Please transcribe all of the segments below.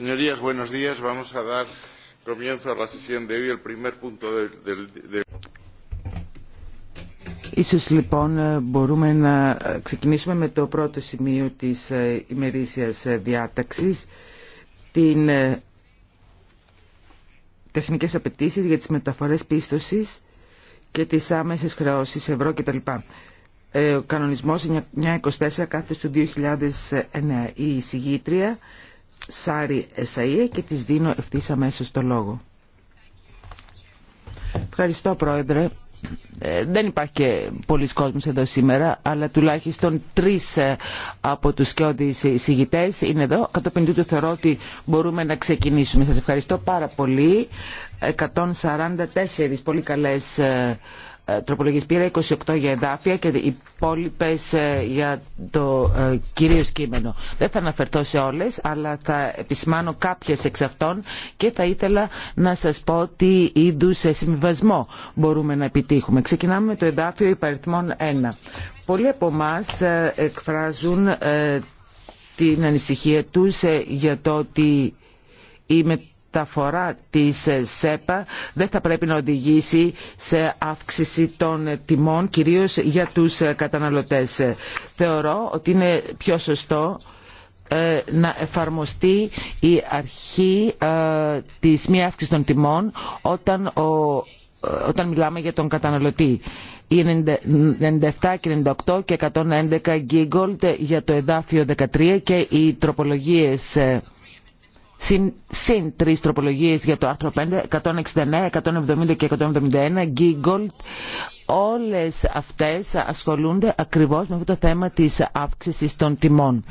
Señorías, buenos días. Vamos a dar comienzo a la sesión de hoy. El primer punto del. De... Ίσως λοιπόν ε, μπορούμε να ε, ξεκινήσουμε με το πρώτο σημείο της ε, ημερήσιας διάταξης, την τεχνικές απαιτήσει για τις μεταφορές πίστοσης και τις άμεσες χρεώσεις ευρώ κτλ. Ο κανονισμός 924 κάθε του 2009. Η συγγήτρια. Σάρι Εσαΐε και της δίνω ευθύς αμέσως το λόγο. Ευχαριστώ Πρόεδρε. Ε, δεν υπάρχει και πολλοί κόσμος εδώ σήμερα, αλλά τουλάχιστον τρει ε, από τους σκιώδεις συγητέ είναι εδώ. Κατόπιν τούτου θεωρώ ότι μπορούμε να ξεκινήσουμε. Σας ευχαριστώ πάρα πολύ. 144 πολύ καλές ε, ε, Τροπολογής πήρα 28 για εδάφια και οι υπόλοιπε ε, για το ε, κυρίως κείμενο. Δεν θα αναφερθώ σε όλες, αλλά θα επισημάνω κάποιες εξ αυτών και θα ήθελα να σας πω τι είδους συμβιβασμό μπορούμε να επιτύχουμε. Ξεκινάμε με το εδάφιο υπαριθμών 1. Πολλοί από εμά εκφράζουν την ανησυχία τους για το ότι η φορά της ΣΕΠΑ δεν θα πρέπει να οδηγήσει σε αύξηση των τιμών, κυρίως για τους καταναλωτές. Θεωρώ ότι είναι πιο σωστό ε, να εφαρμοστεί η αρχή ε, της μη αύξησης των τιμών όταν, ε, όταν μιλάμε για τον καταναλωτή. Οι 97 και 98 και 111 γίγκολτ για το εδάφιο 13 και οι τροπολογίες συν, συν τρεις τροπολογίες για το άρθρο 5, 169, 170 και 171, Giggold. όλες αυτές ασχολούνται ακριβώς με αυτό το θέμα της αύξησης των τιμών.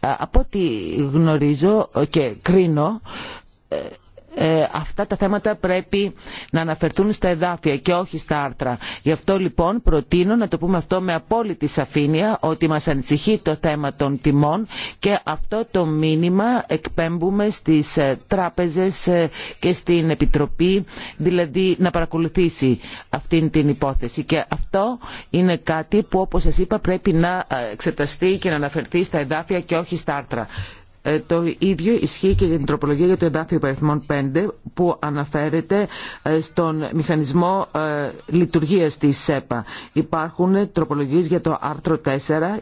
Ε, από ό,τι γνωρίζω και κρίνω, ε, ε, αυτά τα θέματα πρέπει να αναφερθούν στα εδάφια και όχι στα άρθρα. Γι' αυτό λοιπόν προτείνω να το πούμε αυτό με απόλυτη σαφήνεια ότι μας ανησυχεί το θέμα των τιμών και αυτό το μήνυμα εκπέμπουμε στις ε, τράπεζες ε, και στην Επιτροπή δηλαδή να παρακολουθήσει αυτήν την υπόθεση και αυτό είναι κάτι που όπως σας είπα πρέπει να εξεταστεί και να αναφερθεί στα εδάφια και όχι στα άρθρα. Ε, το ίδιο ισχύει και για την τροπολογία για το εδάφιο υπαριθμών 5 που αναφέρεται ε, στον μηχανισμό ε, λειτουργίας της ΣΕΠΑ. Υπάρχουν τροπολογίες για το άρθρο 4,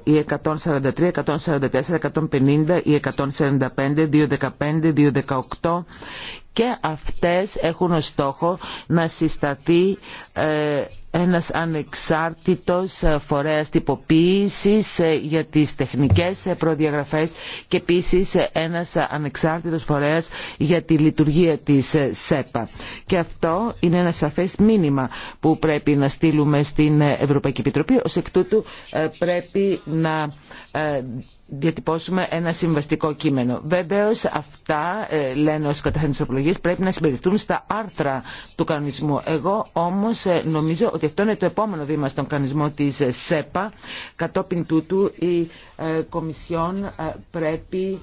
η 143, 144, 150, η 145, 215, 218 και αυτές έχουν ως στόχο να συσταθεί ένας ανεξάρτητος ε, φορέας τυποποίησης ε, για τις τεχνικές ε, προδιαγραφές και επίσης ένας ανεξάρτητος φορέας για τη λειτουργία της ΣΕΠΑ. Και αυτό είναι ένα σαφές μήνυμα που πρέπει να στείλουμε στην Ευρωπαϊκή Επιτροπή. Ως εκ τούτου πρέπει να διατυπώσουμε ένα συμβαστικό κείμενο. Βεβαίω αυτά, ε, λένε ως καταθέτες πρέπει να συμπεριφθούν στα άρθρα του κανονισμού. Εγώ όμως ε, νομίζω ότι αυτό είναι το επόμενο βήμα στον κανονισμό της ε, ΣΕΠΑ. Κατόπιν τούτου η ε, Κομισιόν πρέπει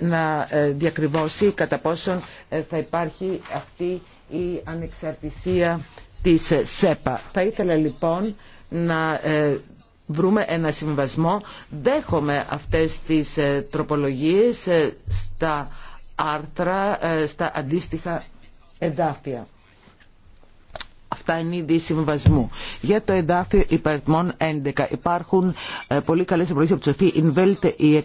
να διακριβώσει κατά πόσον θα υπάρχει αυτή η ανεξαρτησία της ΣΕΠΑ. Θα ήθελα λοιπόν να βρούμε ένα συμβασμό. Δέχομαι αυτές τις ε, τροπολογίες ε, στα άρθρα, ε, στα αντίστοιχα εδάφια. Αυτά είναι ήδη συμβασμού. Για το εδάφιο υπαριθμών 11 υπάρχουν πολύ καλές επιλογές από τη Σοφή. Ινβέλτ η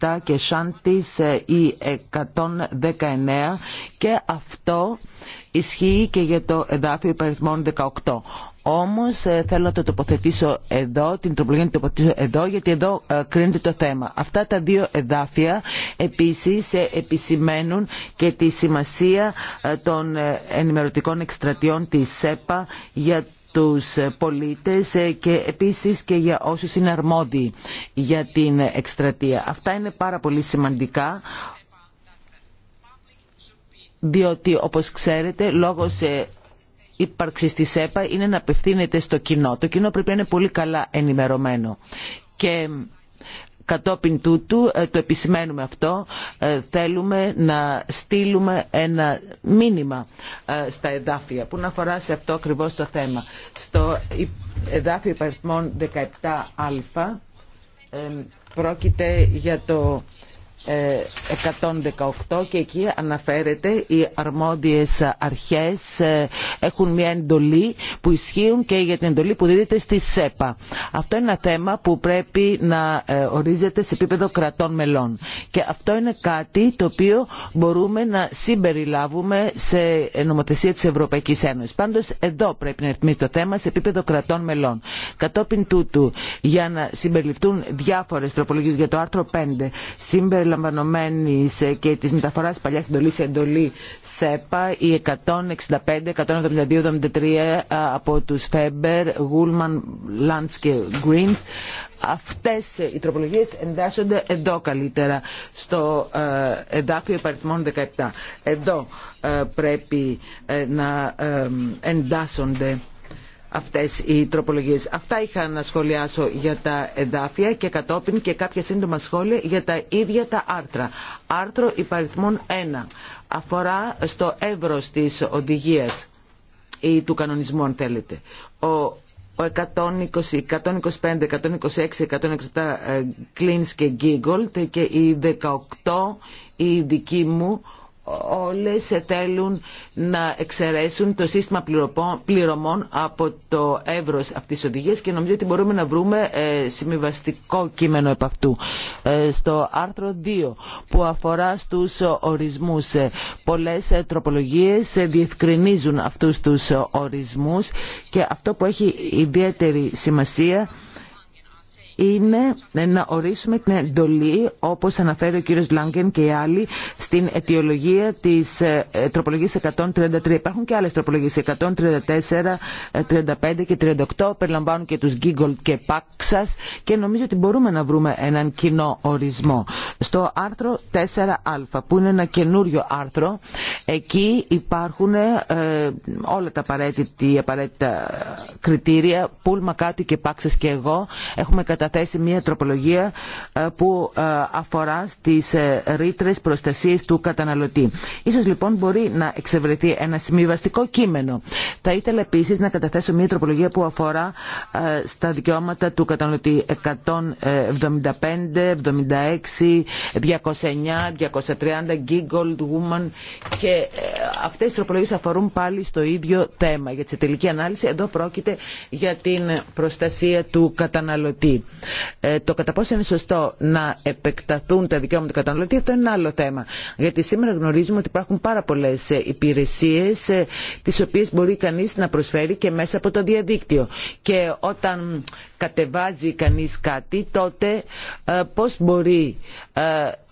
107 και Σάντις η 119 και αυτό ισχύει και για το εδάφιο υπαριθμών 18. Όμως ε, θέλω να το τοποθετήσω εδώ, την τροπολογία να το τοποθετήσω εδώ, γιατί εδώ ε, κρίνεται το θέμα. Αυτά τα δύο εδάφια επίσης ε, επισημαίνουν και τη σημασία των ενημερωτικών εκστρατιών της ΣΕΠΑ για τους πολίτες και επίσης και για όσους είναι αρμόδιοι για την εκστρατεία. Αυτά είναι πάρα πολύ σημαντικά διότι όπως ξέρετε λόγω σε ύπαρξη τη ΕΠΑ είναι να απευθύνεται στο κοινό. Το κοινό πρέπει να είναι πολύ καλά ενημερωμένο. Και κατόπιν τούτου, ε, το επισημαίνουμε αυτό, ε, θέλουμε να στείλουμε ένα μήνυμα ε, στα εδάφια που να αφορά σε αυτό ακριβώς το θέμα. Στο εδάφιο υπαριθμών 17α πρόκειται για το 118 και εκεί αναφέρεται οι αρμόδιες αρχές ε, έχουν μια εντολή που ισχύουν και για την εντολή που δίδεται στη ΣΕΠΑ. Αυτό είναι ένα θέμα που πρέπει να ε, ορίζεται σε επίπεδο κρατών μελών και αυτό είναι κάτι το οποίο μπορούμε να συμπεριλάβουμε σε νομοθεσία της Ευρωπαϊκής Ένωσης. Πάντως εδώ πρέπει να ρυθμίσει το θέμα σε επίπεδο κρατών μελών. Κατόπιν τούτου για να συμπεριληφθούν διάφορες τροπολογίες για το άρθρο 5 ε, και της μεταφορά παλιά εντολής σε εντολή ΣΕΠΑ οι 165, 172, 73 από του Φέμπερ, Γούλμαν, Λάντ και Γκριν. Αυτέ ε, οι τροπολογίε εντάσσονται εδώ καλύτερα στο ε, εδάφιο υπαριθμών 17. Εδώ πρέπει να εντάσσονται αυτές οι τροπολογίες. Αυτά είχα να σχολιάσω για τα εδάφια και κατόπιν και κάποια σύντομα σχόλια για τα ίδια τα άρθρα. Άρθρο υπαριθμών 1 αφορά στο εύρος της οδηγίας ή του κανονισμού αν θέλετε. Ο 120, 125, 126, 167 Κλίνς και Γκίγκολτ και οι 18 οι δικοί μου όλες θέλουν να εξαιρέσουν το σύστημα πληρωμών από το εύρος αυτής της οδηγίας και νομίζω ότι μπορούμε να βρούμε ε, συμβιβαστικό κείμενο επ' αυτού. Ε, στο άρθρο 2 που αφορά στους ορισμούς ε, πολλές τροπολογίες διευκρινίζουν αυτούς τους ορισμούς και αυτό που έχει ιδιαίτερη σημασία είναι να ορίσουμε την εντολή, όπως αναφέρει ο κύριος Λάγκεν και οι άλλοι, στην αιτιολογία της ε, τροπολογίας 133. Υπάρχουν και άλλες τροπολογίες, 134, 35 ε, και 38, περιλαμβάνουν και τους Γίγκολτ και Πάξας και νομίζω ότι μπορούμε να βρούμε έναν κοινό ορισμό. Στο άρθρο 4α, που είναι ένα καινούριο άρθρο, εκεί υπάρχουν ε, όλα τα απαραίτητα κριτήρια, Πούλμα, Κάτι και Πάξας και εγώ έχουμε κατα καταθέσει μια τροπολογία ε, που ε, αφορά στις ε, ρήτρε προστασίας του καταναλωτή. Ίσως λοιπόν μπορεί να εξευρεθεί ένα συμβιβαστικό κείμενο. Θα ήθελα επίσης να καταθέσω μια τροπολογία που αφορά στα δικαιώματα του καταναλωτή 175, 76, 209, 230, Giggold Woman και αυτές οι αφορούν πάλι στο ίδιο θέμα. Για τη τελική ανάλυση εδώ πρόκειται για την προστασία του καταναλωτή. Ε, το κατά πόσο είναι σωστό να επεκταθούν τα δικαιώματα του καταναλωτή, αυτό είναι ένα άλλο θέμα. Γιατί σήμερα γνωρίζουμε ότι υπάρχουν πάρα πολλέ ε, υπηρεσίε, ε, τι οποίε μπορεί κανεί να προσφέρει και μέσα από το διαδίκτυο. Και όταν κατεβάζει κανεί κάτι, τότε πώ μπορεί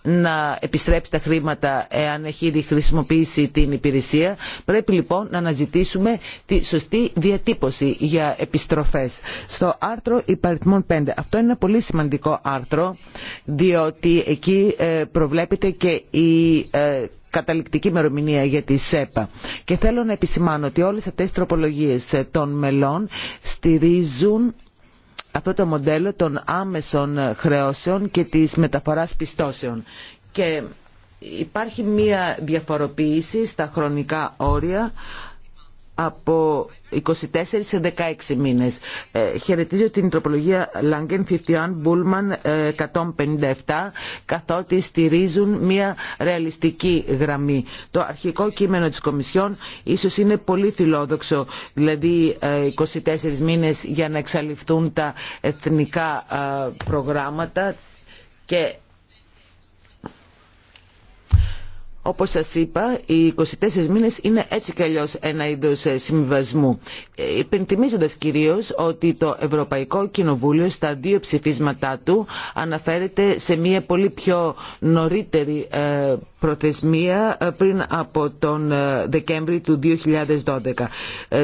να επιστρέψει τα χρήματα εάν έχει ήδη χρησιμοποιήσει την υπηρεσία. Πρέπει λοιπόν να αναζητήσουμε τη σωστή διατύπωση για επιστροφές. Στο άρθρο υπαριθμών 5. Αυτό είναι ένα πολύ σημαντικό άρθρο διότι εκεί ε, προβλέπεται και η ε, καταληκτική μερομηνία για τη ΣΕΠΑ. Και θέλω να επισημάνω ότι όλες αυτές οι τροπολογίες των μελών στηρίζουν αυτό το μοντέλο των άμεσων χρεώσεων και της μεταφοράς πιστώσεων. Και υπάρχει μία διαφοροποίηση στα χρονικά όρια από 24 σε 16 μήνες. Ε, χαιρετίζω την τροπολογία Langen 51, Bullman 157, καθότι στηρίζουν μια ρεαλιστική γραμμή. Το αρχικό κείμενο της Κομισιόν ίσως είναι πολύ φιλόδοξο, δηλαδή 24 ε, μήνες για να εξαλειφθούν τα εθνικά ε, προγράμματα και Όπως σας είπα, οι 24 μήνες είναι έτσι κι αλλιώς ένα είδος ε, συμβιβασμού. Ε, υπενθυμίζοντας κυρίως ότι το Ευρωπαϊκό Κοινοβούλιο στα δύο ψηφίσματά του αναφέρεται σε μια πολύ πιο νωρίτερη ε, προθεσμία πριν από τον Δεκέμβρη του 2012.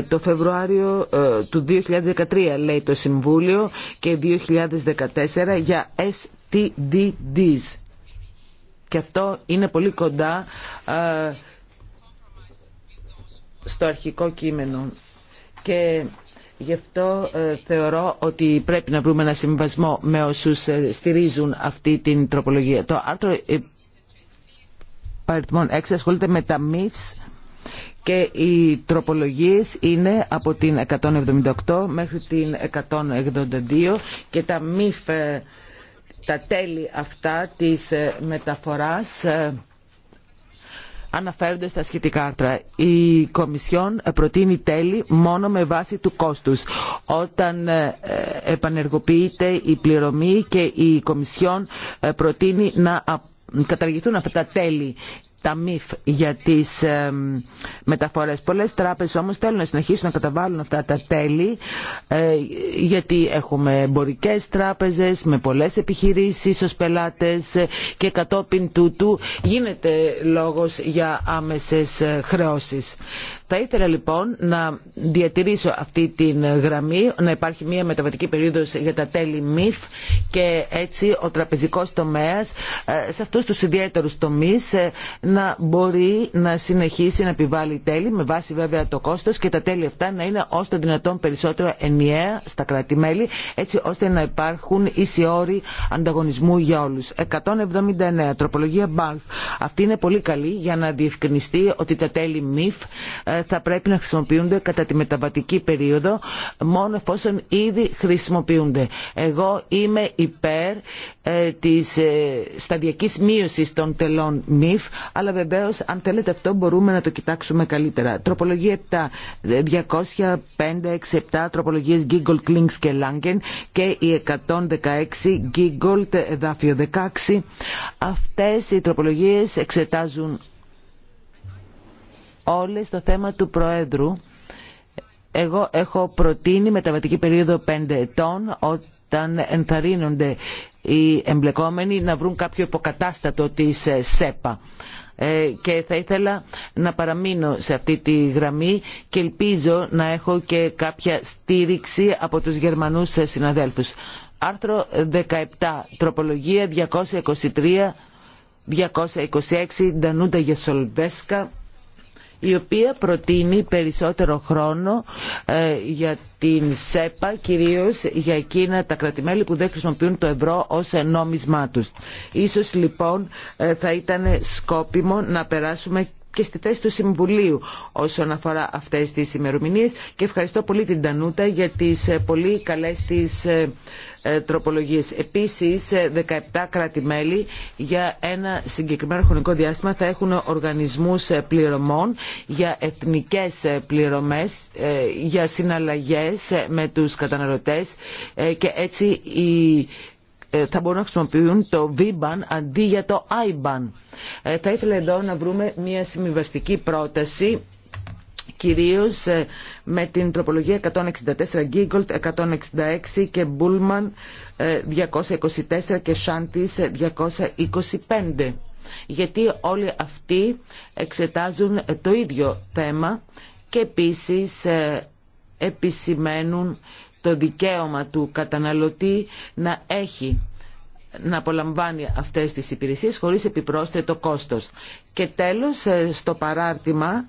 Το Φεβρουάριο του 2013 λέει το Συμβούλιο και 2014 για STDDs και αυτό είναι πολύ κοντά στο αρχικό κείμενο. Και Γι' αυτό ε, θεωρώ ότι πρέπει να βρούμε ένα συμβασμό με όσους ε, στηρίζουν αυτή την τροπολογία. Το άρθρο ε, 6 ασχολείται με τα MIFs και οι τροπολογίες είναι από την 178 μέχρι την 182 και τα MIF τα τέλη αυτά της ε, μεταφοράς ε, αναφέρονται στα σχετικά άρθρα. Η Κομισιόν ε, προτείνει τέλη μόνο με βάση του κόστους. Όταν επανεργοποιείται η πληρωμή και η Κομισιόν προτείνει να καταργηθούν αυτά τα τέλη τα μυφ για τις ε, μεταφορές. Πολλές τράπεζες όμως θέλουν να συνεχίσουν να καταβάλουν αυτά τα τέλη ε, γιατί έχουμε εμπορικέ τράπεζες με πολλές επιχειρήσεις ως πελάτες ε, και κατόπιν τούτου γίνεται λόγος για άμεσες ε, χρεώσεις. Θα ήθελα λοιπόν να διατηρήσω αυτή την γραμμή, να υπάρχει μια μεταβατική περίοδος για τα τέλη μυφ... και έτσι ο τραπεζικός τομέας σε αυτούς τους ιδιαίτερους τομείς να μπορεί να συνεχίσει να επιβάλλει τέλη με βάση βέβαια το κόστος και τα τέλη αυτά να είναι όσο το δυνατόν περισσότερο ενιαία στα κράτη-μέλη έτσι ώστε να υπάρχουν ίσοι όροι ανταγωνισμού για όλους. 179. Τροπολογία Μπάλφ. Αυτή είναι πολύ καλή για να διευκρινιστεί ότι τα τέλη ΜΙΦ ε, θα πρέπει να χρησιμοποιούνται κατά τη μεταβατική περίοδο μόνο εφόσον ήδη χρησιμοποιούνται. Εγώ είμαι υπέρ ε, της ε, μείωσης των τελών ΜΙΦ αλλά βεβαίως αν θέλετε αυτό μπορούμε να το κοιτάξουμε καλύτερα. Τροπολογία 7, 205, 6, τροπολογίες Giggle, Klinks και Langen και η 116 Giggle, εδάφιο 16. Αυτές οι τροπολογίες εξετάζουν όλες το θέμα του Προέδρου. Εγώ έχω προτείνει μεταβατική περίοδο 5 ετών όταν ενθαρρύνονται οι εμπλεκόμενοι να βρουν κάποιο υποκατάστατο της ε, ΣΕΠΑ. Ε, και θα ήθελα να παραμείνω σε αυτή τη γραμμή και ελπίζω να έχω και κάποια στήριξη από τους Γερμανούς συναδέλφους. Άρθρο 17, τροπολογία 223, 226, Ντανούντα Γεσολβέσκα η οποία προτείνει περισσότερο χρόνο ε, για την ΣΕΠΑ, κυρίως για εκείνα τα κρατημέλη που δεν χρησιμοποιούν το ευρώ ως νόμισμά τους. Ίσως λοιπόν ε, θα ήταν σκόπιμο να περάσουμε και στη θέση του Συμβουλίου όσον αφορά αυτές τις ημερομηνίες και ευχαριστώ πολύ την Τανούτα για τις ε, πολύ καλές της ε, ε, τροπολογίες. Επίσης, 17 κράτη-μέλη για ένα συγκεκριμένο χρονικό διάστημα θα έχουν οργανισμούς πληρωμών για εθνικές πληρωμές, για συναλλαγές με τους καταναλωτές και έτσι οι ε, θα μπορούν να χρησιμοποιούν το VBAN αντί για το IBAN. Ε, θα ήθελα εδώ να βρούμε μια συμβιβαστική πρόταση κυρίως ε, με την τροπολογία 164 Giggold 166 και Μπούλμαν 224 και Shantis 225. Γιατί όλοι αυτοί εξετάζουν το ίδιο θέμα και επίσης επισημαίνουν το δικαίωμα του καταναλωτή να έχει να απολαμβάνει αυτές τις υπηρεσίες χωρίς επιπρόσθετο κόστος. Και τέλος, ε, στο παράρτημα,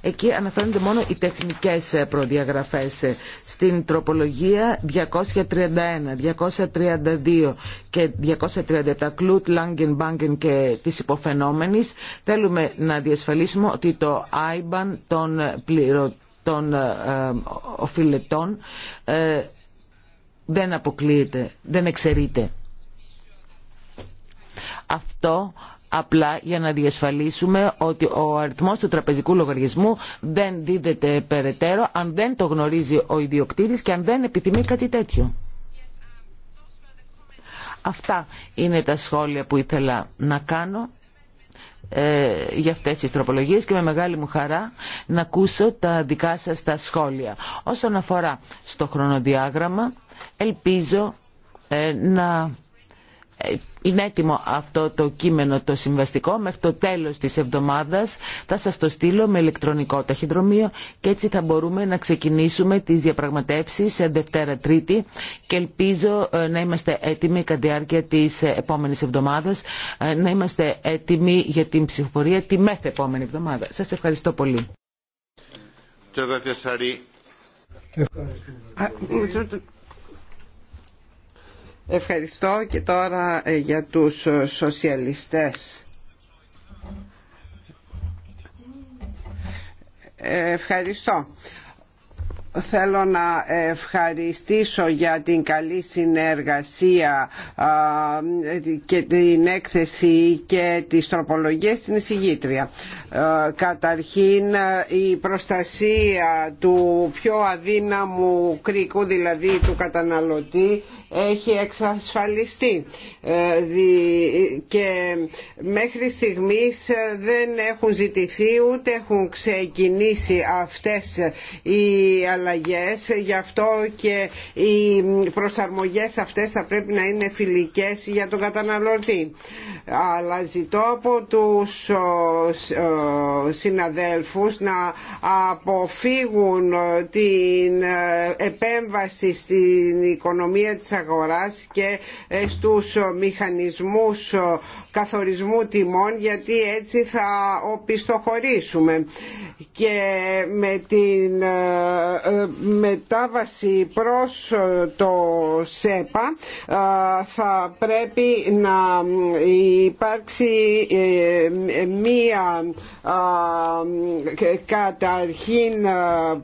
εκεί αναφέρονται μόνο οι τεχνικές ε, προδιαγραφές. Ε, στην τροπολογία 231, 232 και 237 Κλούτ, Λάγκεν, Μπάγκεν και τις υποφαινόμενης θέλουμε να διασφαλίσουμε ότι το IBAN των πληρωτών των ε, οφειλετών ε, δεν αποκλείεται, δεν εξαιρείται. Αυτό απλά για να διασφαλίσουμε ότι ο αριθμός του τραπεζικού λογαριασμού δεν δίδεται περαιτέρω αν δεν το γνωρίζει ο ιδιοκτήτης και αν δεν επιθυμεί κάτι τέτοιο. Αυτά είναι τα σχόλια που ήθελα να κάνω ε, για αυτές τις τροπολογίες και με μεγάλη μου χαρά να ακούσω τα δικά σας τα σχόλια. Όσον αφορά στο χρονοδιάγραμμα, ελπίζω ε, να είναι έτοιμο αυτό το κείμενο το συμβαστικό μέχρι το τέλος της εβδομάδας θα σας το στείλω με ηλεκτρονικό ταχυδρομείο και έτσι θα μπορούμε να ξεκινήσουμε τις διαπραγματεύσεις σε Δευτέρα Τρίτη και ελπίζω να είμαστε έτοιμοι κατά διάρκεια της επόμενης εβδομάδας να είμαστε έτοιμοι για την ψηφοφορία τη μέθε επόμενη εβδομάδα. Σας ευχαριστώ πολύ. Ευχαριστώ και τώρα ε, για τους ε, σοσιαλιστές. Ευχαριστώ θέλω να ευχαριστήσω για την καλή συνεργασία και την έκθεση και τις τροπολογίες στην εισηγήτρια. Ε, καταρχήν η προστασία του πιο αδύναμου κρίκου, δηλαδή του καταναλωτή, έχει εξασφαλιστεί ε, και μέχρι στιγμής ε, δεν έχουν ζητηθεί ούτε έχουν ξεκινήσει αυτές οι αλλαγές γι' αυτό και οι προσαρμογές αυτές θα πρέπει να είναι φιλικές για τον καταναλωτή αλλά ζητώ από τους συναδέλφους να αποφύγουν την ε, επέμβαση στην οικονομία της αγοράς και ε, στους μηχανισμούς καθορισμού τιμών γιατί έτσι θα οπισθοχωρήσουμε και με την ε, ε, μετάβαση προς ε, το ΣΕΠΑ θα πρέπει να υπάρξει μία καταρχήν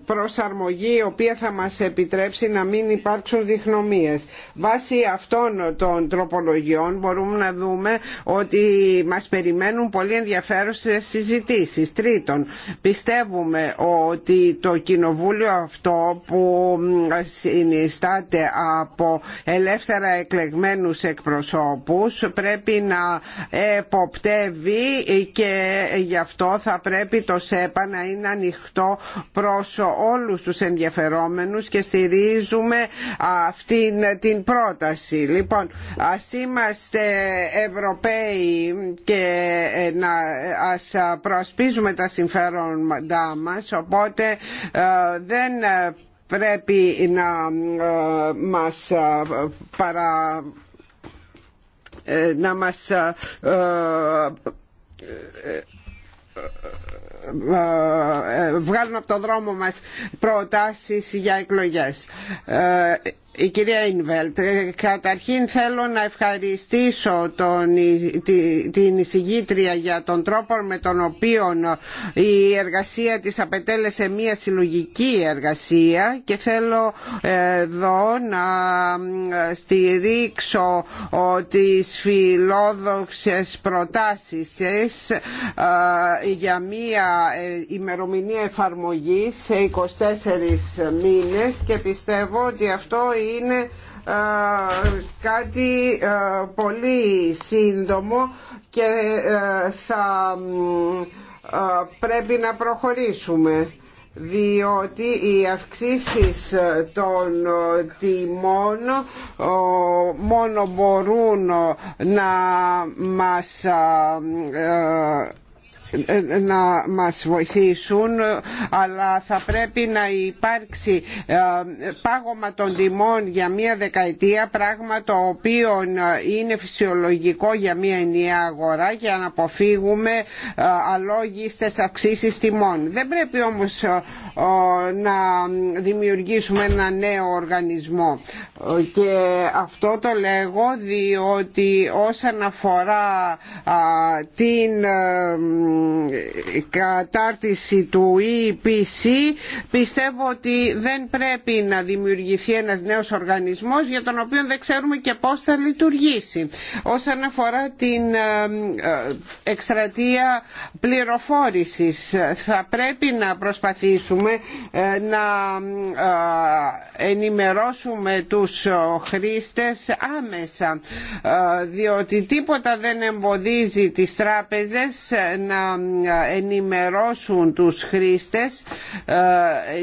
προσαρμογή η οποία θα μας επιτρέψει να μην υπάρξουν διχνομίες. Βάσει αυτών των τροπολογιών μπορούμε να δούμε ότι μας περιμένουν πολύ ενδιαφέρουσες συζητήσεις. Τρίτον, πιστεύουμε ότι το κοινοβούλιο αυτό που συνιστάται από ελεύθερα εκλεγμένους εκπροσώπους πρέπει να εποπτεύει και γι' αυτό θα πρέπει το ΣΕΠΑ να είναι ανοιχτό προς όλους τους ενδιαφερόμενους και στηρίζουμε αυτή την πρόταση. Λοιπόν, ας είμαστε Ευρωπαίοι και ε, να ε, ας ε, προσπίζουμε τα συμφέροντά μας οπότε δεν πρέπει να μας παρα να μας βγάλουν από το δρόμο μας προτάσεις για εκλογές. Η κυρία Ινβέλτ, ε, καταρχήν θέλω να ευχαριστήσω την εισηγήτρια για τον τρόπο με τον οποίο ε, η εργασία της απετέλεσε μια συλλογική εργασία και θέλω ε, εδώ να στηρίξω τις φιλόδοξες προτάσεις της για μια ημερομηνία εφαρμογής σε 24 μήνες και πιστεύω ότι αυτό είναι κάτι πολύ σύντομο και ε, θα πρέπει να προχωρήσουμε διότι οι αυξήσεις των τιμών μόνο μπορούν να μας να μας βοηθήσουν αλλά θα πρέπει να υπάρξει ε, πάγωμα των τιμών για μία δεκαετία πράγμα το οποίο ε, είναι φυσιολογικό για μία ενιαία αγορά για να αποφύγουμε ε, αλόγιστες αυξήσεις τιμών. Δεν πρέπει όμως να δημιουργήσουμε ένα νέο οργανισμό και αυτό το λέγω διότι όσον αφορά την ε, κατάρτιση του EPC πιστεύω ότι δεν πρέπει να δημιουργηθεί ένας νέος οργανισμός για τον οποίο δεν ξέρουμε και πώς θα λειτουργήσει. Όσον αφορά την ε, ε, εκστρατεία πληροφόρησης θα πρέπει να προσπαθήσουμε ε, να ε, ενημερώσουμε τους ε, χρήστες άμεσα διότι τίποτα δεν εμποδίζει τις τράπεζες να ενημερώσουν τους χρήστες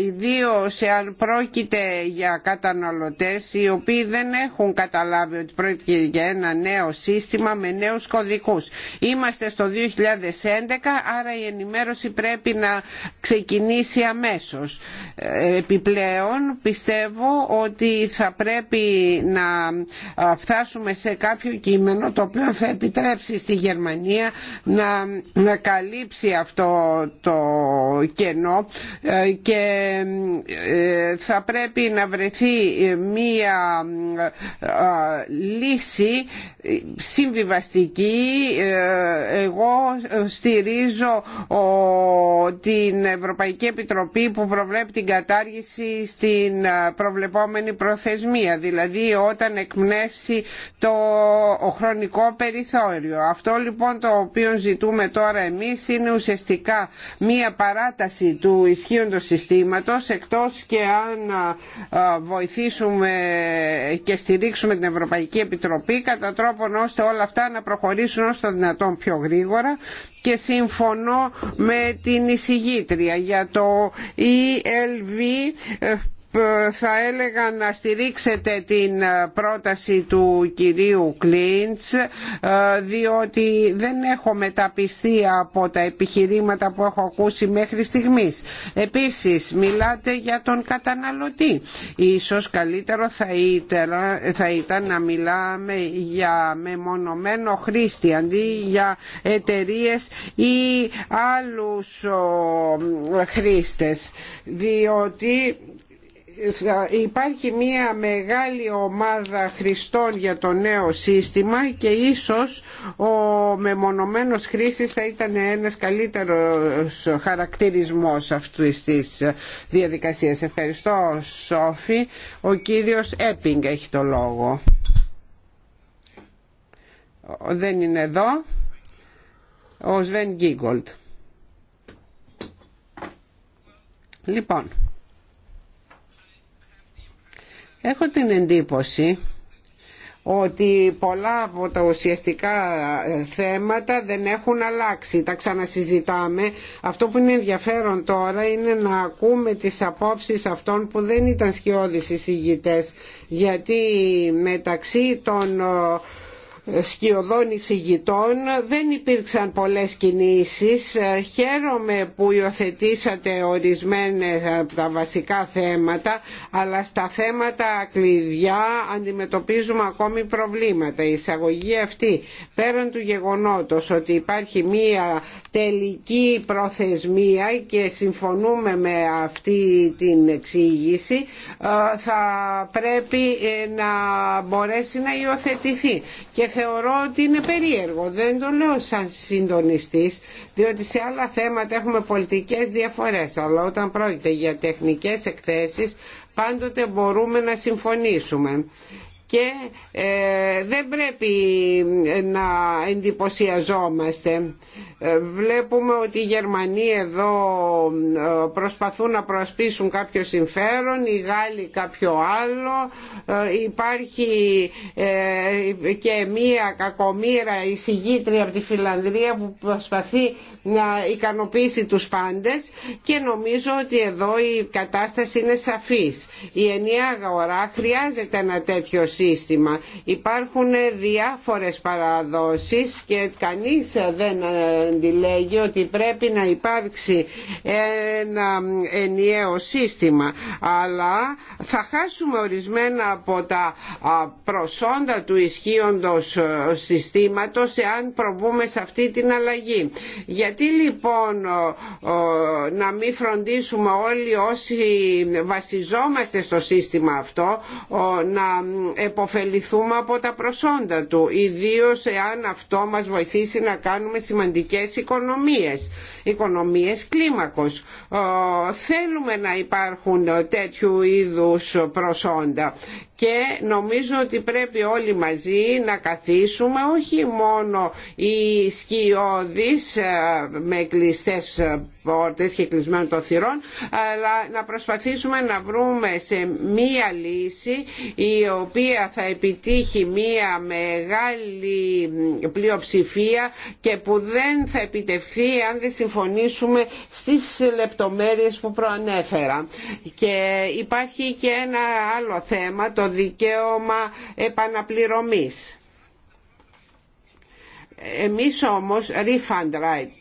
ιδίως αν πρόκειται για καταναλωτές οι οποίοι δεν έχουν καταλάβει ότι πρόκειται για ένα νέο σύστημα με νέους κωδικούς. Είμαστε στο 2011 άρα η ενημέρωση πρέπει να ξεκινήσει αμέσως αμέσως Επιπλέον πιστεύω ότι θα πρέπει να φτάσουμε σε κάποιο κείμενο το οποίο θα επιτρέψει στη Γερμανία να, να καλύψει αυτό το κενό ε, και ε, θα πρέπει να βρεθεί μία ε, λύση συμβιβαστική. Εγώ στηρίζω την Ευρωπαϊκή Επιτροπή που προβλέπει την κατάργηση στην προβλεπόμενη προθεσμία δηλαδή όταν εκπνεύσει το χρονικό περιθώριο. Αυτό λοιπόν το οποίο ζητούμε τώρα εμείς είναι ουσιαστικά μία παράταση του ισχύοντος συστήματος εκτός και αν βοηθήσουμε και στηρίξουμε την Ευρωπαϊκή Επιτροπή κατά τρόπον ώστε όλα αυτά να προχωρήσουν όσο δυνατόν πιο γρήγορα και συμφωνώ με την εισηγήτρια για το ELV ε, θα έλεγα να στηρίξετε την ε, πρόταση του κυρίου Κλίντς ε, διότι δεν έχω μεταπιστεί από τα επιχειρήματα που έχω ακούσει μέχρι στιγμής. Επίσης μιλάτε για τον καταναλωτή. Ίσως καλύτερο θα ήταν, να μιλάμε για μεμονωμένο χρήστη αντί για εταιρείε ή άλλους χρήστες διότι υπάρχει μια μεγάλη ομάδα χρηστών για το νέο σύστημα και ίσως ο μεμονωμένος χρήση θα ήταν ένας καλύτερος χαρακτηρισμός αυτής της διαδικασίας. Ευχαριστώ Σόφη. Ο κύριος Έπινγκ έχει το λόγο. Δεν είναι εδώ. Ο Σβέν Γκίγκολτ. Λοιπόν, Έχω την εντύπωση ότι πολλά από τα ουσιαστικά ε, θέματα δεν έχουν αλλάξει. Τα ξανασυζητάμε. Αυτό που είναι ενδιαφέρον τώρα είναι να ακούμε τις απόψεις αυτών που δεν ήταν σκιώδεις εισηγητές γιατί μεταξύ των ε, σκιωδών εισηγητών δεν υπήρξαν πολλές κινήσεις ε, χαίρομαι που υιοθετήσατε ορισμένα από τα βασικά θέματα αλλά στα θέματα κλειδιά αντιμετωπίζουμε ακόμη προβλήματα η εισαγωγή αυτή πέραν του γεγονότος ότι υπάρχει μία τελική προθεσμία και συμφωνούμε με αυτή την εξήγηση ε, θα πρέπει ε, να μπορέσει να υιοθετηθεί θεωρώ ότι είναι περίεργο. Δεν το λέω σαν συντονιστής, διότι σε άλλα θέματα έχουμε πολιτικές διαφορές, αλλά όταν πρόκειται για τεχνικές εκθέσεις πάντοτε μπορούμε να συμφωνήσουμε και ε, δεν πρέπει να εντυπωσιαζόμαστε ε, βλέπουμε ότι οι Γερμανοί εδώ ε, προσπαθούν να προασπίσουν κάποιο συμφέρον, οι Γάλλοι κάποιο άλλο. Ε, υπάρχει και μία κακομήρα εισηγήτρια από τη Φιλανδρία που προσπαθεί να ικανοποιήσει τους πάντες και νομίζω ότι εδώ η κατάσταση είναι σαφής. Η ενιαία αγορά χρειάζεται ένα τέτοιο σύστημα. Υπάρχουν διάφορες παραδόσεις και κανείς δεν ότι πρέπει να υπάρξει ένα ενιαίο σύστημα αλλά θα χάσουμε ορισμένα από τα προσόντα του ισχύοντος συστήματος εάν προβούμε σε αυτή την αλλαγή. Γιατί λοιπόν να μην φροντίσουμε όλοι όσοι βασιζόμαστε στο σύστημα αυτό να επωφεληθούμε από τα προσόντα του ιδίως εάν αυτό μας βοηθήσει να κάνουμε σημαντικές οικονομίε οικονομίες, οικονομίες κλίμακος. Θέλουμε να υπάρχουν τέτοιου είδους προσόντα και νομίζω ότι πρέπει όλοι μαζί να καθίσουμε όχι μόνο οι σκιώδεις ε, με κλειστές πόρτες και κλεισμένων των θυρών αλλά να προσπαθήσουμε να βρούμε σε μία λύση η οποία θα επιτύχει μία μεγάλη πλειοψηφία και που δεν θα επιτευχθεί αν δεν συμφωνήσουμε στις λεπτομέρειες που προανέφερα. Και υπάρχει και ένα άλλο θέμα, το δικαίωμα επαναπληρωμής. Εμείς όμως refund right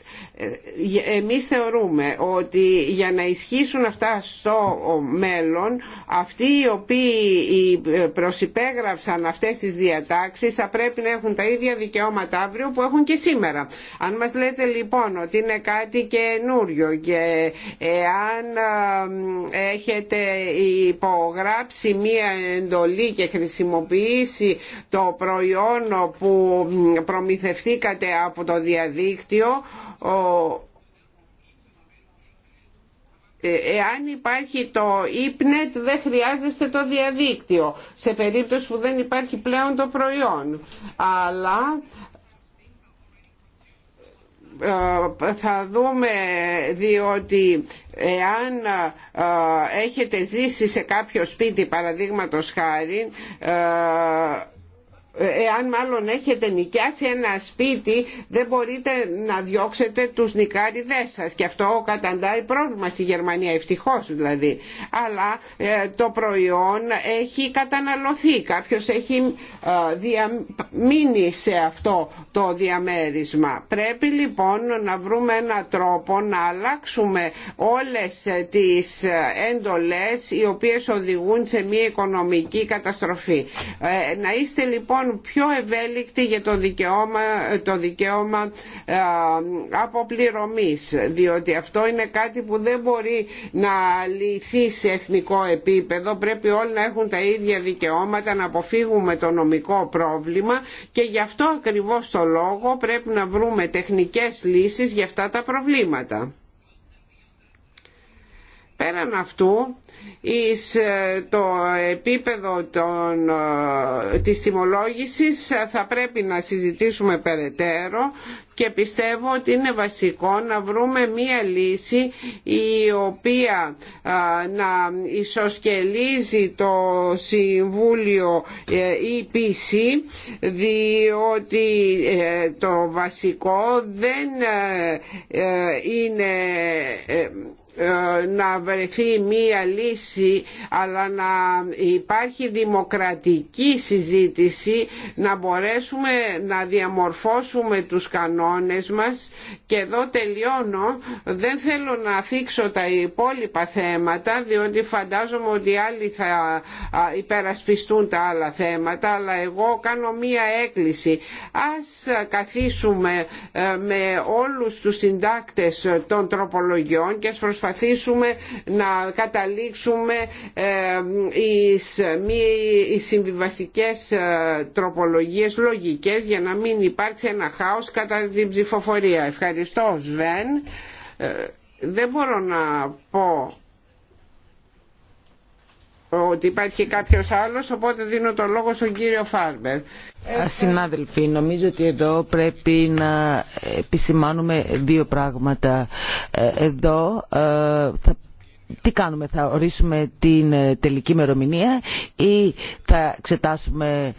εμείς θεωρούμε ότι για να ισχύσουν αυτά στο μέλλον αυτοί οι οποίοι ε, προσυπέγραψαν αυτές τις διατάξεις θα πρέπει να έχουν τα ίδια δικαιώματα αύριο που έχουν και σήμερα. Αν μας λέτε λοιπόν ότι είναι κάτι καινούριο και εάν ε, έχετε υπογράψει μία εντολή και χρησιμοποιήσει το προϊόν που προμηθευτήκατε από το διαδίκτυο ε, εάν υπάρχει το Υπνετ δεν χρειάζεστε το διαδίκτυο σε περίπτωση που δεν υπάρχει πλέον το προϊόν αλλά ε, θα δούμε διότι εάν ε, έχετε ζήσει σε κάποιο σπίτι παραδείγματος χάρη εάν μάλλον έχετε νοικιάσει ένα σπίτι δεν μπορείτε να διώξετε τους νικάριδές σας και αυτό καταντάει πρόβλημα στη Γερμανία ευτυχώς δηλαδή αλλά ε, το προϊόν έχει καταναλωθεί κάποιος έχει ε, σε αυτό το διαμέρισμα πρέπει λοιπόν να βρούμε ένα τρόπο να αλλάξουμε όλες τις ε, έντολες οι οποίες οδηγούν σε μια οικονομική καταστροφή ε, να είστε λοιπόν λοιπόν πιο ευέλικτη για το δικαίωμα, το δικαίωμα ε, αποπληρωμής διότι αυτό είναι κάτι που δεν μπορεί να λυθεί σε εθνικό επίπεδο πρέπει όλοι να έχουν τα ίδια δικαιώματα να αποφύγουμε το νομικό πρόβλημα και γι' αυτό ακριβώς το λόγο πρέπει να βρούμε τεχνικές λύσεις για αυτά τα προβλήματα. Πέραν αυτού εις ε, το επίπεδο των, ε, της τιμολόγησης ε, θα πρέπει να συζητήσουμε περαιτέρω και πιστεύω ότι είναι βασικό να βρούμε μία λύση η οποία να ισοσκελίζει το Συμβούλιο EPC διότι το βασικό δεν είναι ε, να βρεθεί μία λύση αλλά να υπάρχει δημοκρατική συζήτηση να μπορέσουμε να διαμορφώσουμε τους κανόνες μας και εδώ τελειώνω δεν θέλω να θίξω τα υπόλοιπα θέματα διότι φαντάζομαι ότι άλλοι θα υπερασπιστούν τα άλλα θέματα αλλά εγώ κάνω μία έκκληση ας καθίσουμε ε, με όλους τους συντάκτες των τροπολογιών και ας προσπαθήσουμε να καταλήξουμε ε, εις μη συμβιβαστικές ε, τροπολογίες λογικές για να μην υπάρξει ένα χάος κατά την ψηφοφορία. Ευχαριστώ Σβέν. Ε, δεν μπορώ να πω ότι υπάρχει κάποιος άλλος, οπότε δίνω το λόγο στον κύριο Φάρμερ. Συνάδελφοι, νομίζω ότι εδώ πρέπει να επισημάνουμε δύο πράγματα. Ε, εδώ ε, θα τι κάνουμε, θα ορίσουμε την ε, τελική μερομηνία ή θα εξετάσουμε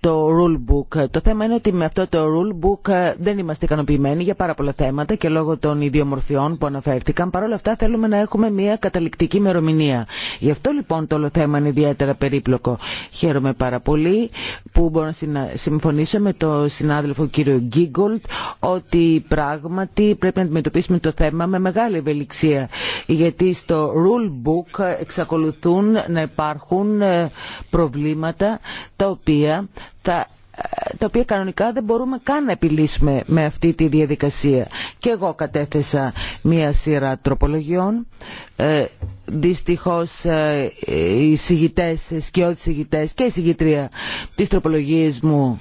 το rule book. Το θέμα είναι ότι με αυτό το rule book ε, δεν είμαστε ικανοποιημένοι για πάρα πολλά θέματα και λόγω των ιδιομορφιών που αναφέρθηκαν. Παρ' όλα αυτά θέλουμε να έχουμε μια καταληκτική ημερομηνία. Γι' αυτό λοιπόν το όλο θέμα είναι ιδιαίτερα περίπλοκο. Χαίρομαι πάρα πολύ που μπορώ να συμφωνήσω με τον συνάδελφο κύριο Γκίγκολτ ότι πράγματι πρέπει να αντιμετωπίσουμε το θέμα με μεγάλη ευελιξία. Γιατί στο rule book εξακολουθούν να υπάρχουν ε, προβλήματα τα οποία ε, τα οποία κανονικά δεν μπορούμε καν να επιλύσουμε με αυτή τη διαδικασία. Και εγώ κατέθεσα μία σειρά τροπολογιών. Ε, δυστυχώς ε, οι συγητές, σκιώτες συγητές και η συγητρία της τροπολογίας μου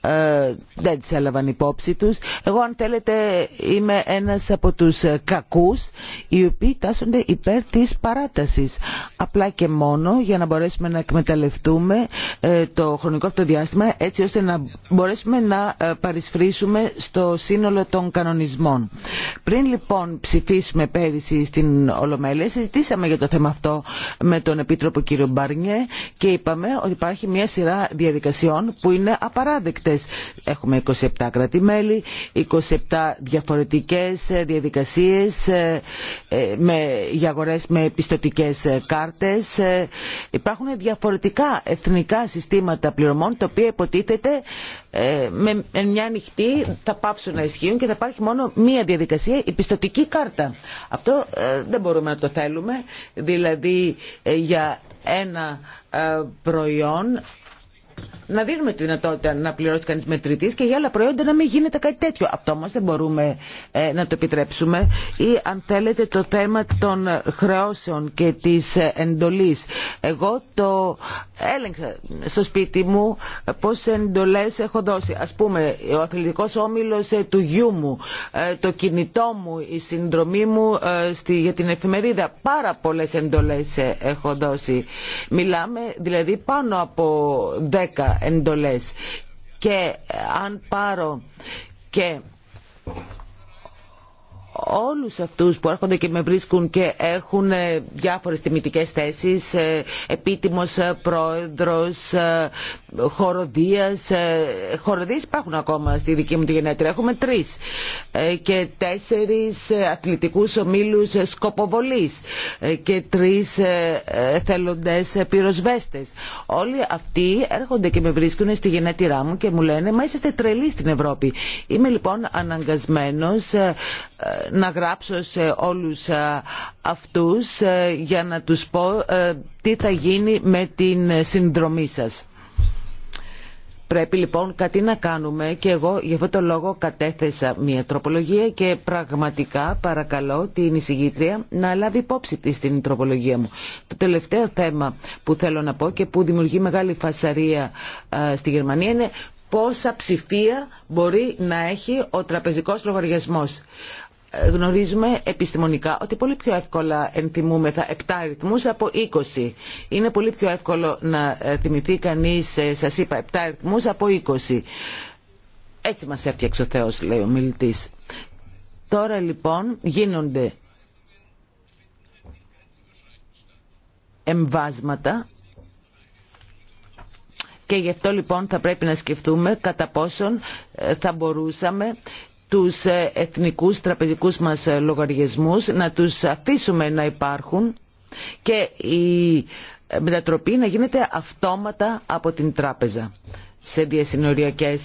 ε, δεν τις έλαβαν υπόψη τους. Εγώ αν θέλετε είμαι ένας από τους ε, κακούς οι οποίοι τάσσονται υπέρ της παράτασης. Απλά και μόνο για να μπορέσουμε να εκμεταλλευτούμε ε, το χρονικό αυτό διάστημα έτσι ώστε να μπορέσουμε να παρισφρήσουμε στο σύνολο των κανονισμών. Πριν λοιπόν ψηφίσουμε πέρυσι στην Ολομέλεια συζητήσαμε για το θέμα αυτό με τον Επίτροπο κ. Μπάρνιε και είπαμε ότι υπάρχει μια σειρά διαδικασιών που είναι απαράδεκτη έχουμε 27 κρατημέλη, 27 διαφορετικές ε, διαδικασίες ε, ε, με, για αγορές με επιστοτικές κάρτες. Υπάρχουν διαφορετικά εθνικά συστήματα πληρωμών τα οποία υποτίθεται με μια ανοιχτή θα πάψουν να ισχύουν και θα υπάρχει μόνο μία διαδικασία, η πιστοτική κάρτα. Αυτό δεν μπορούμε να το θέλουμε, δηλαδή για ένα προϊόν να δίνουμε τη δυνατότητα να πληρώσει κανεί μετρητή και για άλλα προϊόντα να μην γίνεται κάτι τέτοιο. Αυτό όμω δεν μπορούμε ε, να το επιτρέψουμε. Ή αν θέλετε το θέμα των χρεώσεων και τη ε, εντολή. Εγώ το έλεγξα στο σπίτι μου πόσε εντολέ έχω δώσει. Α πούμε, ο αθλητικό όμιλο ε, του γιού μου, το κινητό μου, η συνδρομή μου στη, για την εφημερίδα. Πάρα πολλέ εντολέ έχω δώσει. Μιλάμε δηλαδή πάνω από 10 εντολές. Και αν πάρω και όλους αυτούς που έρχονται και με βρίσκουν και έχουν ε, διάφορες τιμητικές θέσεις, ε, επίτιμος ε, πρόεδρος, χοροδίας. Χοροδίες υπάρχουν ακόμα στη δική μου τη γενέτρια. Έχουμε τρεις και τέσσερις αθλητικούς ομίλους σκοποβολής και τρεις θελοντές πυροσβέστες. Όλοι αυτοί έρχονται και με βρίσκουν στη γενέτειρά μου και μου λένε «Μα είσαστε τρελοί στην Ευρώπη». Είμαι λοιπόν αναγκασμένος να γράψω σε όλους αυτούς για να τους πω τι θα γίνει με την συνδρομή σας. Πρέπει λοιπόν κάτι να κάνουμε και εγώ γι' αυτό το λόγο κατέθεσα μια τροπολογία και πραγματικά παρακαλώ την εισηγήτρια να λάβει υπόψη της την τροπολογία μου. Το τελευταίο θέμα που θέλω να πω και που δημιουργεί μεγάλη φασαρία στη Γερμανία είναι πόσα ψηφία μπορεί να έχει ο τραπεζικός λογαριασμός γνωρίζουμε επιστημονικά ότι πολύ πιο εύκολα ενθυμούμεθα 7 αριθμούς από 20. Είναι πολύ πιο εύκολο να ε, θυμηθεί κανείς, ε, σας είπα, 7 αριθμούς από 20. Έτσι μας έφτιαξε ο Θεός, λέει ο μιλητής. Τώρα λοιπόν γίνονται εμβάσματα και γι' αυτό λοιπόν θα πρέπει να σκεφτούμε κατά πόσον ε, θα μπορούσαμε τους ε, εθνικούς τραπεζικούς μας ε, λογαριασμούς, να τους αφήσουμε να υπάρχουν και η ε, μετατροπή να γίνεται αυτόματα από την τράπεζα σε διασυνοριακές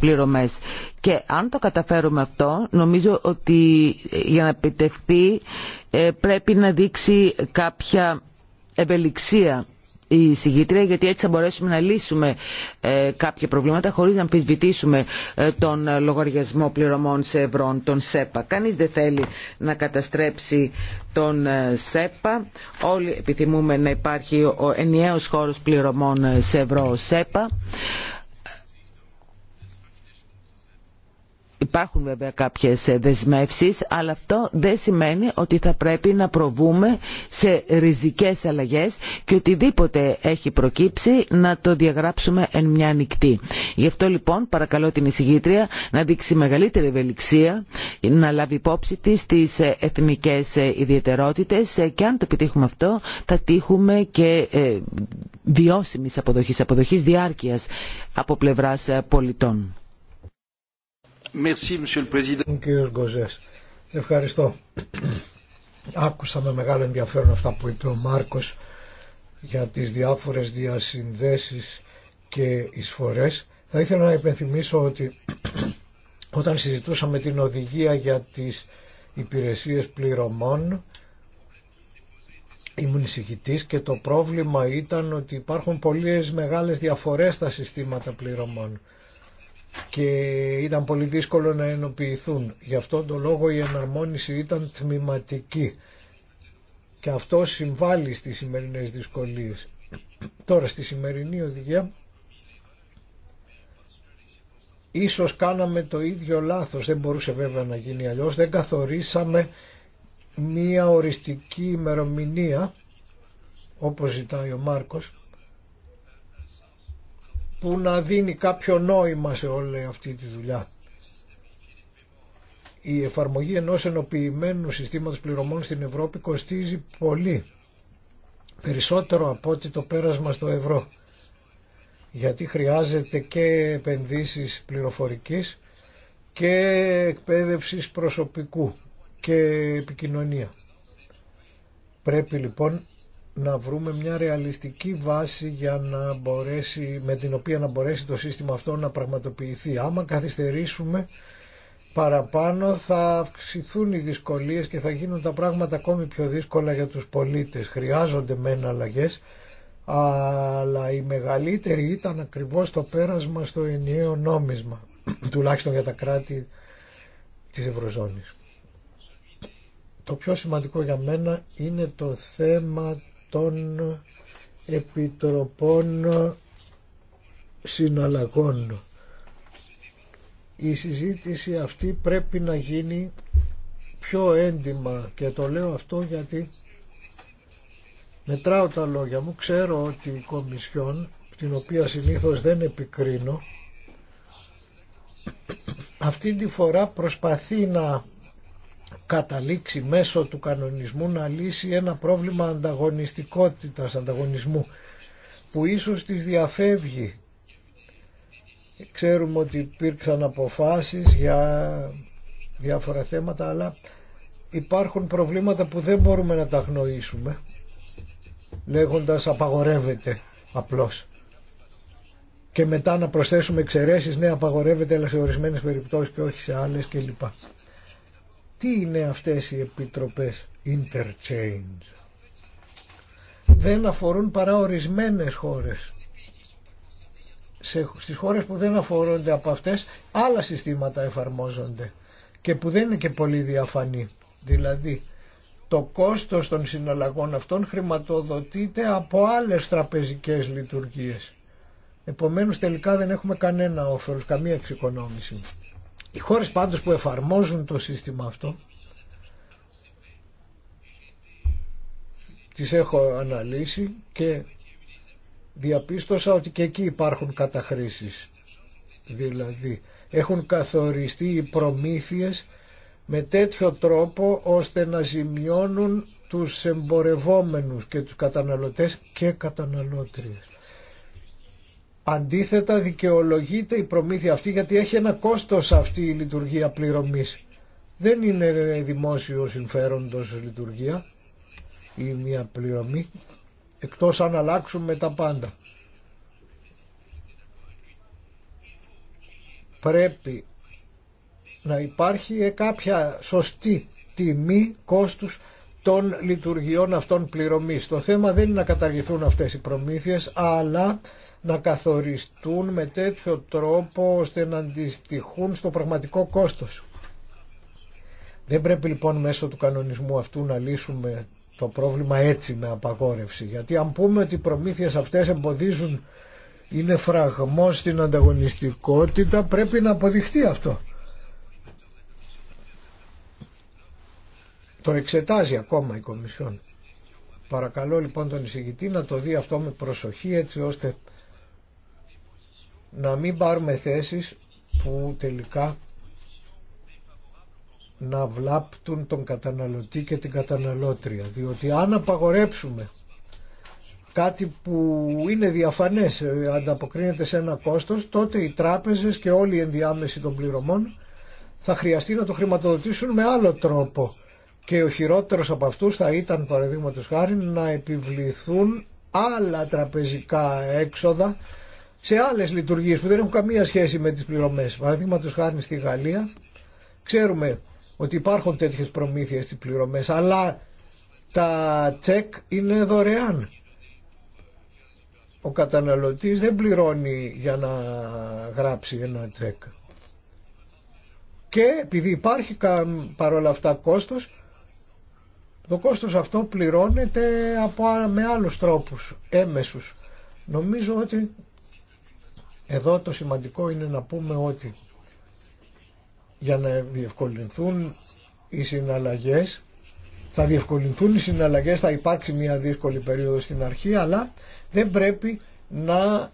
πληρωμές. Και αν το καταφέρουμε αυτό, νομίζω ότι για να επιτευχθεί πρέπει να δείξει κάποια ευελιξία η γιατί έτσι θα μπορέσουμε να λύσουμε ε, κάποια προβλήματα χωρίς να αμφισβητήσουμε ε, τον λογαριασμό πληρωμών σε ευρώ, τον ΣΕΠΑ. Κανείς δεν θέλει να καταστρέψει τον ε, ΣΕΠΑ. Όλοι επιθυμούμε να υπάρχει ο ενιαίος χώρος πληρωμών σε ευρώ ΣΕΠΑ. Υπάρχουν βέβαια κάποιες δεσμεύσεις, αλλά αυτό δεν σημαίνει ότι θα πρέπει να προβούμε σε ριζικές αλλαγές και οτιδήποτε έχει προκύψει να το διαγράψουμε εν μια νύχτη. Γι' αυτό λοιπόν παρακαλώ την εισηγήτρια να δείξει μεγαλύτερη ευελιξία, να λάβει υπόψη της τις εθνικές ιδιαιτερότητες και αν το επιτύχουμε αυτό θα τύχουμε και ε, βιώσιμης αποδοχής, αποδοχής διάρκειας από πλευράς πολιτών. Γκοζές, ευχαριστώ. Άκουσα με μεγάλο ενδιαφέρον αυτά που είπε ο Μάρκος για τις διάφορες διασυνδέσεις και εισφορές. Θα ήθελα να υπενθυμίσω ότι όταν συζητούσαμε την οδηγία για τις υπηρεσίες πληρωμών ήμουν εισηγητής και το πρόβλημα ήταν ότι υπάρχουν πολλές μεγάλες διαφορές στα συστήματα πληρωμών και ήταν πολύ δύσκολο να ενοποιηθούν. Γι' αυτό τον λόγο η εναρμόνιση ήταν τμηματική και αυτό συμβάλλει στις σημερινές δυσκολίες. Τώρα στη σημερινή οδηγία ίσως κάναμε το ίδιο λάθος, δεν μπορούσε βέβαια να γίνει αλλιώς, δεν καθορίσαμε μία οριστική ημερομηνία όπως ζητάει ο Μάρκος που να δίνει κάποιο νόημα σε όλη αυτή τη δουλειά. Η εφαρμογή ενός ενοποιημένου συστήματος πληρωμών στην Ευρώπη κοστίζει πολύ, περισσότερο από ότι το πέρασμα στο ευρώ, γιατί χρειάζεται και επενδύσεις πληροφορικής και εκπαίδευσης προσωπικού και επικοινωνία. Πρέπει λοιπόν να βρούμε μια ρεαλιστική βάση για να μπορέσει, με την οποία να μπορέσει το σύστημα αυτό να πραγματοποιηθεί. Άμα καθυστερήσουμε παραπάνω θα αυξηθούν οι δυσκολίες και θα γίνουν τα πράγματα ακόμη πιο δύσκολα για τους πολίτες. Χρειάζονται μεν αλλαγέ, αλλά η μεγαλύτερη ήταν ακριβώς το πέρασμα στο ενιαίο νόμισμα, τουλάχιστον για τα κράτη της Ευρωζώνης. Το πιο σημαντικό για μένα είναι το θέμα των επιτροπών συναλλαγών. Η συζήτηση αυτή πρέπει να γίνει πιο έντιμα και το λέω αυτό γιατί μετράω τα λόγια μου. Ξέρω ότι η Κομισιόν, την οποία συνήθως δεν επικρίνω, αυτή τη φορά προσπαθεί να καταλήξει μέσω του κανονισμού να λύσει ένα πρόβλημα ανταγωνιστικότητας, ανταγωνισμού που ίσως τις διαφεύγει. Ξέρουμε ότι υπήρξαν αποφάσεις για διάφορα θέματα αλλά υπάρχουν προβλήματα που δεν μπορούμε να τα γνωρίσουμε λέγοντας απαγορεύεται απλώς και μετά να προσθέσουμε εξαιρέσεις ναι απαγορεύεται αλλά σε ορισμένες περιπτώσεις και όχι σε άλλες κλπ. Τι είναι αυτές οι επιτροπές interchange. Δεν αφορούν παρά ορισμένες χώρες. Σε, στις χώρες που δεν αφορούνται από αυτές άλλα συστήματα εφαρμόζονται και που δεν είναι και πολύ διαφανή. Δηλαδή το κόστος των συναλλαγών αυτών χρηματοδοτείται από άλλες τραπεζικές λειτουργίες. Επομένως τελικά δεν έχουμε κανένα όφελος, καμία εξοικονόμηση. Οι χώρες πάντως που εφαρμόζουν το σύστημα αυτό τις έχω αναλύσει και διαπίστωσα ότι και εκεί υπάρχουν καταχρήσεις. Δηλαδή έχουν καθοριστεί οι προμήθειες με τέτοιο τρόπο ώστε να ζημιώνουν τους εμπορευόμενους και τους καταναλωτές και καταναλώτριες. Αντίθετα δικαιολογείται η προμήθεια αυτή γιατί έχει ένα κόστος αυτή η λειτουργία πληρωμής. Δεν είναι δημόσιο συμφέροντος λειτουργία ή μια πληρωμή εκτός αν αλλάξουμε τα πάντα. Πρέπει να υπάρχει ε, κάποια σωστή τιμή κόστους των λειτουργιών αυτών πληρωμής. Το θέμα δεν είναι να καταργηθούν αυτές οι προμήθειες, αλλά να καθοριστούν με τέτοιο τρόπο ώστε να αντιστοιχούν στο πραγματικό κόστος. Δεν πρέπει λοιπόν μέσω του κανονισμού αυτού να λύσουμε το πρόβλημα έτσι με απαγόρευση. Γιατί αν πούμε ότι οι προμήθειες αυτές εμποδίζουν, είναι φραγμό στην ανταγωνιστικότητα, πρέπει να αποδειχτεί αυτό. Το εξετάζει ακόμα η Κομισιόν. Παρακαλώ λοιπόν τον εισηγητή να το δει αυτό με προσοχή έτσι ώστε να μην πάρουμε θέσεις που τελικά να βλάπτουν τον καταναλωτή και την καταναλώτρια. Διότι αν απαγορέψουμε κάτι που είναι διαφανές, ε, ανταποκρίνεται σε ένα κόστος, τότε οι τράπεζες και όλη η ενδιάμεση των πληρωμών θα χρειαστεί να το χρηματοδοτήσουν με άλλο τρόπο. Και ο χειρότερος από αυτούς θα ήταν, παραδείγματο χάρη, να επιβληθούν άλλα τραπεζικά έξοδα σε άλλες λειτουργίες που δεν έχουν καμία σχέση με τις πληρωμές. Παραδείγματο χάρη στη Γαλλία ξέρουμε ότι υπάρχουν τέτοιες προμήθειες στις πληρωμές αλλά τα τσεκ είναι δωρεάν. Ο καταναλωτής δεν πληρώνει για να γράψει ένα τσεκ. Και επειδή υπάρχει παρόλα αυτά κόστος, το κόστος αυτό πληρώνεται από, με άλλους τρόπους, έμεσους. Νομίζω ότι εδώ το σημαντικό είναι να πούμε ότι για να διευκολυνθούν οι συναλλαγές θα διευκολυνθούν οι συναλλαγές, θα υπάρξει μια δύσκολη περίοδο στην αρχή, αλλά δεν πρέπει να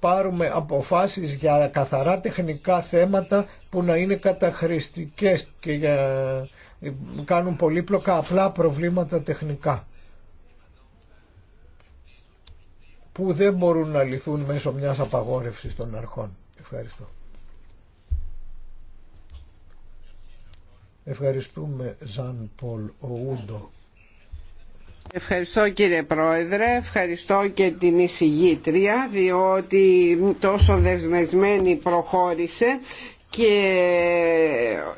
πάρουμε αποφάσεις για καθαρά τεχνικά θέματα που να είναι καταχρηστικές και για... κάνουν πολύπλοκα απλά προβλήματα τεχνικά. που δεν μπορούν να λυθούν μέσω μιας απαγόρευσης των αρχών. Ευχαριστώ. Ευχαριστούμε Ζαν Πολ Οούντο. Ευχαριστώ κύριε Πρόεδρε, ευχαριστώ και την εισηγήτρια διότι τόσο δεσμεσμένη προχώρησε και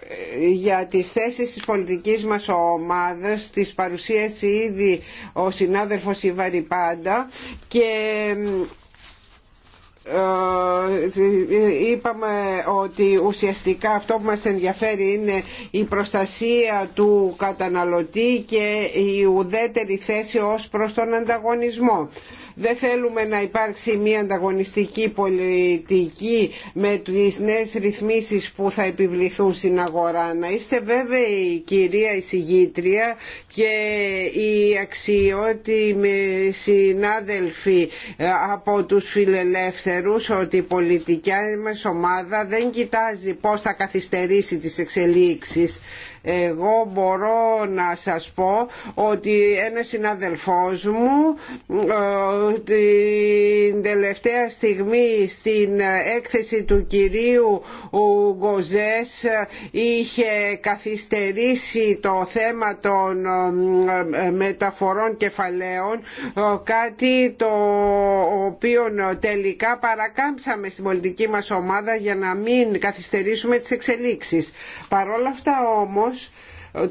ε, για τις θέσεις της πολιτικής μας ομάδας τις παρουσίασε ήδη ο συνάδελφος Πάντα και ε, είπαμε ότι ουσιαστικά αυτό που μας ενδιαφέρει είναι η προστασία του καταναλωτή και η ουδέτερη θέση ως προς τον ανταγωνισμό. Δεν θέλουμε να υπάρξει μια ανταγωνιστική πολιτική με τις νέες ρυθμίσεις που θα επιβληθούν στην αγορά. Να είστε βέβαιοι κυρία εισηγήτρια και οι αξιότιμοι συνάδελφοι ε, από τους φιλελεύθερους ότι η πολιτική μας ομάδα δεν κοιτάζει πώς θα καθυστερήσει τις εξελίξεις εγώ μπορώ να σας πω ότι ένας συναδελφός μου ε, την τελευταία στιγμή στην έκθεση του κυρίου Γκοζές είχε καθυστερήσει το θέμα των ε, μεταφορών κεφαλαίων ε, κάτι το οποίο τελικά παρακάμψαμε στην πολιτική μας ομάδα για να μην καθυστερήσουμε τις εξελίξεις. Παρόλα αυτά όμως Δυστυχώς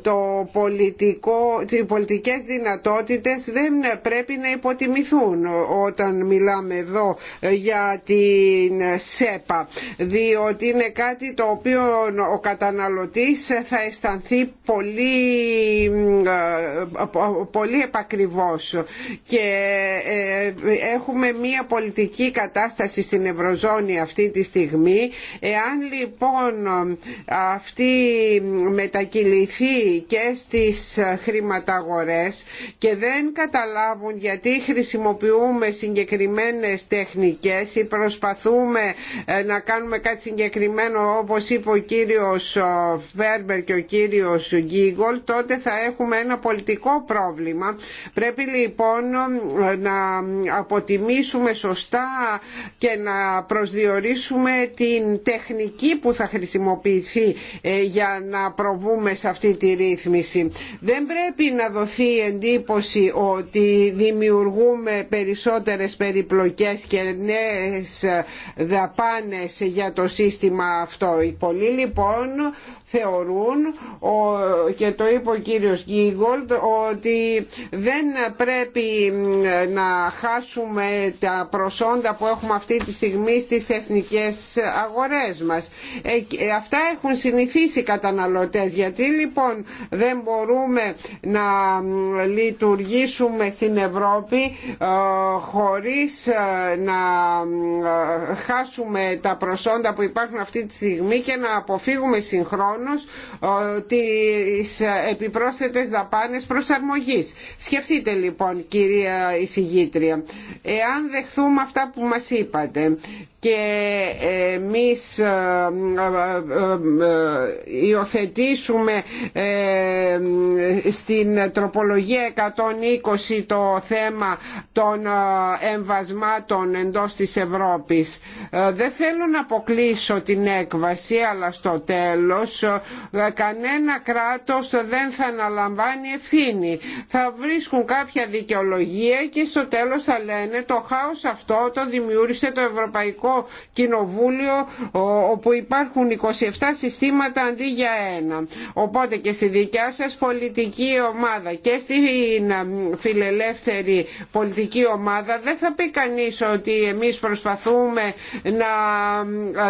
το πολιτικό, οι πολιτικές δυνατότητες δεν πρέπει να υποτιμηθούν όταν μιλάμε εδώ για την ΣΕΠΑ διότι είναι κάτι το οποίο ο καταναλωτής θα αισθανθεί πολύ, ε, πολύ επακριβώς και ε, έχουμε μία πολιτική κατάσταση στην Ευρωζώνη αυτή τη στιγμή εάν λοιπόν αυτή μετακυληθεί και στις χρηματαγορές και δεν καταλάβουν γιατί χρησιμοποιούμε συγκεκριμένες τεχνικές ή προσπαθούμε ε, να κάνουμε κάτι συγκεκριμένο όπως είπε ο κύριος ε, Βέρμπερ και ο κύριος Γκίγολ τότε θα έχουμε ένα πολιτικό πρόβλημα. Πρέπει λοιπόν ε, να αποτιμήσουμε σωστά και να προσδιορίσουμε την τεχνική που θα χρησιμοποιηθεί για να προβούμε σε αυτή τη Δεν πρέπει να δοθεί εντύπωση ότι δημιουργούμε περισσότερες περιπλοκές και νέες δαπάνες για το σύστημα αυτό. Οι πολλοί λοιπόν θεωρούν και το είπε ο κύριος Γίγολτ ότι δεν πρέπει να χάσουμε τα προσόντα που έχουμε αυτή τη στιγμή στις εθνικές αγορές μας. Ε, ε, αυτά έχουν συνηθίσει οι καταναλωτές. Γιατί λοιπόν δεν μπορούμε να λειτουργήσουμε στην Ευρώπη ε, χωρίς να χάσουμε τα προσόντα που υπάρχουν αυτή τη στιγμή και να αποφύγουμε συγχρόνως χρόνος ε, τις επιπρόσθετες δαπάνες προσαρμογής. Σκεφτείτε λοιπόν κυρία εισηγήτρια, εάν δεχθούμε αυτά που μας είπατε και εμείς ε, ε, ε, υιοθετήσουμε στην τροπολογία 120 το θέμα των εμβασμάτων εντός της Ευρώπης. Δεν θέλω να αποκλείσω την έκβαση αλλά στο τέλος κανένα κράτος δεν θα αναλαμβάνει ευθύνη. Θα βρίσκουν κάποια δικαιολογία και στο τέλος θα λένε το χάος αυτό το δημιούργησε το Ευρωπαϊκό Κοινοβούλιο όπου υπάρχουν 27 συστήματα αντί για ένα. Οπότε και στη δικιά σας πολιτική ομάδα και στην φιλελεύθερη πολιτική ομάδα δεν θα πει κανείς ότι εμείς προσπαθούμε να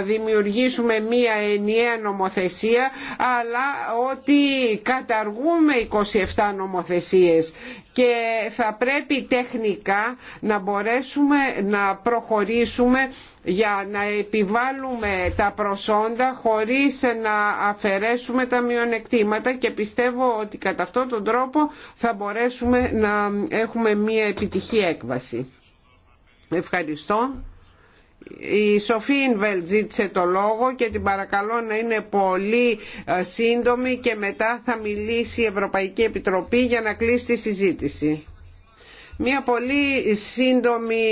δημιουργήσουμε μία ενιαία νομοθεσία αλλά ότι καταργούμε 27 νομοθεσίες και θα πρέπει τεχνικά να μπορέσουμε να προχωρήσουμε για να επιβάλλουμε τα προσόντα χωρίς να αφαιρέσουμε τα μειονεκτήματα και πιστεύω ότι κατά αυτόν τον τρόπο θα μπορέσουμε να έχουμε μια επιτυχή έκβαση. Ευχαριστώ. Η Σοφία Ινβέλ ζήτησε το λόγο και την παρακαλώ να είναι πολύ ε, σύντομη και μετά θα μιλήσει η Ευρωπαϊκή Επιτροπή για να κλείσει τη συζήτηση. Μία πολύ σύντομη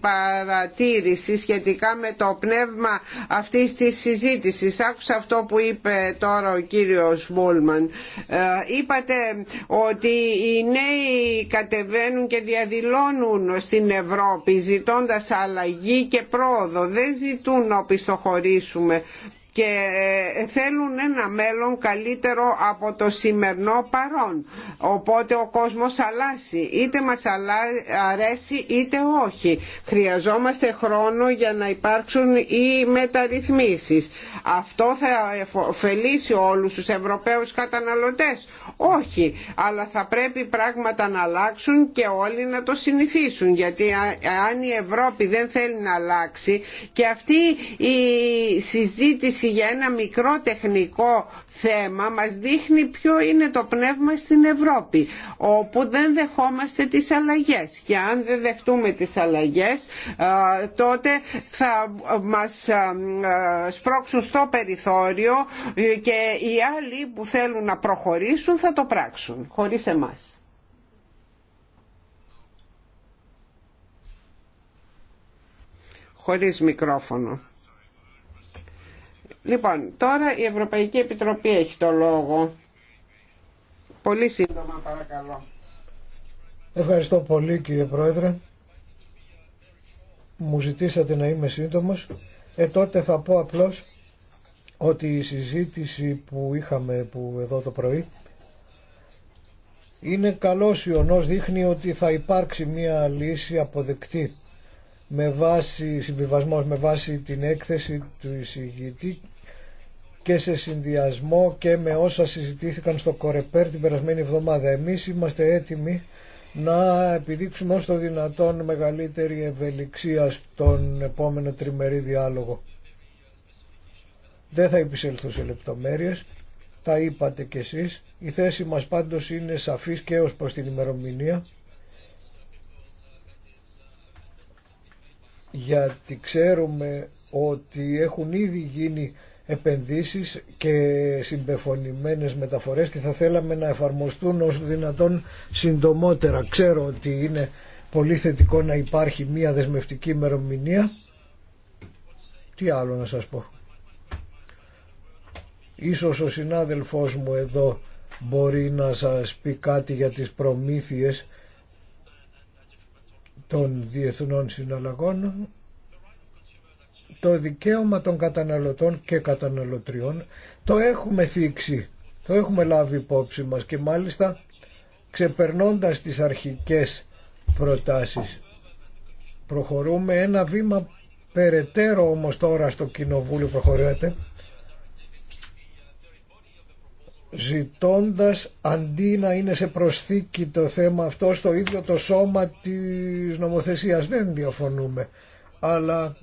παρατήρηση σχετικά με το πνεύμα αυτής της συζήτησης. Άκουσα αυτό που είπε τώρα ο κύριος Μπούλμαν. Ε, είπατε ότι οι νέοι κατεβαίνουν και διαδηλώνουν στην Ευρώπη ζητώντας αλλαγή και πρόοδο. Δεν ζητούν να οπισθοχωρήσουμε και ε, θέλουν ένα μέλλον καλύτερο από το σημερινό παρόν. Οπότε ο κόσμος αλλάζει, είτε μας αρέσει είτε όχι. Χρειαζόμαστε χρόνο για να υπάρξουν οι μεταρρυθμίσεις. Αυτό θα ωφελήσει όλους τους Ευρωπαίους καταναλωτές. Όχι, αλλά θα πρέπει πράγματα να αλλάξουν και όλοι να το συνηθίσουν. Γιατί αν η Ευρώπη δεν θέλει να αλλάξει και αυτή η συζήτηση για ένα μικρό τεχνικό θέμα μας δείχνει ποιο είναι το πνεύμα στην Ευρώπη όπου δεν δεχόμαστε τις αλλαγές και αν δεν δεχτούμε τις αλλαγές τότε θα μας σπρώξουν στο περιθώριο και οι άλλοι που θέλουν να προχωρήσουν θα το πράξουν χωρίς εμάς. Χωρίς μικρόφωνο. Λοιπόν, τώρα η Ευρωπαϊκή Επιτροπή έχει το λόγο. Πολύ σύντομα παρακαλώ. Ευχαριστώ πολύ κύριε Πρόεδρε. Μου ζητήσατε να είμαι σύντομος. Ε, τότε θα πω απλώς ότι η συζήτηση που είχαμε που εδώ το πρωί είναι καλός ιονός, δείχνει ότι θα υπάρξει μια λύση αποδεκτή με βάση, συμβιβασμός με βάση την έκθεση του εισηγητή και σε συνδυασμό και με όσα συζητήθηκαν στο Κορεπέρ την περασμένη εβδομάδα. Εμείς είμαστε έτοιμοι να επιδείξουμε όσο το δυνατόν μεγαλύτερη ευελιξία στον επόμενο τριμερή διάλογο. Δεν θα επισέλθω σε λεπτομέρειες, τα είπατε κι εσείς. Η θέση μας πάντως είναι σαφής και ως προς την ημερομηνία γιατί ξέρουμε ότι έχουν ήδη γίνει επενδύσεις και συμπεφωνημένες μεταφορές και θα θέλαμε να εφαρμοστούν όσο δυνατόν συντομότερα. Ξέρω ότι είναι πολύ θετικό να υπάρχει μία δεσμευτική ημερομηνία. Τι άλλο να σας πω. Ίσως ο συνάδελφός μου εδώ μπορεί να σας πει κάτι για τις προμήθειες των διεθνών συναλλαγών το δικαίωμα των καταναλωτών και καταναλωτριών το έχουμε θίξει, το έχουμε λάβει υπόψη μας και μάλιστα ξεπερνώντας τις αρχικές προτάσεις. Προχωρούμε ένα βήμα περαιτέρω όμως τώρα στο Κοινοβούλιο προχωρέτε ζητώντας αντί να είναι σε προσθήκη το θέμα αυτό στο ίδιο το σώμα της νομοθεσίας. Δεν διαφωνούμε, αλλά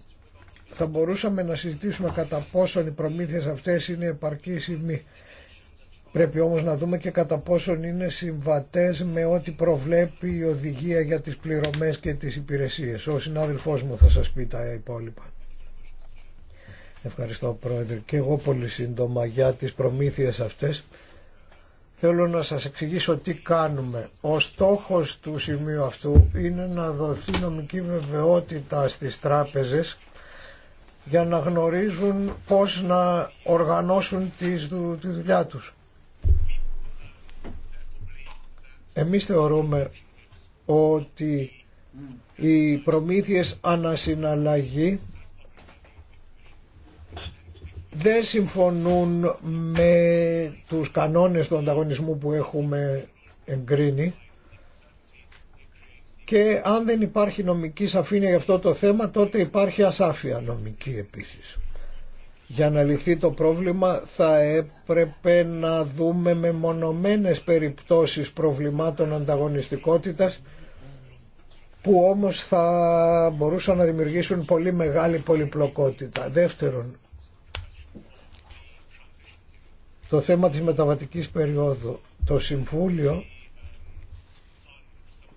θα μπορούσαμε να συζητήσουμε κατά πόσον οι προμήθειες αυτές είναι επαρκείς ή μη. Πρέπει όμως να δούμε και κατά πόσον είναι συμβατές με ό,τι προβλέπει η οδηγία για τις πληρωμές και τις υπηρεσίες. Ο συνάδελφός μου θα σας πει τα υπόλοιπα. Ευχαριστώ Πρόεδρε και εγώ πολύ σύντομα για τις προμήθειες αυτές. Θέλω να σας εξηγήσω τι κάνουμε. Ο στόχος του σημείου αυτού είναι να δοθεί νομική βεβαιότητα στις τράπεζες για να γνωρίζουν πώς να οργανώσουν τη δουλειά τους. Εμείς θεωρούμε ότι οι προμήθειες ανασυναλλαγή δεν συμφωνούν με τους κανόνες του ανταγωνισμού που έχουμε εγκρίνει και αν δεν υπάρχει νομική σαφήνεια για αυτό το θέμα τότε υπάρχει ασάφεια νομική επίσης. Για να λυθεί το πρόβλημα θα έπρεπε να δούμε με μονομένες περιπτώσεις προβλημάτων ανταγωνιστικότητας που όμως θα μπορούσαν να δημιουργήσουν πολύ μεγάλη πολυπλοκότητα. Δεύτερον, το θέμα της μεταβατικής περίοδου. Το Συμβούλιο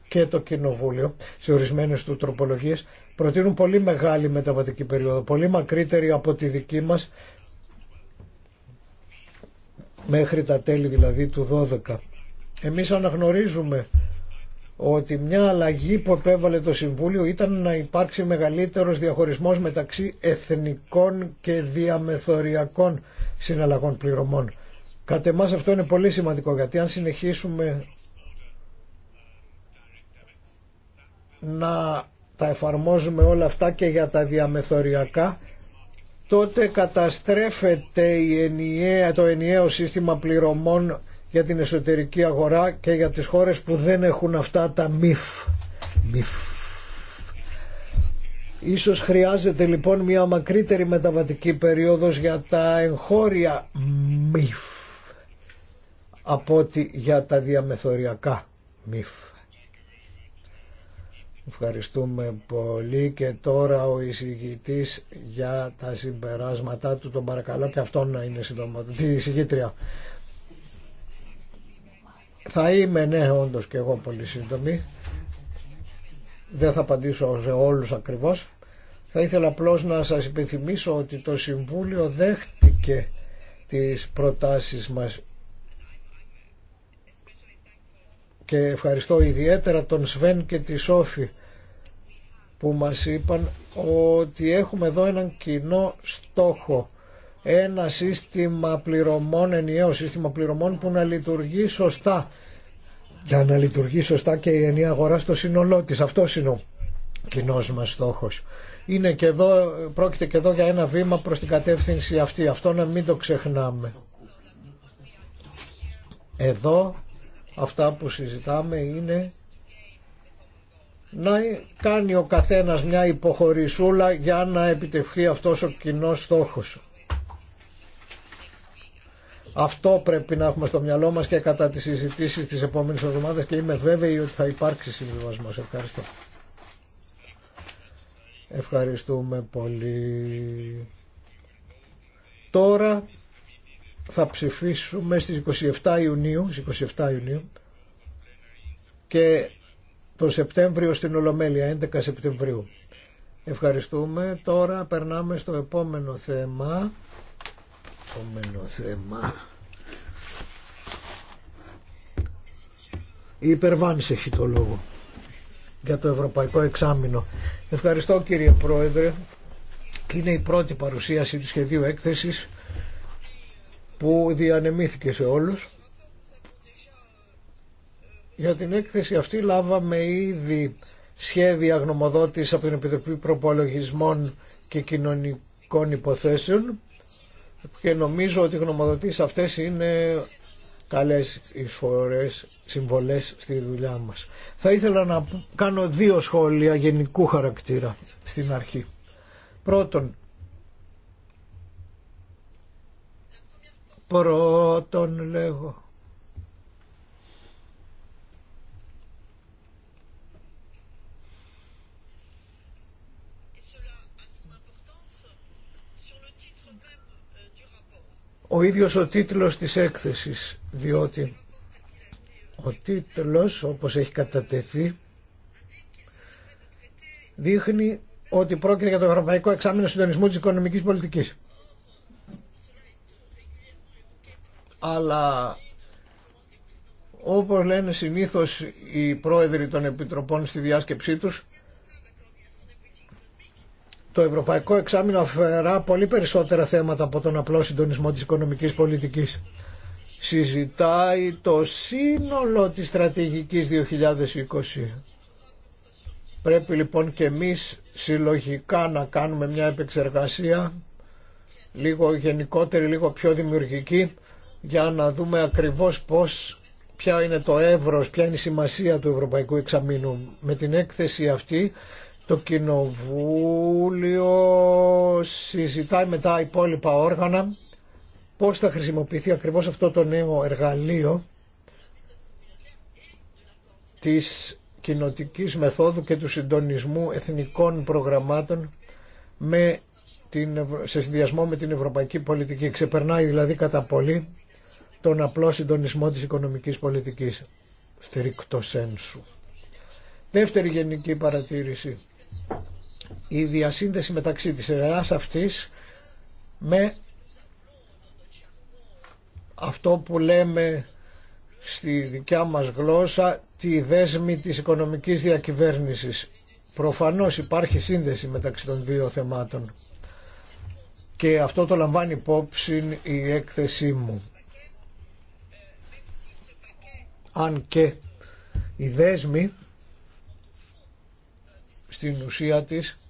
και το Κοινοβούλιο σε ορισμένες του τροπολογίες προτείνουν πολύ μεγάλη μεταβατική περίοδο, πολύ μακρύτερη από τη δική μας μέχρι τα τέλη δηλαδή του 12. Εμείς αναγνωρίζουμε ότι μια αλλαγή που επέβαλε το Συμβούλιο ήταν να υπάρξει μεγαλύτερος διαχωρισμός μεταξύ εθνικών και διαμεθοριακών συναλλαγών πληρωμών. Κατ' εμά αυτό είναι πολύ σημαντικό γιατί αν συνεχίσουμε να τα εφαρμόζουμε όλα αυτά και για τα διαμεθοριακά τότε καταστρέφεται η ενιαία, το ενιαίο σύστημα πληρωμών για την εσωτερική αγορά και για τις χώρες που δεν έχουν αυτά τα μυφ. μυφ. Ίσως χρειάζεται λοιπόν μια μακρύτερη μεταβατική περίοδος για τα εγχώρια μυφ από ότι για τα διαμεθοριακά μυφ. Ευχαριστούμε πολύ και τώρα ο εισηγητής για τα συμπεράσματά του. Τον παρακαλώ και αυτόν να είναι συντομότερο. Τη εισηγήτρια. Θα είμαι ναι όντως και εγώ πολύ σύντομη. Δεν θα απαντήσω σε όλους ακριβώς. Θα ήθελα απλώ να σας υπενθυμίσω ότι το Συμβούλιο δέχτηκε τις προτάσεις μας και ευχαριστώ ιδιαίτερα τον Σβέν και τη Σόφη που μας είπαν ότι έχουμε εδώ έναν κοινό στόχο ένα σύστημα πληρωμών, ενιαίο σύστημα πληρωμών που να λειτουργεί σωστά για να λειτουργεί σωστά και η ενιαία αγορά στο σύνολό τη. Αυτό είναι ο κοινό μα στόχο. Είναι και εδώ, πρόκειται και εδώ για ένα βήμα προς την κατεύθυνση αυτή. Αυτό να μην το ξεχνάμε. Εδώ αυτά που συζητάμε είναι να κάνει ο καθένας μια υποχωρησούλα για να επιτευχθεί αυτός ο κοινός στόχος. Αυτό πρέπει να έχουμε στο μυαλό μας και κατά τις συζητήσεις της επόμενης εβδομάδας και είμαι βέβαιη ότι θα υπάρξει συμβιβασμός. Ευχαριστώ. Ευχαριστούμε πολύ. Τώρα θα ψηφίσουμε στις 27 Ιουνίου, 27 Ιουνίου και το Σεπτέμβριο στην Ολομέλεια, 11 Σεπτεμβρίου. Ευχαριστούμε. Τώρα περνάμε στο επόμενο θέμα. Επόμενο θέμα. Η υπερβάνηση έχει το λόγο για το Ευρωπαϊκό Εξάμεινο. Ευχαριστώ κύριε Πρόεδρε. Είναι η πρώτη παρουσίαση του σχεδίου έκθεσης που διανεμήθηκε σε όλους. Για την έκθεση αυτή λάβαμε ήδη σχέδια γνωμοδότηση από την Επιτροπή Προπολογισμών και Κοινωνικών Υποθέσεων και νομίζω ότι οι γνωμοδοτήσεις αυτές είναι καλές εισφορές, συμβολές στη δουλειά μας. Θα ήθελα να κάνω δύο σχόλια γενικού χαρακτήρα στην αρχή. Πρώτον, Πρώτον λέγω. ο ίδιος ο τίτλος της έκθεσης, διότι ο τίτλος, όπως έχει κατατεθεί, δείχνει ότι πρόκειται για το Ευρωπαϊκό Εξάμεινο Συντονισμού της Οικονομικής Πολιτικής. αλλά όπως λένε συνήθως οι πρόεδροι των επιτροπών στη διάσκεψή τους το Ευρωπαϊκό Εξάμεινο αφαιρά πολύ περισσότερα θέματα από τον απλό συντονισμό της οικονομικής πολιτικής. Συζητάει το σύνολο της στρατηγικής 2020. Πρέπει λοιπόν και εμείς συλλογικά να κάνουμε μια επεξεργασία λίγο γενικότερη, λίγο πιο δημιουργική για να δούμε ακριβώς πώς, ποια είναι το εύρος, ποια είναι η σημασία του Ευρωπαϊκού Εξαμήνου. Με την έκθεση αυτή το Κοινοβούλιο συζητάει με τα υπόλοιπα όργανα πώς θα χρησιμοποιηθεί ακριβώς αυτό το νέο εργαλείο της κοινοτικής μεθόδου και του συντονισμού εθνικών προγραμμάτων με την, σε συνδυασμό με την ευρωπαϊκή πολιτική. Ξεπερνάει δηλαδή κατά πολύ τον απλό συντονισμό της οικονομικής πολιτικής στρίκτο Δεύτερη γενική παρατήρηση. Η διασύνδεση μεταξύ της ερέας αυτής με αυτό που λέμε στη δικιά μας γλώσσα τη δέσμη της οικονομικής διακυβέρνησης. Προφανώς υπάρχει σύνδεση μεταξύ των δύο θεμάτων και αυτό το λαμβάνει υπόψη η έκθεσή μου αν και οι δέσμοι στην ουσία της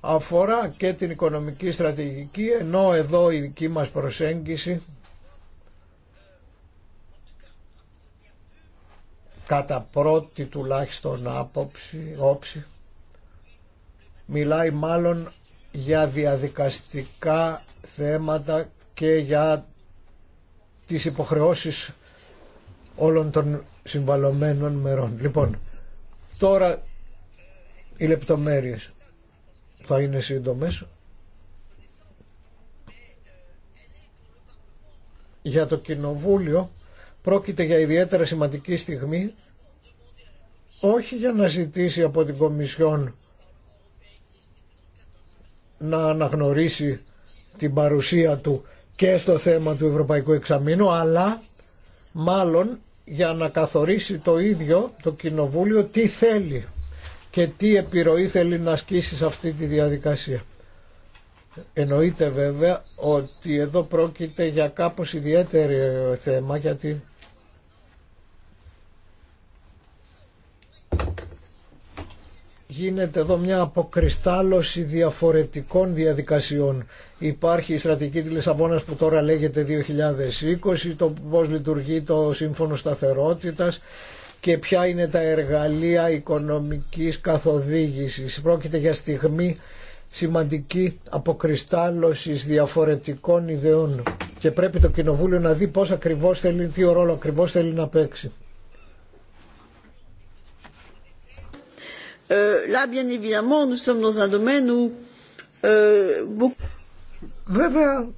αφορά και την οικονομική στρατηγική ενώ εδώ η δική μας προσέγγιση κατά πρώτη τουλάχιστον άποψη, όψη, μιλάει μάλλον για διαδικαστικά θέματα και για τις υποχρεώσεις όλων των συμβαλωμένων μερών. Λοιπόν, τώρα οι λεπτομέρειες θα είναι σύντομες. Για το Κοινοβούλιο πρόκειται για ιδιαίτερα σημαντική στιγμή όχι για να ζητήσει από την Κομισιόν να αναγνωρίσει την παρουσία του και στο θέμα του Ευρωπαϊκού Εξαμήνου αλλά μάλλον για να καθορίσει το ίδιο το Κοινοβούλιο τι θέλει και τι επιρροή θέλει να ασκήσει σε αυτή τη διαδικασία. Εννοείται βέβαια ότι εδώ πρόκειται για κάπως ιδιαίτερο θέμα γιατί γίνεται εδώ μια αποκριστάλλωση διαφορετικών διαδικασιών. Υπάρχει η στρατηγική της Λισαβόνα που τώρα λέγεται 2020, το πώς λειτουργεί το Σύμφωνο Σταθερότητας και ποια είναι τα εργαλεία οικονομικής καθοδήγησης. Πρόκειται για στιγμή σημαντική αποκριστάλλωση διαφορετικών ιδεών και πρέπει το Κοινοβούλιο να δει πώς ακριβώς θέλει, τι ρόλο ακριβώς θέλει να παίξει. Là, Βέβαια,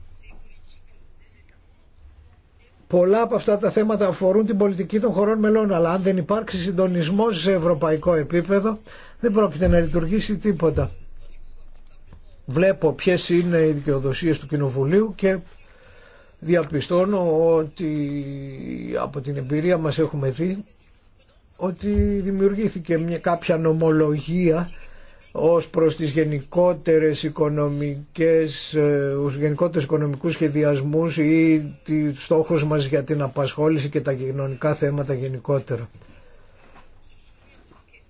πολλά από αυτά τα θέματα αφορούν την πολιτική των χωρών μελών, αλλά αν δεν υπάρξει συντονισμό σε ευρωπαϊκό επίπεδο, δεν πρόκειται να λειτουργήσει τίποτα. Βλέπω ποιες είναι οι δικαιοδοσίες του Κοινοβουλίου και διαπιστώνω ότι από την εμπειρία μας έχουμε δει ότι δημιουργήθηκε μια, κάποια νομολογία ως προς τις γενικότερες οικονομικές, τους ε, γενικότερες οικονομικούς σχεδιασμούς ή του στόχους μας για την απασχόληση και τα κοινωνικά θέματα γενικότερα.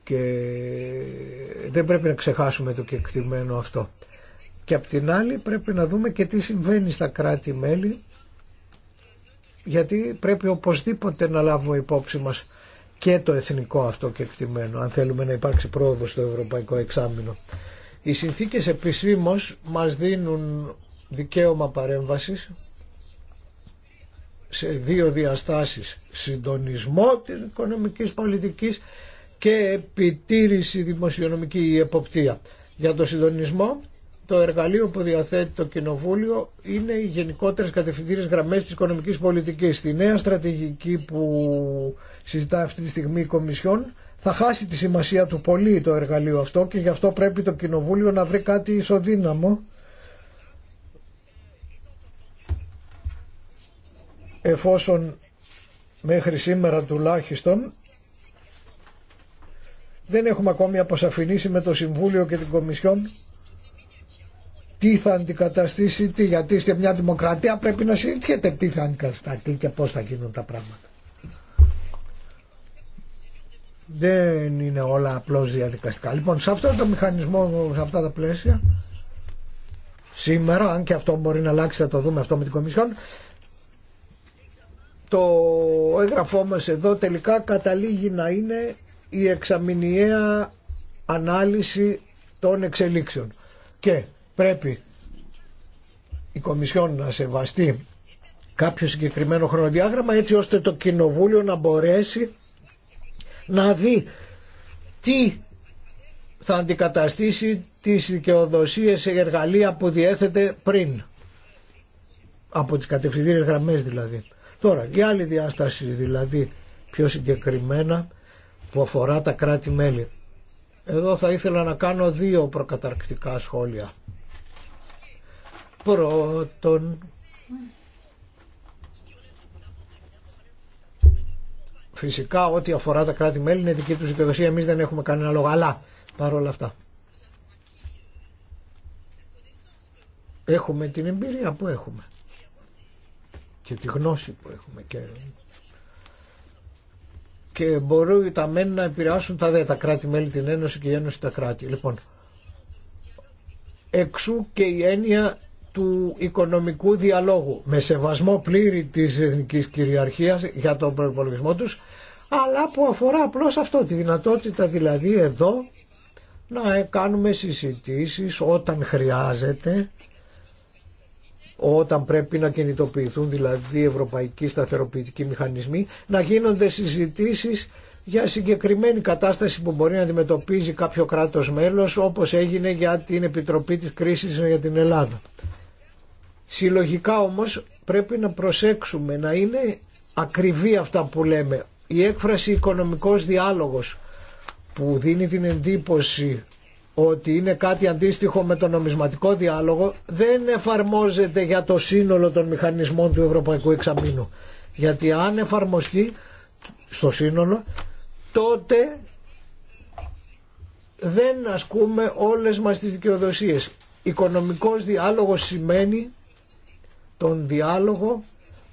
Και δεν πρέπει να ξεχάσουμε το κεκτημένο αυτό. Και απ' την άλλη πρέπει να δούμε και τι συμβαίνει στα κράτη-μέλη γιατί πρέπει οπωσδήποτε να λάβουμε υπόψη μας και το εθνικό αυτό κεκτημένο, αν θέλουμε να υπάρξει πρόοδο στο ευρωπαϊκό εξάμεινο. Οι συνθήκες επισήμως μας δίνουν δικαίωμα παρέμβασης σε δύο διαστάσεις συντονισμό της οικονομικής πολιτικής και επιτήρηση δημοσιονομική εποπτεία. Για το συντονισμό το εργαλείο που διαθέτει το Κοινοβούλιο είναι οι γενικότερες κατευθυντήρες γραμμές της οικονομικής πολιτικής. Στη νέα στρατηγική που συζητά αυτή τη στιγμή η Κομισιόν θα χάσει τη σημασία του πολύ το εργαλείο αυτό και γι' αυτό πρέπει το Κοινοβούλιο να βρει κάτι ισοδύναμο εφόσον μέχρι σήμερα τουλάχιστον δεν έχουμε ακόμη αποσαφηνίσει με το Συμβούλιο και την Κομισιόν τι θα αντικαταστήσει, τι, γιατί σε μια δημοκρατία πρέπει να συζητιέται τι θα αντικαταστήσει και πώς θα γίνουν τα πράγματα δεν είναι όλα απλώς διαδικαστικά. Λοιπόν, σε αυτό το μηχανισμό, σε αυτά τα πλαίσια, σήμερα, αν και αυτό μπορεί να αλλάξει, θα το δούμε αυτό με την Κομισιόν, το έγγραφό μας εδώ τελικά καταλήγει να είναι η εξαμηνιαία ανάλυση των εξελίξεων. Και πρέπει η Κομισιόν να σεβαστεί κάποιο συγκεκριμένο χρονοδιάγραμμα έτσι ώστε το Κοινοβούλιο να μπορέσει να δει τι θα αντικαταστήσει τις δικαιοδοσίες σε εργαλεία που διέθετε πριν. Από τις κατευθυντήρες γραμμές δηλαδή. Τώρα, η άλλη διάσταση δηλαδή πιο συγκεκριμένα που αφορά τα κράτη-μέλη. Εδώ θα ήθελα να κάνω δύο προκαταρκτικά σχόλια. Πρώτον, Φυσικά ό,τι αφορά τα κράτη-μέλη είναι δική του δικαιοδοσία, Εμεί δεν έχουμε κανένα λόγο, αλλά παρόλα αυτά. Έχουμε την εμπειρία που έχουμε και τη γνώση που έχουμε και, και μπορούν τα μεν να επηρεάσουν τα δε, τα κράτη-μέλη την Ένωση και η Ένωση τα κράτη. Λοιπόν, εξού και η έννοια του οικονομικού διαλόγου με σεβασμό πλήρη της εθνικής κυριαρχίας για τον προπολογισμό τους αλλά που αφορά απλώς αυτό τη δυνατότητα δηλαδή εδώ να κάνουμε συζητήσεις όταν χρειάζεται όταν πρέπει να κινητοποιηθούν δηλαδή ευρωπαϊκοί σταθεροποιητικοί μηχανισμοί να γίνονται συζητήσεις για συγκεκριμένη κατάσταση που μπορεί να αντιμετωπίζει κάποιο κράτος μέλος όπως έγινε για την Επιτροπή της Κρίσης για την Ελλάδα. Συλλογικά όμως πρέπει να προσέξουμε να είναι ακριβή αυτά που λέμε. Η έκφραση οικονομικός διάλογος που δίνει την εντύπωση ότι είναι κάτι αντίστοιχο με τον νομισματικό διάλογο δεν εφαρμόζεται για το σύνολο των μηχανισμών του Ευρωπαϊκού Εξαμήνου. Γιατί αν εφαρμοστεί στο σύνολο τότε δεν ασκούμε όλες μας τις δικαιοδοσίες. Οικονομικός διάλογος σημαίνει τον διάλογο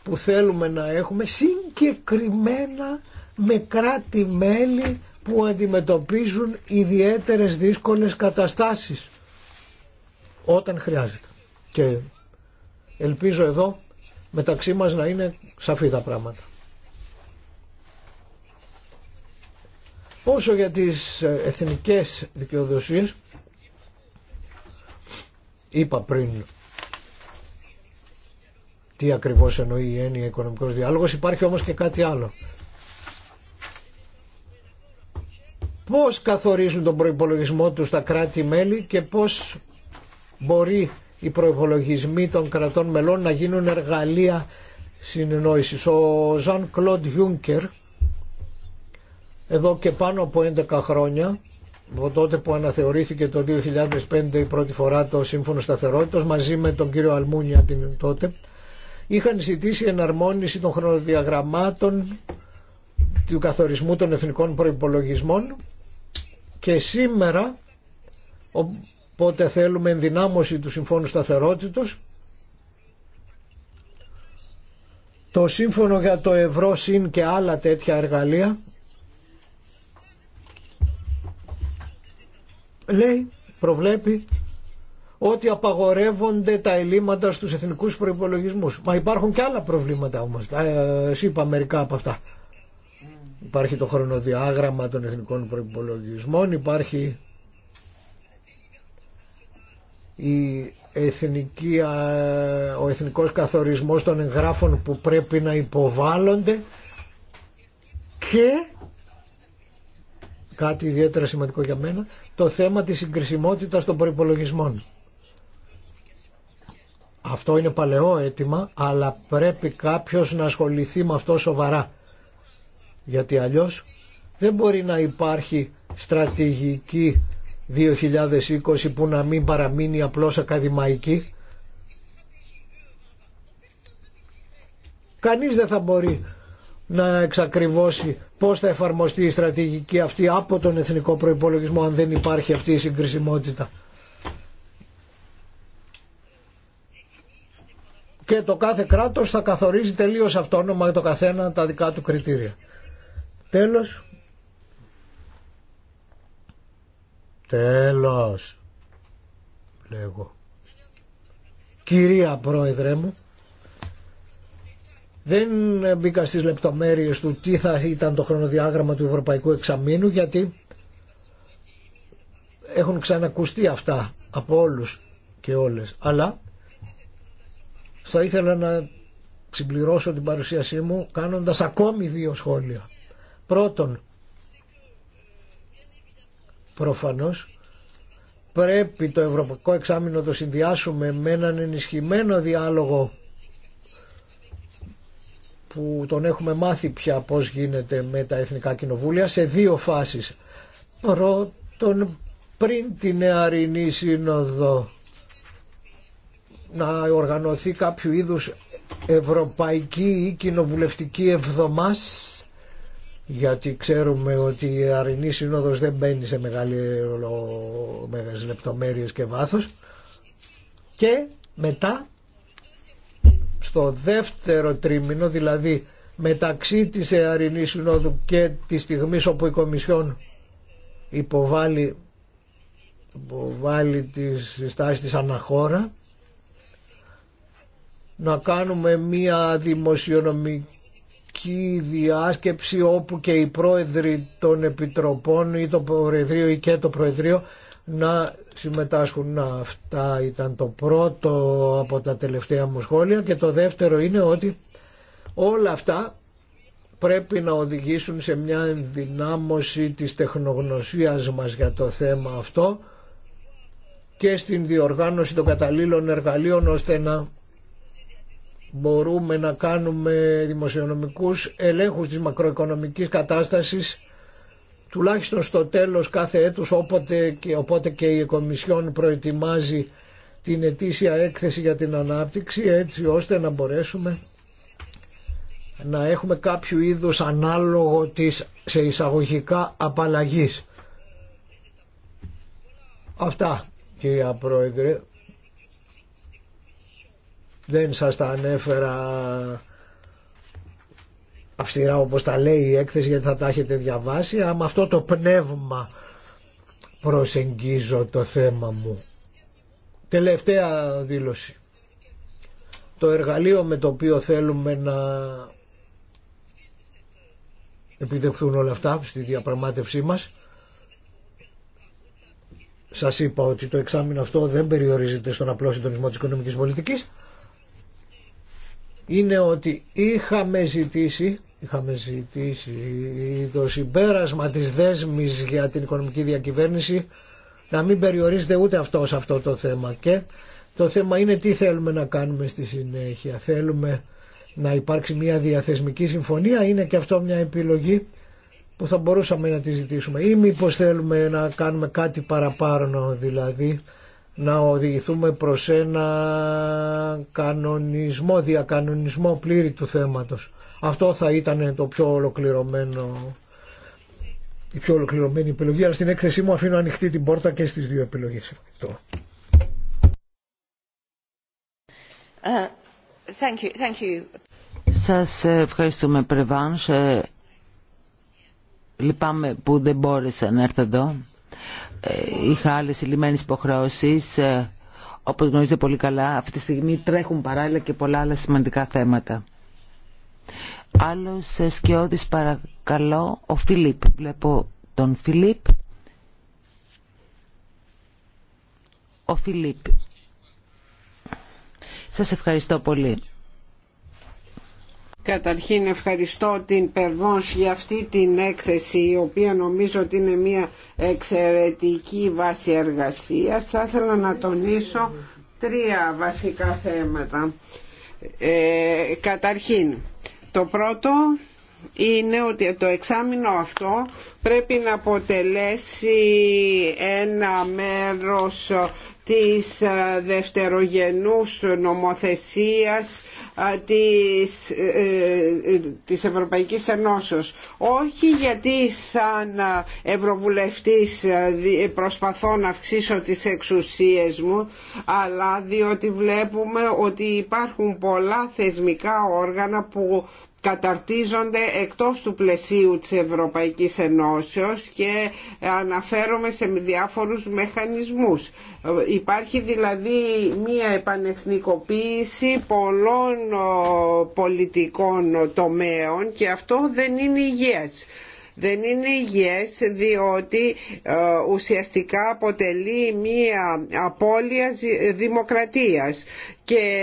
που θέλουμε να έχουμε συγκεκριμένα με κράτη-μέλη που αντιμετωπίζουν ιδιαίτερες δύσκολες καταστάσεις όταν χρειάζεται. Και ελπίζω εδώ μεταξύ μας να είναι σαφή τα πράγματα. Όσο για τις ε, εθνικές δικαιοδοσίες, είπα πριν τι ακριβώς εννοεί η έννοια οικονομικός διάλογος. Υπάρχει όμως και κάτι άλλο. Πώς καθορίζουν τον προϋπολογισμό τους τα κράτη-μέλη και πώς μπορεί οι προϋπολογισμοί των κρατών μελών να γίνουν εργαλεία συνεννόησης. Ο Ζαν Κλοντ Γιούνκερ εδώ και πάνω από 11 χρόνια από τότε που αναθεωρήθηκε το 2005 η πρώτη φορά το Σύμφωνο Σταθερότητας μαζί με τον κύριο Αλμούνια την τότε είχαν ζητήσει εναρμόνιση των χρονοδιαγραμμάτων του καθορισμού των εθνικών προϋπολογισμών και σήμερα οπότε θέλουμε ενδυνάμωση του Συμφώνου Σταθερότητος το Σύμφωνο για το Ευρώ ΣΥΝ και άλλα τέτοια εργαλεία λέει, προβλέπει ότι απαγορεύονται τα ελλείμματα στους εθνικούς προϋπολογισμούς. Μα υπάρχουν και άλλα προβλήματα όμως, ε, είπα μερικά από αυτά. Υπάρχει το χρονοδιάγραμμα των εθνικών προϋπολογισμών, υπάρχει η εθνική, ο εθνικός καθορισμός των εγγράφων που πρέπει να υποβάλλονται και κάτι ιδιαίτερα σημαντικό για μένα, το θέμα της συγκρισιμότητας των προϋπολογισμών. Αυτό είναι παλαιό αίτημα, αλλά πρέπει κάποιος να ασχοληθεί με αυτό σοβαρά. Γιατί αλλιώς δεν μπορεί να υπάρχει στρατηγική 2020 που να μην παραμείνει απλώς ακαδημαϊκή. Κανείς δεν θα μπορεί να εξακριβώσει πώς θα εφαρμοστεί η στρατηγική αυτή από τον εθνικό προϋπολογισμό αν δεν υπάρχει αυτή η συγκρισιμότητα. και το κάθε κράτος θα καθορίζει τελείως αυτόνομα το καθένα τα δικά του κριτήρια. Τέλος. Τέλος. Λέγω. Κυρία Πρόεδρε μου, δεν μπήκα στις λεπτομέρειες του τι θα ήταν το χρονοδιάγραμμα του Ευρωπαϊκού Εξαμήνου γιατί έχουν ξανακουστεί αυτά από όλους και όλες. Αλλά θα ήθελα να συμπληρώσω την παρουσίασή μου κάνοντας ακόμη δύο σχόλια. Πρώτον, προφανώς πρέπει το Ευρωπαϊκό Εξάμεινο να το συνδυάσουμε με έναν ενισχυμένο διάλογο που τον έχουμε μάθει πια πώς γίνεται με τα Εθνικά Κοινοβούλια σε δύο φάσεις. Πρώτον, πριν την νεαρινή σύνοδο να οργανωθεί κάποιο είδους ευρωπαϊκή ή κοινοβουλευτική εβδομάς γιατί ξέρουμε ότι η Αρινή Σύνοδος δεν μπαίνει σε μεγάλες λεπτομέρειες και βάθος και μετά στο δεύτερο τρίμηνο δηλαδή μεταξύ της Αρινή Συνόδου και της στιγμή, όπου η Κομισιόν υποβάλλει, υποβάλλει τις συστάσεις της αναχώρα να κάνουμε μία δημοσιονομική διάσκεψη όπου και οι πρόεδροι των επιτροπών ή το Προεδρείο ή και το Προεδρείο να συμμετάσχουν. Να, αυτά ήταν το πρώτο από τα τελευταία μου σχόλια και το δεύτερο είναι ότι όλα αυτά πρέπει να οδηγήσουν σε μια ενδυνάμωση της τεχνογνωσίας μας για το θέμα αυτό και στην διοργάνωση των καταλήλων εργαλείων ώστε να μπορούμε να κάνουμε δημοσιονομικούς ελέγχους της μακροοικονομικής κατάστασης τουλάχιστον στο τέλος κάθε έτους όποτε και, οπότε και η Κομισιόν προετοιμάζει την ετήσια έκθεση για την ανάπτυξη έτσι ώστε να μπορέσουμε να έχουμε κάποιο είδους ανάλογο της σε εισαγωγικά απαλλαγής. Αυτά κυρία Πρόεδρε δεν σας τα ανέφερα αυστηρά όπως τα λέει η έκθεση γιατί θα τα έχετε διαβάσει αλλά αυτό το πνεύμα προσεγγίζω το θέμα μου. Τελευταία δήλωση. Το εργαλείο με το οποίο θέλουμε να επιδεχθούν όλα αυτά στη διαπραγμάτευσή μας σας είπα ότι το εξάμεινο αυτό δεν περιορίζεται στον απλό συντονισμό της οικονομικής πολιτικής είναι ότι είχαμε ζητήσει, είχαμε ζητήσει το συμπέρασμα της δέσμης για την οικονομική διακυβέρνηση να μην περιορίζεται ούτε αυτό σε αυτό το θέμα και το θέμα είναι τι θέλουμε να κάνουμε στη συνέχεια. Θέλουμε να υπάρξει μια διαθεσμική συμφωνία, είναι και αυτό μια επιλογή που θα μπορούσαμε να τη ζητήσουμε ή μήπω θέλουμε να κάνουμε κάτι παραπάνω δηλαδή να οδηγηθούμε προς ένα κανονισμό, διακανονισμό πλήρη του θέματος. Αυτό θα ήταν το πιο ολοκληρωμένο, η πιο ολοκληρωμένη επιλογή, αλλά στην έκθεσή μου αφήνω ανοιχτή την πόρτα και στις δύο επιλογές. Ευχαριστώ. Uh, Σας ε, ευχαριστούμε Πρεβάνς. Ε, λυπάμαι που δεν μπόρεσα να έρθω εδώ είχα άλλες λιμένες υποχρεώσει ε, όπως γνωρίζετε πολύ καλά αυτή τη στιγμή τρέχουν παράλληλα και πολλά άλλα σημαντικά θέματα άλλος σκιώδη παρακαλώ ο Φιλίπ βλέπω τον Φιλίπ ο Φιλίπ σας ευχαριστώ πολύ Καταρχήν ευχαριστώ την Περβόνς για αυτή την έκθεση η οποία νομίζω ότι είναι μια εξαιρετική βάση εργασίας. Θα ήθελα να τονίσω τρία βασικά θέματα. Ε, καταρχήν, το πρώτο είναι ότι το εξάμεινο αυτό πρέπει να αποτελέσει ένα μέρος της ε, δευτερογενούς νομοθεσίας ε, της, ε, της Ευρωπαϊκής Ενώσεως. Όχι γιατί σαν Ευρωβουλευτής προσπαθώ να αυξήσω τις εξουσίες μου, αλλά διότι βλέπουμε ότι υπάρχουν πολλά θεσμικά όργανα που καταρτίζονται εκτός του πλαισίου της Ευρωπαϊκής Ενώσεως και αναφέρομαι σε διάφορους μηχανισμούς. Υπάρχει δηλαδή μία επανεθνικοποίηση πολλών πολιτικών τομέων και αυτό δεν είναι υγιές. Δεν είναι υγιές διότι ε, ουσιαστικά αποτελεί μία απώλεια δημοκρατίας και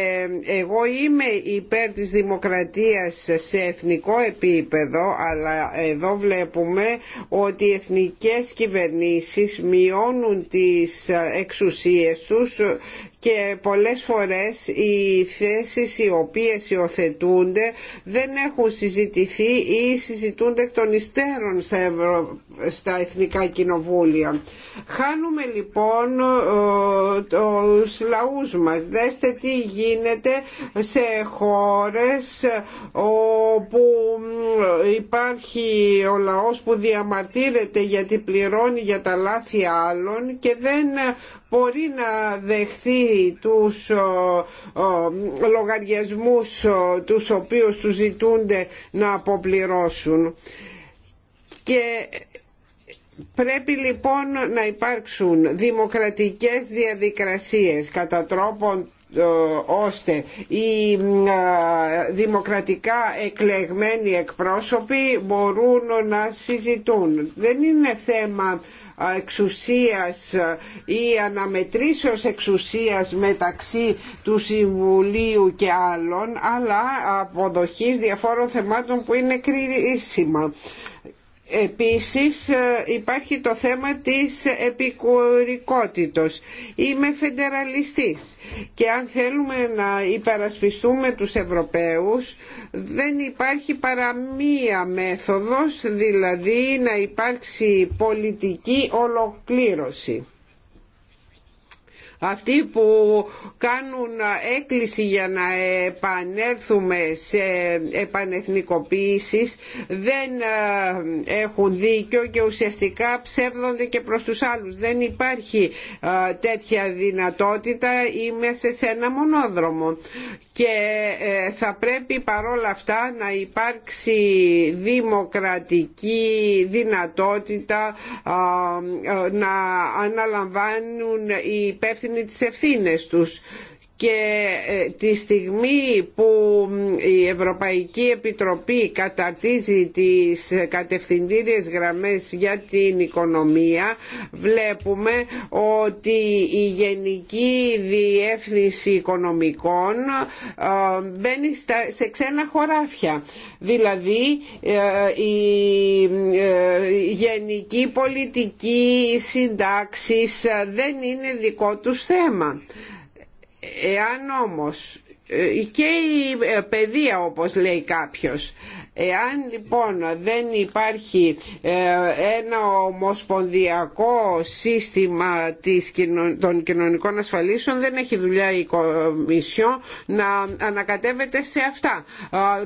εγώ είμαι υπέρ της δημοκρατίας σε εθνικό επίπεδο αλλά εδώ βλέπουμε ότι οι εθνικές κυβερνήσεις μειώνουν τις εξουσίες τους και πολλές φορές οι θέσεις οι οποίες υιοθετούνται δεν έχουν συζητηθεί ή συζητούνται εκ των υστέρων στα, εθνικά κοινοβούλια. Χάνουμε λοιπόν ε, τους λαούς μας. Δέστε τι γίνεται σε χώρες όπου υπάρχει ο λαός που διαμαρτύρεται γιατί πληρώνει για τα λάθη άλλων και δεν μπορεί να δεχθεί τους ε, ε, λογαριασμούς ε, τους οποίους τους ζητούνται να αποπληρώσουν. Και Πρέπει λοιπόν να υπάρξουν δημοκρατικές διαδικασίες κατά τρόπον ε, ώστε οι δημοκρατικά εκλεγμένοι εκπρόσωποι μπορούν να συζητούν. Δεν είναι θέμα εξουσίας ή αναμετρήσεως εξουσίας μεταξύ του Συμβουλίου και άλλων αλλά αποδοχής διαφόρων θεμάτων που είναι κρίσιμα. Επίσης ε, υπάρχει το θέμα της επικουρικότητος. Είμαι φεντεραλιστής και αν θέλουμε να υπερασπιστούμε τους Ευρωπαίους δεν υπάρχει παρά μία μέθοδος, δηλαδή να υπάρξει πολιτική ολοκλήρωση αυτοί που κάνουν έκκληση για να επανέλθουμε σε επανεθνικοποίηση δεν ε, έχουν δίκιο και ουσιαστικά ψεύδονται και προς τους άλλους. Δεν υπάρχει ε, τέτοια δυνατότητα ή σε ένα μονόδρομο και ε, θα πρέπει παρόλα αυτά να υπάρξει δημοκρατική δυνατότητα να αναλαμβάνουν οι υπεύθυνοι υπεύθυνοι τις ευθύνες τους και ε, τη στιγμή που η Ευρωπαϊκή Επιτροπή καταρτίζει τις κατευθυντήριες γραμμές για την οικονομία βλέπουμε ότι η Γενική Διεύθυνση Οικονομικών ε, μπαίνει σε ξένα χωράφια δηλαδή ε, η γενική πολιτική συντάξεις δεν είναι δικό τους θέμα Εάν όμως ε, και η ε, παιδεία όπως λέει κάποιος. Εάν λοιπόν δεν υπάρχει ε, ένα ομοσπονδιακό σύστημα των κοινωνικών ασφαλίσεων δεν έχει δουλειά η Κομισιό να ανακατεύεται σε αυτά.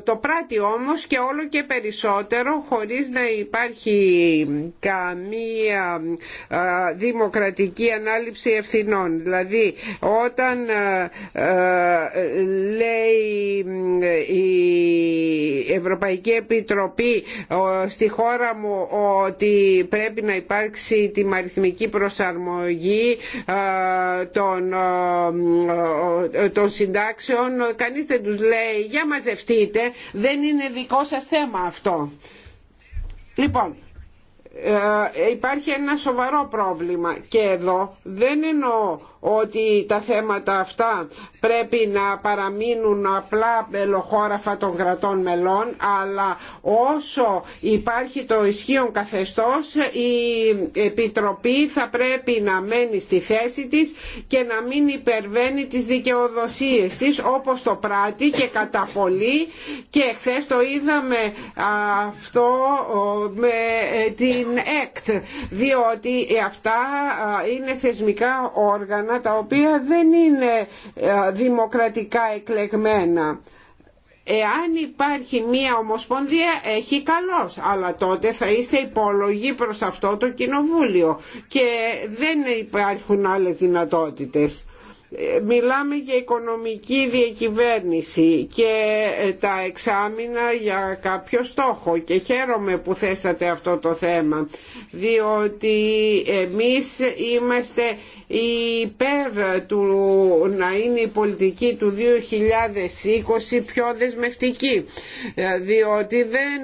Το πράττει όμως και όλο και περισσότερο χωρίς να υπάρχει καμία δημοκρατική ανάληψη ευθυνών. Δηλαδή όταν λέει η Ευρωπαϊκή Επιτροπή στη χώρα μου ότι πρέπει να υπάρξει τη μαριθμική προσαρμογή των, των συντάξεων κανείς δεν τους λέει για μαζευτείτε δεν είναι δικό σας θέμα αυτό λοιπόν ε, υπάρχει ένα σοβαρό πρόβλημα και εδώ δεν εννοώ ότι τα θέματα αυτά πρέπει να παραμείνουν απλά μελοχώραφα των κρατών μελών αλλά όσο υπάρχει το ισχύον καθεστώς η Επιτροπή θα πρέπει να μένει στη θέση της και να μην υπερβαίνει τις δικαιοδοσίες της όπως το πράττει και κατά πολύ και χθε το είδαμε αυτό με ε, την ΕΚΤ διότι αυτά ε, είναι θεσμικά όργανα όργανα τα οποία δεν είναι ε, δημοκρατικά εκλεγμένα. Εάν υπάρχει μία ομοσπονδία έχει καλός, αλλά τότε θα είστε υπόλογοι προς αυτό το κοινοβούλιο και δεν υπάρχουν άλλες δυνατότητες. Μιλάμε για οικονομική διακυβέρνηση και ε, τα εξάμεινα για κάποιο στόχο και χαίρομαι που θέσατε αυτό το θέμα διότι εμείς είμαστε υπέρ του να είναι η πολιτική του 2020 πιο δεσμευτική ε, διότι δεν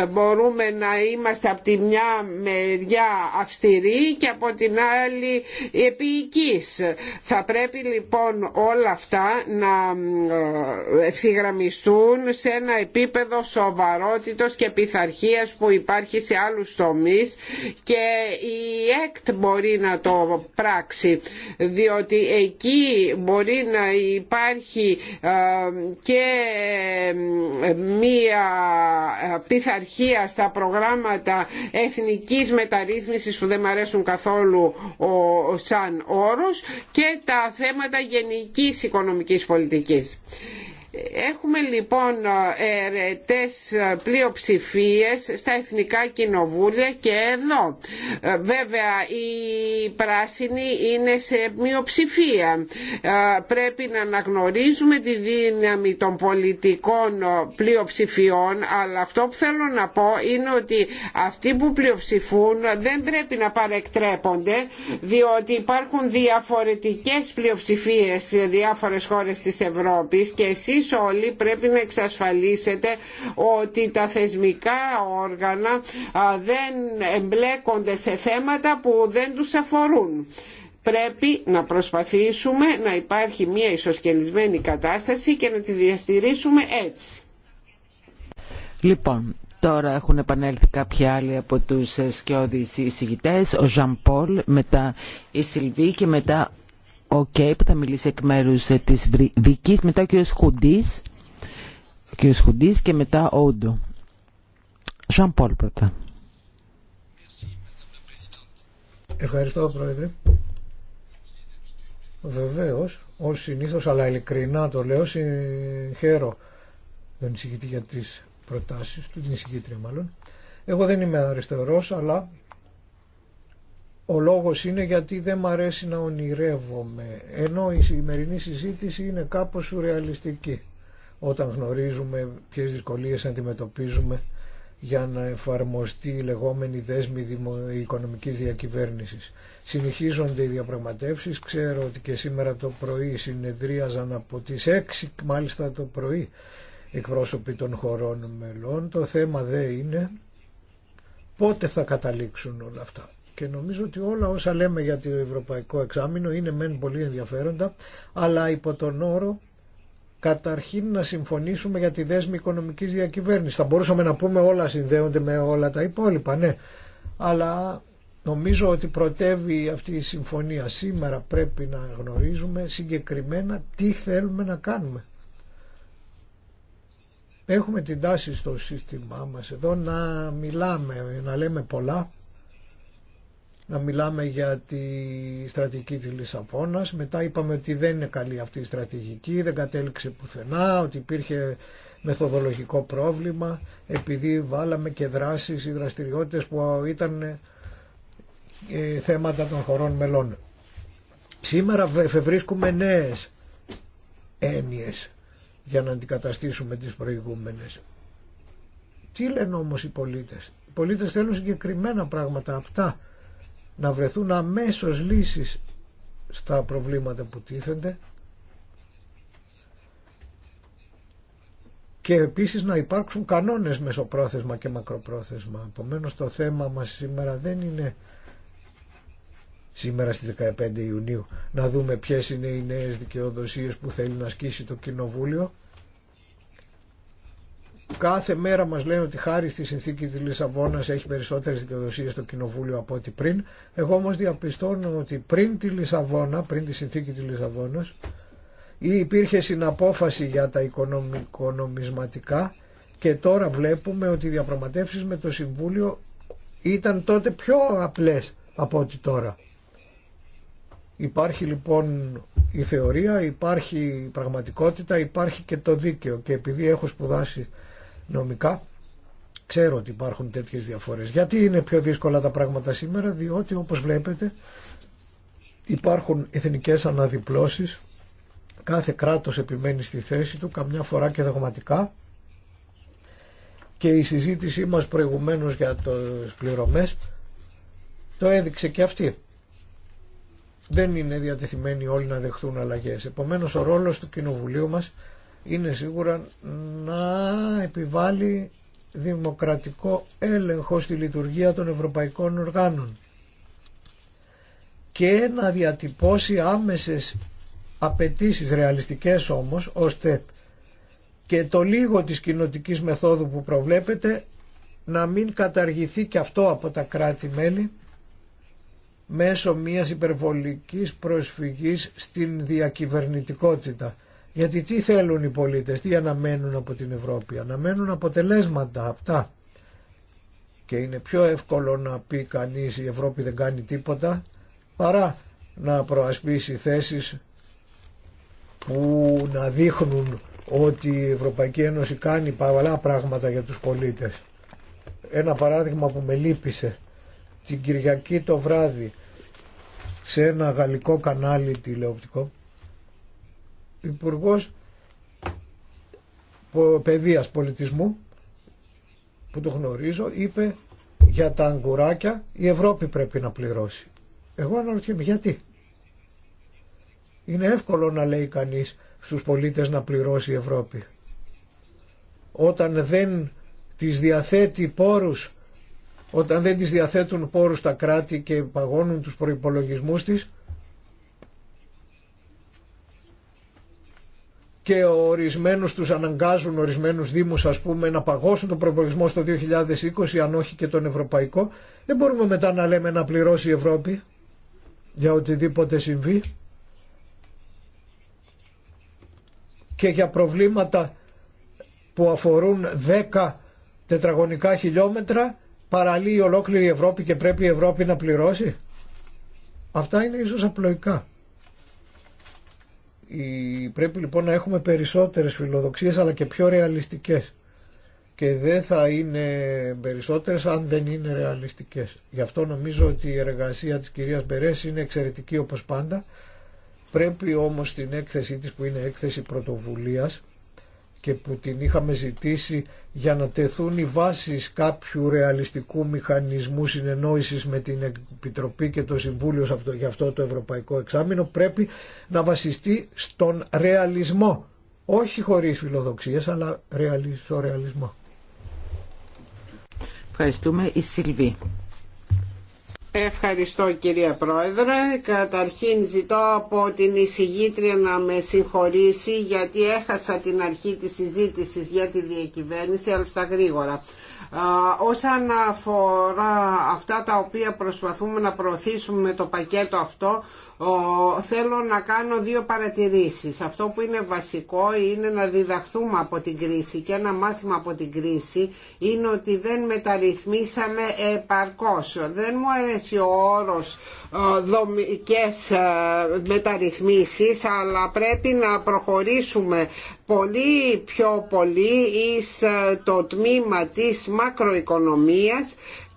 ε, μπορούμε να είμαστε από τη μια μεριά αυστηροί και από την άλλη επίοικης. Θα πρέπει λοιπόν όλα αυτά να ε, ευθυγραμμιστούν σε ένα επίπεδο σοβαρότητος και πειθαρχία που υπάρχει σε άλλους τομείς και η ΕΚΤ μπορεί να το πράξει διότι εκεί μπορεί να υπάρχει ε, και ε, μία πειθαρχία στα προγράμματα εθνικής μεταρρύθμισης που δεν μ' αρέσουν καθόλου σαν όρος και τα θέματα γενικής οικονομικής πολιτικής. Έχουμε λοιπόν ερετές ε, πλειοψηφίες στα εθνικά κοινοβούλια και εδώ. Ε, βέβαια η πράσινοι είναι σε μειοψηφία. Ε, πρέπει να αναγνωρίζουμε τη δύναμη των πολιτικών πλειοψηφιών αλλά αυτό που θέλω να πω είναι ότι αυτοί που πλειοψηφούν δεν πρέπει να παρεκτρέπονται διότι υπάρχουν διαφορετικές πλειοψηφίες σε διάφορες χώρες της Ευρώπης και εσείς εσείς όλοι πρέπει να εξασφαλίσετε ότι τα θεσμικά όργανα δεν εμπλέκονται σε θέματα που δεν τους αφορούν πρέπει να προσπαθήσουμε να υπάρχει μια ισοσκελισμένη κατάσταση και να τη διαστηρίσουμε έτσι. Λοιπόν, τώρα έχουν επανέλθει κάποιοι άλλοι από τους σκιώδεις εισηγητές, ο Ζαν Πολ, μετά η Σιλβή και μετά okay, που θα μιλήσει εκ μέρου ε, τη Βική, μετά ο κύριος Χουντή. ο και μετά ο Ούντο. Ζαν Πολ πρώτα. Ευχαριστώ Πρόεδρε. Βεβαίω, ως συνήθω αλλά ειλικρινά το λέω, συγχαίρω τον εισηγητή για τι προτάσεις του, την εισηγήτρια μάλλον. Εγώ δεν είμαι αριστερό, αλλά ο λόγος είναι γιατί δεν μ' αρέσει να ονειρεύομαι, ενώ η σημερινή συζήτηση είναι κάπως σουρεαλιστική όταν γνωρίζουμε ποιες δυσκολίες αντιμετωπίζουμε για να εφαρμοστεί η λεγόμενη δέσμη οικονομικής διακυβέρνησης. Συνεχίζονται οι διαπραγματεύσεις, ξέρω ότι και σήμερα το πρωί συνεδρίαζαν από τις 6 μάλιστα το πρωί εκπρόσωποι των χωρών μελών. Το θέμα δεν είναι πότε θα καταλήξουν όλα αυτά. Και νομίζω ότι όλα όσα λέμε για το Ευρωπαϊκό Εξάμεινο είναι μεν πολύ ενδιαφέροντα, αλλά υπό τον όρο καταρχήν να συμφωνήσουμε για τη δέσμη οικονομικής διακυβέρνησης. Θα μπορούσαμε να πούμε όλα συνδέονται με όλα τα υπόλοιπα, ναι. Αλλά νομίζω ότι πρωτεύει αυτή η συμφωνία. Σήμερα πρέπει να γνωρίζουμε συγκεκριμένα τι θέλουμε να κάνουμε. Έχουμε την τάση στο σύστημά μας εδώ να μιλάμε, να λέμε πολλά να μιλάμε για τη στρατηγική της Λισαφώνας. Μετά είπαμε ότι δεν είναι καλή αυτή η στρατηγική, δεν κατέληξε πουθενά, ότι υπήρχε μεθοδολογικό πρόβλημα επειδή βάλαμε και δράσεις ή δραστηριότητες που ήταν ε, θέματα των χωρών μελών. Σήμερα βρίσκουμε νέες έννοιες για να αντικαταστήσουμε τις προηγούμενες. Τι λένε όμως οι πολίτες. Οι πολίτες θέλουν συγκεκριμένα πράγματα, αυτά να βρεθούν αμέσως λύσεις στα προβλήματα που τίθενται και επίσης να υπάρξουν κανόνες μεσοπρόθεσμα και μακροπρόθεσμα. Επομένω το θέμα μας σήμερα δεν είναι σήμερα στις 15 Ιουνίου να δούμε ποιες είναι οι νέες δικαιοδοσίες που θέλει να ασκήσει το Κοινοβούλιο Κάθε μέρα μας λένε ότι χάρη στη συνθήκη της Λισαβόνας έχει περισσότερες δικαιοδοσίες στο Κοινοβούλιο από ό,τι πριν. Εγώ όμως διαπιστώνω ότι πριν τη Λισαβόνα, πριν τη συνθήκη της Λισαβόνας, υπήρχε συναπόφαση για τα οικονομισματικά και τώρα βλέπουμε ότι οι διαπραγματεύσεις με το Συμβούλιο ήταν τότε πιο απλές από ό,τι τώρα. Υπάρχει λοιπόν η θεωρία, υπάρχει η πραγματικότητα, υπάρχει και το δίκαιο και επειδή έχω σπουδάσει νομικά. Ξέρω ότι υπάρχουν τέτοιες διαφορές. Γιατί είναι πιο δύσκολα τα πράγματα σήμερα, διότι όπως βλέπετε υπάρχουν εθνικές αναδιπλώσεις, κάθε κράτος επιμένει στη θέση του, καμιά φορά και δογματικά και η συζήτησή μας προηγουμένως για τις πληρωμές το έδειξε και αυτή. Δεν είναι διατεθειμένοι όλοι να δεχθούν αλλαγές. Επομένως ο ρόλος του Κοινοβουλίου μας είναι σίγουρα να επιβάλλει δημοκρατικό έλεγχο στη λειτουργία των ευρωπαϊκών οργάνων και να διατυπώσει άμεσες απαιτήσεις ρεαλιστικές όμως ώστε και το λίγο της κοινοτικής μεθόδου που προβλέπεται να μην καταργηθεί και αυτό από τα κράτη-μέλη μέσω μιας υπερβολικής προσφυγής στην διακυβερνητικότητα γιατί τι θέλουν οι πολίτες, τι αναμένουν από την Ευρώπη. Αναμένουν αποτελέσματα αυτά. Και είναι πιο εύκολο να πει κανείς η Ευρώπη δεν κάνει τίποτα παρά να προασπίσει θέσεις που να δείχνουν ότι η Ευρωπαϊκή Ένωση κάνει παραλά πράγματα για τους πολίτες. Ένα παράδειγμα που με λύπησε την Κυριακή το βράδυ σε ένα γαλλικό κανάλι τηλεοπτικό υπουργό Παιδεία πολιτισμού που το γνωρίζω είπε για τα αγκουράκια η Ευρώπη πρέπει να πληρώσει. Εγώ αναρωτιέμαι γιατί. Είναι εύκολο να λέει κανείς στους πολίτες να πληρώσει η Ευρώπη. Όταν δεν τις διαθέτει πόρους, όταν δεν τις διαθέτουν πόρους τα κράτη και παγώνουν τους προϋπολογισμούς της, και ορισμένους τους αναγκάζουν ορισμένους δήμους ας πούμε να παγώσουν τον προπολογισμό στο 2020 αν όχι και τον ευρωπαϊκό δεν μπορούμε μετά να λέμε να πληρώσει η Ευρώπη για οτιδήποτε συμβεί και για προβλήματα που αφορούν 10 τετραγωνικά χιλιόμετρα παραλύει ολόκληρη η Ευρώπη και πρέπει η Ευρώπη να πληρώσει. Αυτά είναι ίσως απλοϊκά. Πρέπει λοιπόν να έχουμε περισσότερες φιλοδοξίες αλλά και πιο ρεαλιστικές. Και δεν θα είναι περισσότερες αν δεν είναι ρεαλιστικές. Γι' αυτό νομίζω ότι η εργασία της κυρίας Μπερές είναι εξαιρετική όπως πάντα. Πρέπει όμως στην έκθεσή της που είναι έκθεση πρωτοβουλίας και που την είχαμε ζητήσει για να τεθούν οι βάσεις κάποιου ρεαλιστικού μηχανισμού συνεννόησης με την Επιτροπή και το Συμβούλιο για αυτό το Ευρωπαϊκό Εξάμεινο πρέπει να βασιστεί στον ρεαλισμό. Όχι χωρίς φιλοδοξίες, αλλά στο ρεαλισμό. Ευχαριστούμε. Η Σιλβή. Ευχαριστώ κυρία Πρόεδρε. Καταρχήν ζητώ από την εισηγήτρια να με συγχωρήσει γιατί έχασα την αρχή της συζήτησης για τη διακυβέρνηση αλλά στα γρήγορα. Όσον αφορά αυτά τα οποία προσπαθούμε να προωθήσουμε με το πακέτο αυτό, θέλω να κάνω δύο παρατηρήσεις. Αυτό που είναι βασικό είναι να διδαχθούμε από την κρίση και ένα μάθημα από την κρίση είναι ότι δεν μεταρρυθμίσαμε επαρκώς. Δεν μου αρέσει ο όρος ε, δομικές ε, μεταρρυθμίσεις αλλά πρέπει να προχωρήσουμε πολύ πιο πολύ εις ε, το τμήμα της μακροοικονομίας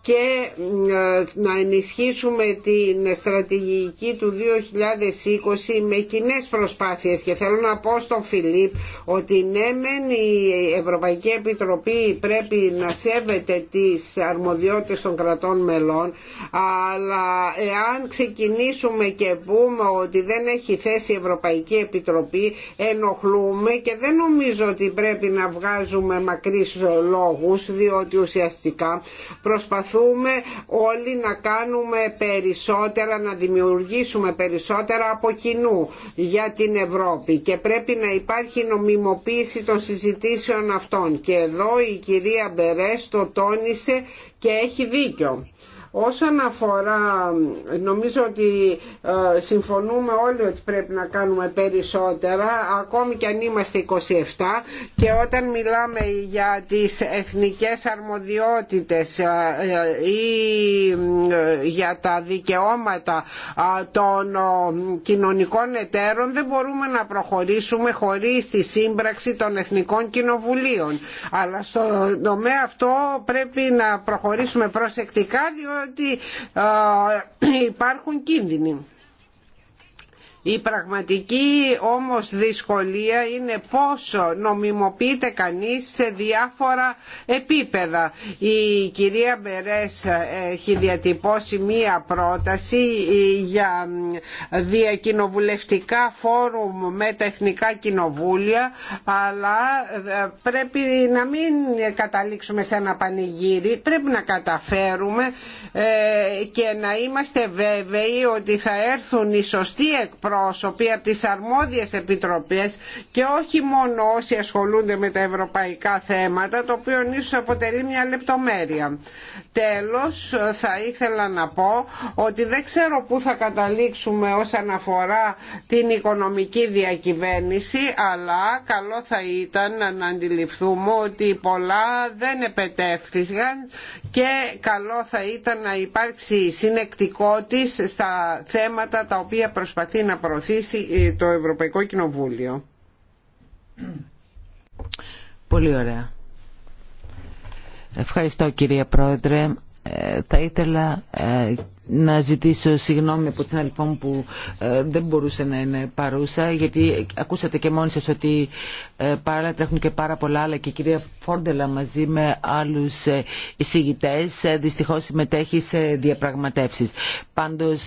και ε, να ενισχύσουμε την στρατηγική του 2020 με κοινέ προσπάθειες και θέλω να πω στον Φιλίπ ότι ναι η Ευρωπαϊκή Επιτροπή πρέπει να σέβεται τις αρμοδιότητες των κρατών μελών αλλά εάν ξεκινήσουμε και πούμε ότι δεν έχει θέση η Ευρωπαϊκή Επιτροπή ενοχλούμε και δεν νομίζω ότι πρέπει να βγάζουμε μακρύς λόγους διότι ουσιαστικά προσπαθούμε προσπαθούμε όλοι να κάνουμε περισσότερα, να δημιουργήσουμε περισσότερα από κοινού για την Ευρώπη και πρέπει να υπάρχει νομιμοποίηση των συζητήσεων αυτών. Και εδώ η κυρία Μπερές το τόνισε και έχει δίκιο. Όσον αφορά, νομίζω ότι ε, συμφωνούμε όλοι ότι πρέπει να κάνουμε περισσότερα, ακόμη και αν είμαστε 27 και όταν μιλάμε για τις εθνικές αρμοδιότητες ε, ε, ή για τα δικαιώματα των κοινωνικών εταίρων δεν μπορούμε να προχωρήσουμε χωρίς τη σύμπραξη των εθνικών κοινοβουλίων. Αλλά στο τομέα αυτό πρέπει να προχωρήσουμε προσεκτικά διότι ότι υπάρχουν κίνδυνοι. Η πραγματική όμως δυσκολία είναι πόσο νομιμοποιείται κανείς σε διάφορα επίπεδα. Η κυρία Μπερές έχει διατυπώσει μία πρόταση για διακοινοβουλευτικά φόρουμ με τα εθνικά κοινοβούλια αλλά πρέπει να μην καταλήξουμε σε ένα πανηγύρι, πρέπει να καταφέρουμε ε, και να είμαστε βέβαιοι ότι θα έρθουν οι σωστοί εκπρόσωποι πρόσωποι από τις αρμόδιες επιτροπές και όχι μόνο όσοι ασχολούνται με τα ευρωπαϊκά θέματα το οποίο ίσως αποτελεί μια λεπτομέρεια. Τέλος θα ήθελα να πω ότι δεν ξέρω πού θα καταλήξουμε όσον αφορά την οικονομική διακυβέρνηση αλλά καλό θα ήταν να αντιληφθούμε ότι πολλά δεν επετεύχθησαν και καλό θα ήταν να υπάρξει συνεκτικότης στα θέματα τα οποία προσπαθεί να προωθήσει ε, το Ευρωπαϊκό Κοινοβούλιο. Πολύ ωραία. Ευχαριστώ κυρία Πρόεδρε. Ε, θα ήθελα ε, να ζητήσω συγγνώμη από την αλφόν που ε, δεν μπορούσε να είναι παρούσα γιατί ακούσατε και μόνοι σας ότι ε, παράλληλα τρέχουν και πάρα πολλά άλλα και η κυρία Φόρντελα μαζί με άλλους ε, εισηγητές δυστυχώς συμμετέχει σε διαπραγματεύσεις. Πάντως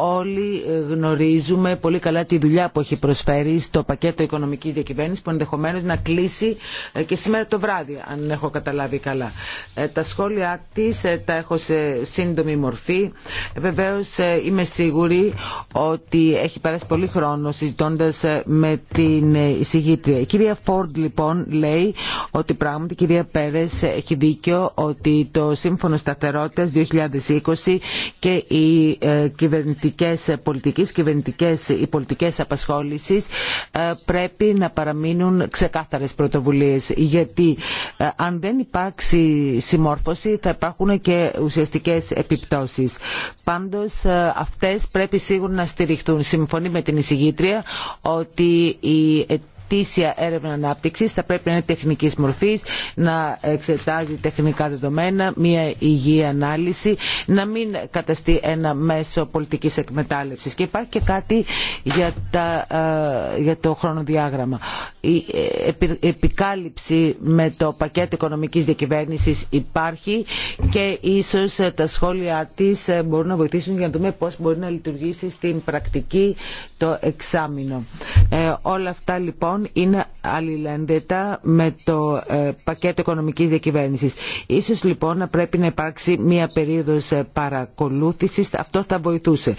όλοι γνωρίζουμε πολύ καλά τη δουλειά που έχει προσφέρει στο πακέτο οικονομικής διακυβέρνησης που ενδεχομένως να κλείσει και σήμερα το βράδυ αν έχω καταλάβει καλά. Τα σχόλια της τα έχω σε σύντομη μορφή ε, Βεβαίω ε, είμαι σίγουρη ότι έχει περάσει πολύ χρόνο συζητώντα ε, με την εισηγήτρια. Η κυρία Φόρντ λοιπόν λέει ότι πράγματι η κυρία Πέρε έχει δίκιο ότι το Σύμφωνο σταθερότητα 2020 και οι κυβερνητικέ πολιτικέ, κυβερνητικέ οι πολιτικέ απασχόλησης πρέπει να παραμείνουν ξεκάθαρες πρωτοβουλίες γιατί αν δεν υπάρξει συμμόρφωση θα υπάρχουν και ουσιαστικές επιπτώσεις. Πάντω, Πάντως ε, αυτές πρέπει σίγουρα να στηριχτούν. Συμφωνεί με την εισηγήτρια ότι οι ετήσια έρευνα ανάπτυξη θα πρέπει να είναι τεχνική μορφή, να εξετάζει τεχνικά δεδομένα, μια υγιή ανάλυση, να μην καταστεί ένα μέσο πολιτική εκμετάλλευση. Και υπάρχει και κάτι για, τα, ε, για το χρονοδιάγραμμα. Η ε, επικάλυψη με το πακέτο οικονομική διακυβέρνηση υπάρχει και ίσω ε, τα σχόλια της μπορούν να βοηθήσουν για να δούμε πώς μπορεί να λειτουργήσει στην πρακτική το εξάμεινο. όλα αυτά λοιπόν Λοιπόν, είναι αλληλένδετα με το ε, πακέτο οικονομικής διακυβέρνησης. Ίσως λοιπόν να πρέπει να υπάρξει μία περίοδος ε, παρακολούθησης, αυτό θα βοηθούσε.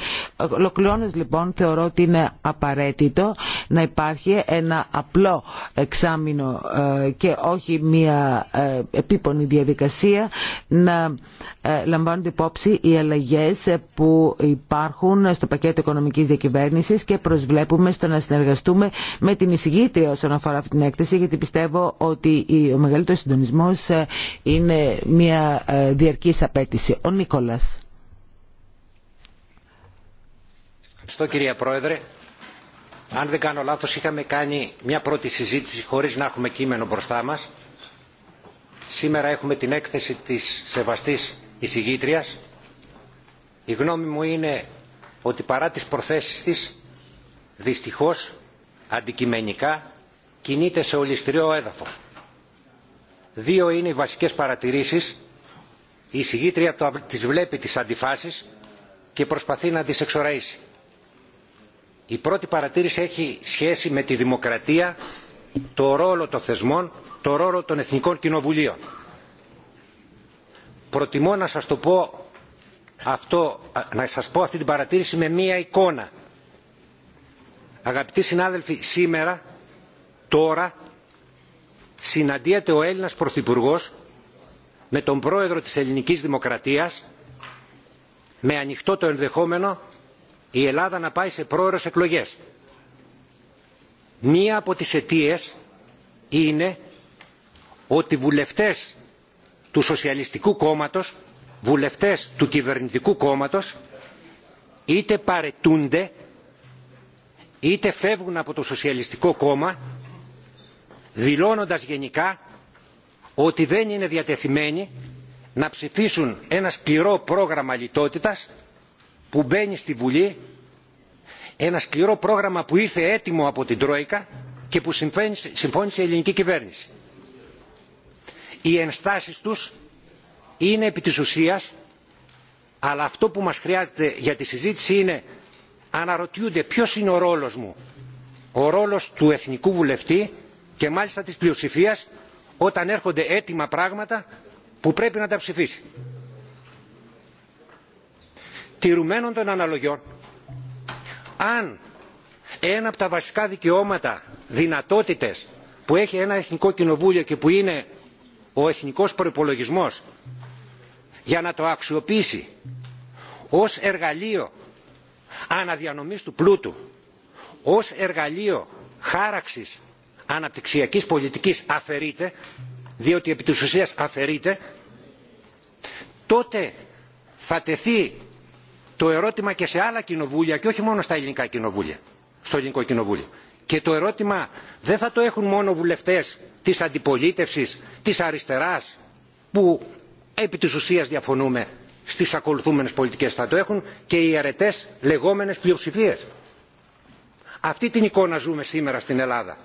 Ολοκληρώνω λοιπόν θεωρώ ότι είναι απαραίτητο να υπάρχει ένα απλό εξάμεινο ε, και όχι μία επίπονη διαδικασία να λαμβάνονται υπόψη οι αλλαγές που υπάρχουν στο πακέτο οικονομικής διακυβέρνησης και προσβλέπουμε στο να συνεργαστούμε με την εισηγή όσον αφορά αυτή την έκθεση γιατί πιστεύω ότι ο μεγαλύτερος συντονισμός ε, είναι μια ε, διαρκής απέτηση. Ο Νίκολας. Ευχαριστώ κυρία Πρόεδρε. Αν δεν κάνω λάθος είχαμε κάνει μια πρώτη συζήτηση χωρίς να έχουμε κείμενο μπροστά μας. Σήμερα έχουμε την έκθεση της σεβαστής εισηγήτριας. Η γνώμη μου είναι ότι παρά τις προθέσεις της δυστυχώς αντικειμενικά κινείται σε ολιστριό έδαφος. Δύο είναι οι βασικές παρατηρήσεις. Η εισηγήτρια τις βλέπει τις αντιφάσεις και προσπαθεί να τις εξοραίσει. Η πρώτη παρατήρηση έχει σχέση με τη δημοκρατία, το ρόλο των θεσμών, το ρόλο των εθνικών κοινοβουλίων. Προτιμώ να σας το πω αυτό, να σας πω αυτή την παρατήρηση με μία εικόνα Αγαπητοί συνάδελφοι, σήμερα, τώρα, συναντιέται ο Έλληνας Πρωθυπουργό με τον Πρόεδρο της Ελληνικής Δημοκρατίας με ανοιχτό το ενδεχόμενο η Ελλάδα να πάει σε πρόεδρος εκλογές. Μία από τις αιτίε είναι ότι βουλευτές του Σοσιαλιστικού Κόμματος, βουλευτές του Κυβερνητικού Κόμματος, είτε παρετούνται είτε φεύγουν από το Σοσιαλιστικό Κόμμα δηλώνοντας γενικά ότι δεν είναι διατεθειμένοι να ψηφίσουν ένα σκληρό πρόγραμμα λιτότητας που μπαίνει στη Βουλή, ένα σκληρό πρόγραμμα που ήρθε έτοιμο από την Τρόικα και που συμφώνησε η ελληνική κυβέρνηση. Οι ενστάσεις τους είναι επί της ουσίας, αλλά αυτό που μας χρειάζεται για τη συζήτηση είναι αναρωτιούνται ποιος είναι ο ρόλος μου. Ο ρόλος του εθνικού βουλευτή και μάλιστα της πλειοψηφία όταν έρχονται έτοιμα πράγματα που πρέπει να τα ψηφίσει. Τηρουμένων των αναλογιών, αν ένα από τα βασικά δικαιώματα, δυνατότητες που έχει ένα εθνικό κοινοβούλιο και που είναι ο εθνικός προϋπολογισμός για να το αξιοποιήσει ως εργαλείο αναδιανομής του πλούτου ως εργαλείο χάραξης αναπτυξιακής πολιτικής αφαιρείται, διότι επί της ουσίας αφαιρείται, τότε θα τεθεί το ερώτημα και σε άλλα κοινοβούλια και όχι μόνο στα ελληνικά κοινοβούλια, στο ελληνικό κοινοβούλιο. Και το ερώτημα δεν θα το έχουν μόνο βουλευτές της αντιπολίτευσης, της αριστεράς, που επί της ουσίας διαφωνούμε στις ακολουθούμενες πολιτικές θα το έχουν και οι αρετές λεγόμενες πλειοψηφίες. Αυτή την εικόνα ζούμε σήμερα στην Ελλάδα.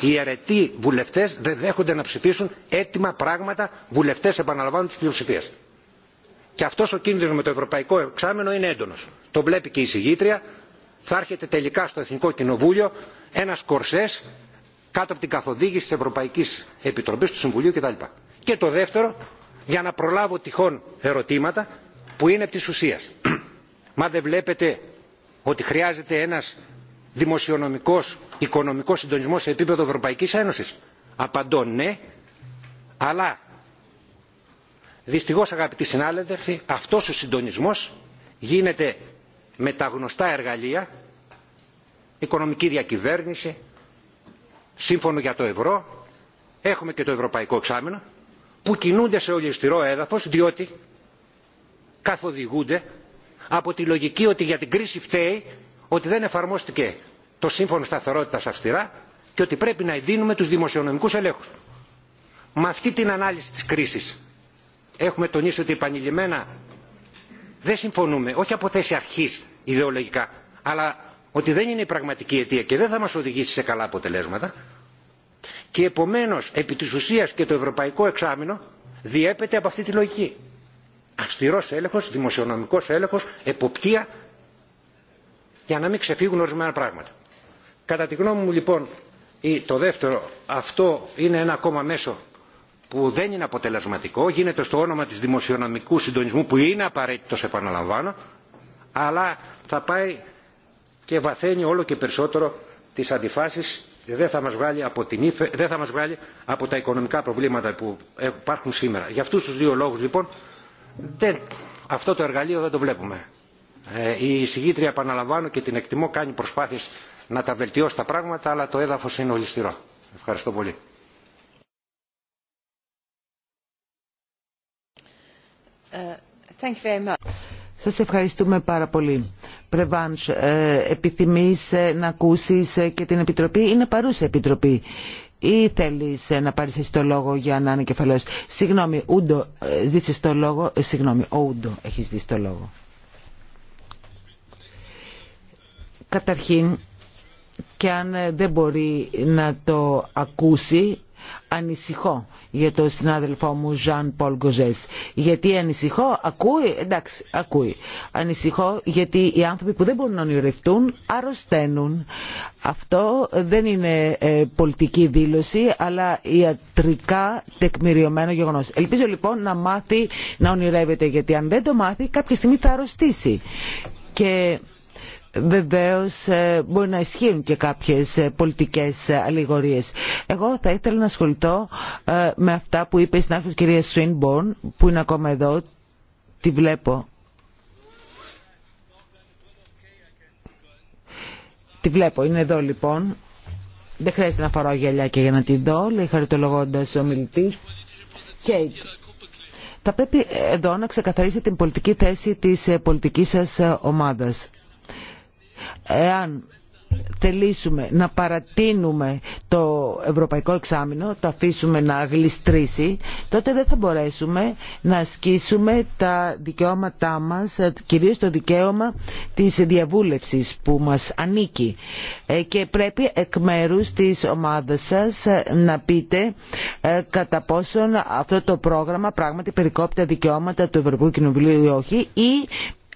Οι αρετοί βουλευτές δεν δέχονται να ψηφίσουν έτοιμα πράγματα βουλευτές επαναλαμβάνουν τις πλειοψηφίες. Και αυτός ο κίνδυνος με το ευρωπαϊκό εξάμενο είναι έντονος. Το βλέπει και η συγγήτρια. Θα έρχεται τελικά στο Εθνικό Κοινοβούλιο ένας κορσές κάτω από την καθοδήγηση της Ευρωπαϊκής Επιτροπής, του Συμβουλίου κτλ. Και το δεύτερο, για να προλάβω τυχόν ερωτήματα που είναι της ουσίας. Μα δεν βλέπετε ότι χρειάζεται ένας δημοσιονομικός, οικονομικός συντονισμός σε επίπεδο Ευρωπαϊκής Ένωσης. Απαντώ ναι, αλλά δυστυχώς αγαπητοί συνάδελφοι, αυτός ο συντονισμός γίνεται με τα γνωστά εργαλεία, οικονομική διακυβέρνηση, σύμφωνο για το ευρώ, έχουμε και το ευρωπαϊκό εξάμεινο που κινούνται σε ολιστυρό έδαφος διότι καθοδηγούνται από τη λογική ότι για την κρίση φταίει ότι δεν εφαρμόστηκε το σύμφωνο σταθερότητας αυστηρά και ότι πρέπει να εντείνουμε τους δημοσιονομικούς ελέγχους. Με αυτή την ανάλυση της κρίσης έχουμε τονίσει ότι επανειλημμένα δεν συμφωνούμε, όχι από θέση αρχής ιδεολογικά, αλλά ότι δεν είναι η πραγματική αιτία και δεν θα μας οδηγήσει σε καλά αποτελέσματα, και επομένως επί της ουσίας και το ευρωπαϊκό εξάμεινο διέπεται από αυτή τη λογική. Αυστηρός έλεγχος, δημοσιονομικός έλεγχος, εποπτεία για να μην ξεφύγουν ορισμένα πράγματα. Κατά τη γνώμη μου λοιπόν το δεύτερο αυτό είναι ένα ακόμα μέσο που δεν είναι αποτελεσματικό, γίνεται στο όνομα της δημοσιονομικού συντονισμού που είναι απαραίτητος επαναλαμβάνω, αλλά θα πάει και βαθαίνει όλο και περισσότερο τις αντιφάσεις δεν θα μας βγάλει από, την, δεν θα μας βγάλει από τα οικονομικά προβλήματα που υπάρχουν σήμερα. Για αυτούς τους δύο λόγους λοιπόν αυτό το εργαλείο δεν το βλέπουμε. Ε, η εισηγήτρια επαναλαμβάνω και την εκτιμώ κάνει προσπάθειες να τα βελτιώσει τα πράγματα αλλά το έδαφος είναι ολιστηρό. Ευχαριστώ πολύ. Ε, thank you very much. Σας ευχαριστούμε πάρα πολύ. Πρεβάνς, ε, επιθυμείς ε, να ακούσεις ε, και την Επιτροπή. Είναι παρούσα Επιτροπή. Ή θέλεις να πάρεις εσύ το λόγο για να είναι κεφαλός. Συγγνώμη, Ούντο, το λόγο. Συγγνώμη, ο Ούντο έχεις δει το λόγο. Καταρχήν, και αν δεν μπορεί να το ακούσει, ανησυχώ για τον συνάδελφό μου Ζαν Πολ Γκοζές. Γιατί ανησυχώ, ακούει, εντάξει, ακούει. Ανησυχώ γιατί οι άνθρωποι που δεν μπορούν να ονειρευτούν αρρωσταίνουν. Αυτό δεν είναι ε, πολιτική δήλωση, αλλά ιατρικά τεκμηριωμένο γεγονός. Ελπίζω λοιπόν να μάθει να ονειρεύεται, γιατί αν δεν το μάθει κάποια στιγμή θα αρρωστήσει. Και βεβαίως ε, μπορεί να ισχύουν και κάποιες ε, πολιτικές ε, αλληγορίες. Εγώ θα ήθελα να ασχοληθώ με αυτά που είπε η συνάδελφος κυρία Σουίνμπορν που είναι ακόμα εδώ, τη βλέπω. Τη βλέπω, είναι εδώ λοιπόν. Δεν χρειάζεται να φοράω γυαλιά και για να την δω, λέει χαριτολογώντας ο μιλητής. Και θα πρέπει εδώ να ξεκαθαρίσετε την πολιτική θέση της πολιτικής σας ομάδας εάν θελήσουμε να παρατείνουμε το ευρωπαϊκό εξάμεινο, το αφήσουμε να γλιστρήσει, τότε δεν θα μπορέσουμε να ασκήσουμε τα δικαιώματά μας, κυρίως το δικαίωμα της διαβούλευσης που μας ανήκει. Ε, και πρέπει εκ μέρου της ομάδας σας ε, να πείτε ε, κατά πόσον αυτό το πρόγραμμα πράγματι περικόπτει τα δικαιώματα του Ευρωπαϊκού Κοινοβουλίου ή όχι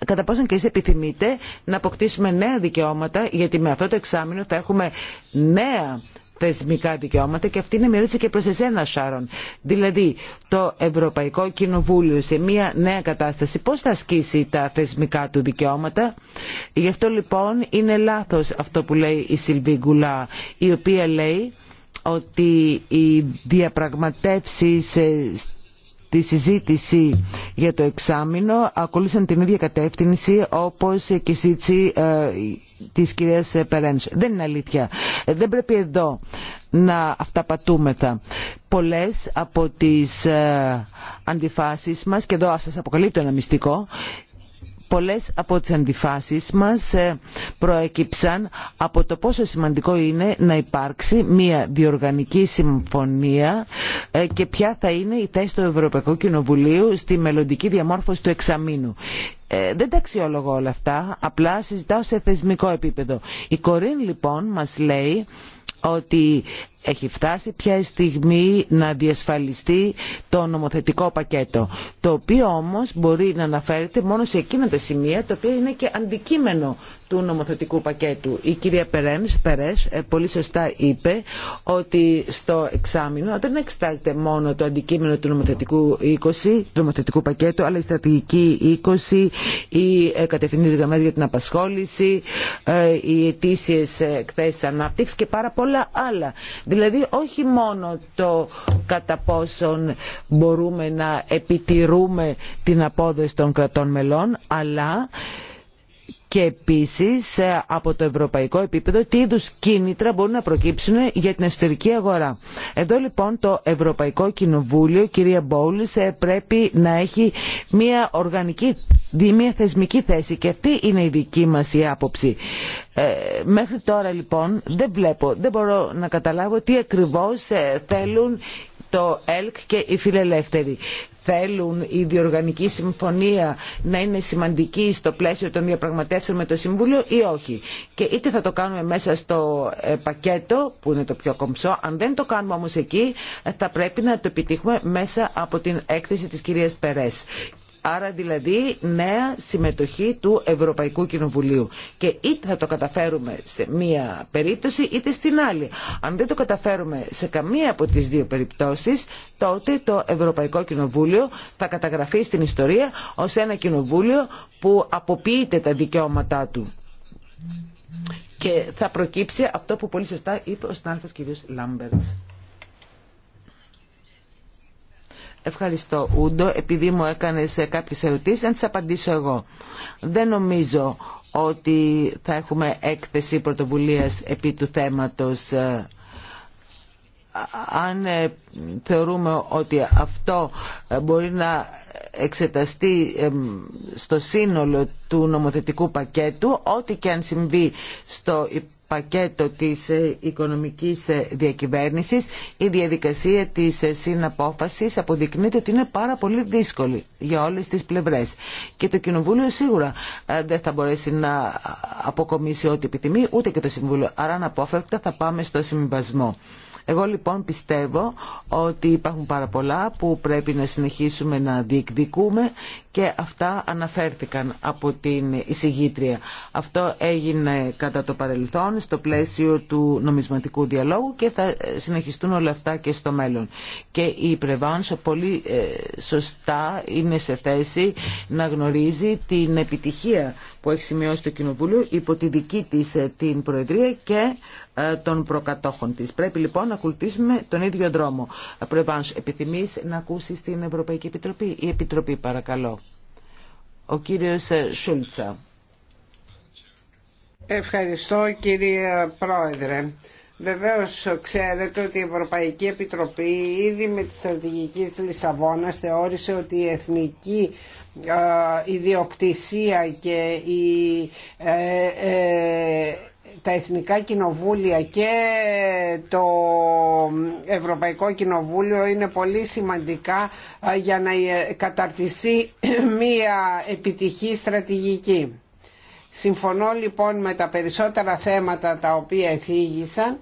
κατά πόσον και εσείς επιθυμείτε να αποκτήσουμε νέα δικαιώματα, γιατί με αυτό το εξάμεινο θα έχουμε νέα θεσμικά δικαιώματα και αυτή είναι μια ερώτηση και προς εσένα Σάρων. Δηλαδή το Ευρωπαϊκό Κοινοβούλιο σε μια νέα κατάσταση πώς θα ασκήσει τα θεσμικά του δικαιώματα. Γι' αυτό λοιπόν είναι λάθος αυτό που λέει η Σιλβί Γκουλά η οποία λέει ότι οι διαπραγματεύσεις ε, τη συζήτηση για το εξάμεινο ακολούθησαν την ίδια κατεύθυνση όπως και η συζήτηση ε, της κυρίας Δεν είναι αλήθεια. Ε, δεν πρέπει εδώ να αυταπατούμεθα. Πολλές από τις ε, αντιφάσεις μας, και εδώ σας αποκαλύπτω ένα μυστικό, πολλές από τις αντιφάσεις μας ε, προέκυψαν από το πόσο σημαντικό είναι να υπάρξει μια διοργανική συμφωνία ε, και ποια θα είναι η θέση του Ευρωπαϊκού Κοινοβουλίου στη μελλοντική διαμόρφωση του εξαμήνου. Ε, δεν τα αξιολογώ όλα αυτά, απλά συζητάω σε θεσμικό επίπεδο. Η Κορίν λοιπόν μας λέει ότι έχει φτάσει πια η στιγμή να διασφαλιστεί το νομοθετικό πακέτο, το οποίο όμως μπορεί να αναφέρεται μόνο σε εκείνα τα σημεία, τα οποία είναι και αντικείμενο του νομοθετικού πακέτου. Η κυρία Περέμς, Περές ε, πολύ σωστά είπε ότι στο εξάμεινο δεν εξετάζεται μόνο το αντικείμενο του νομοθετικού, 20, του νομοθετικού πακέτου, αλλά η στρατηγική 20, οι ε, κατευθυντικές γραμμές για την απασχόληση, ε, οι αιτήσιες εκθέσεις ανάπτυξη και πάρα πολλά άλλα. Δηλαδή όχι μόνο το κατά πόσον μπορούμε να επιτηρούμε την απόδοση των κρατών μελών, αλλά και επίσης ε, από το ευρωπαϊκό επίπεδο τι είδους κίνητρα μπορούν να προκύψουν για την εσωτερική αγορά. Εδώ λοιπόν το Ευρωπαϊκό Κοινοβούλιο, κυρία Μπόουλης, ε, πρέπει να έχει μια οργανική, μια θεσμική θέση και αυτή είναι η δική μας η άποψη. Ε, μέχρι τώρα λοιπόν δεν βλέπω, δεν μπορώ να καταλάβω τι ακριβώς θέλουν το ΕΛΚ και οι φιλελεύθεροι θέλουν η διοργανική συμφωνία να είναι σημαντική στο πλαίσιο των διαπραγματεύσεων με το Συμβούλιο ή όχι. Και είτε θα το κάνουμε μέσα στο ε, πακέτο που είναι το πιο κομψό, αν δεν το κάνουμε όμως εκεί ε, θα πρέπει να το επιτύχουμε μέσα από την έκθεση της κυρίας Περές. Άρα δηλαδή νέα συμμετοχή του Ευρωπαϊκού Κοινοβουλίου. Και είτε θα το καταφέρουμε σε μία περίπτωση είτε στην άλλη. Αν δεν το καταφέρουμε σε καμία από τις δύο περιπτώσεις, τότε το Ευρωπαϊκό Κοινοβούλιο θα καταγραφεί στην ιστορία ως ένα κοινοβούλιο που αποποιείται τα δικαιώματά του. Και θα προκύψει αυτό που πολύ σωστά είπε ο κ. Λάμπερτς. Ευχαριστώ, Ούντο, επειδή μου έκανες ε, κάποιες ερωτήσεις, να τις απαντήσω εγώ. Δεν νομίζω ότι θα έχουμε έκθεση πρωτοβουλίας επί του θέματος. Ε, αν ε, θεωρούμε ότι αυτό μπορεί να εξεταστεί στο σύνολο του νομοθετικού πακέτου, ό,τι και αν συμβεί στο πακέτο της ε, οικονομικής ε, διακυβέρνησης η διαδικασία της ε, συναπόφασης αποδεικνύεται ότι είναι πάρα πολύ δύσκολη για όλες τις πλευρές. Και το Κοινοβούλιο σίγουρα δεν θα μπορέσει να αποκομίσει ό,τι επιθυμεί, ούτε και το Συμβούλιο. Άρα αναπόφευκτα θα πάμε στο συμβιβασμό. Εγώ λοιπόν πιστεύω ότι υπάρχουν πάρα πολλά που πρέπει να συνεχίσουμε να διεκδικούμε και αυτά αναφέρθηκαν από την εισηγήτρια. Αυτό έγινε κατά το παρελθόν στο πλαίσιο του νομισματικού διαλόγου και θα συνεχιστούν όλα αυτά και στο μέλλον. Και η Πρεβάνσο πολύ ε, σωστά είναι σε θέση να γνωρίζει την επιτυχία που έχει σημειώσει το Κοινοβούλιο υπό τη δική της ε, την Προεδρία και ε, των προκατόχων της. Πρέπει λοιπόν να ακολουθήσουμε τον ίδιο δρόμο. Ε, Προεπάνω, επιθυμείς να ακούσεις την Ευρωπαϊκή Επιτροπή. Η Επιτροπή παρακαλώ. Ο κύριος Σούλτσα. Ευχαριστώ κύριε Πρόεδρε. Βεβαίως ξέρετε ότι η Ευρωπαϊκή Επιτροπή ήδη με τη στρατηγική της Λισαβόνας θεώρησε ότι η εθνική η ιδιοκτησία και η, ε, ε, τα Εθνικά Κοινοβούλια και το Ευρωπαϊκό Κοινοβούλιο είναι πολύ σημαντικά για να ε, καταρτιστεί μία επιτυχή στρατηγική. Συμφωνώ λοιπόν με τα περισσότερα θέματα τα οποία εθίγησαν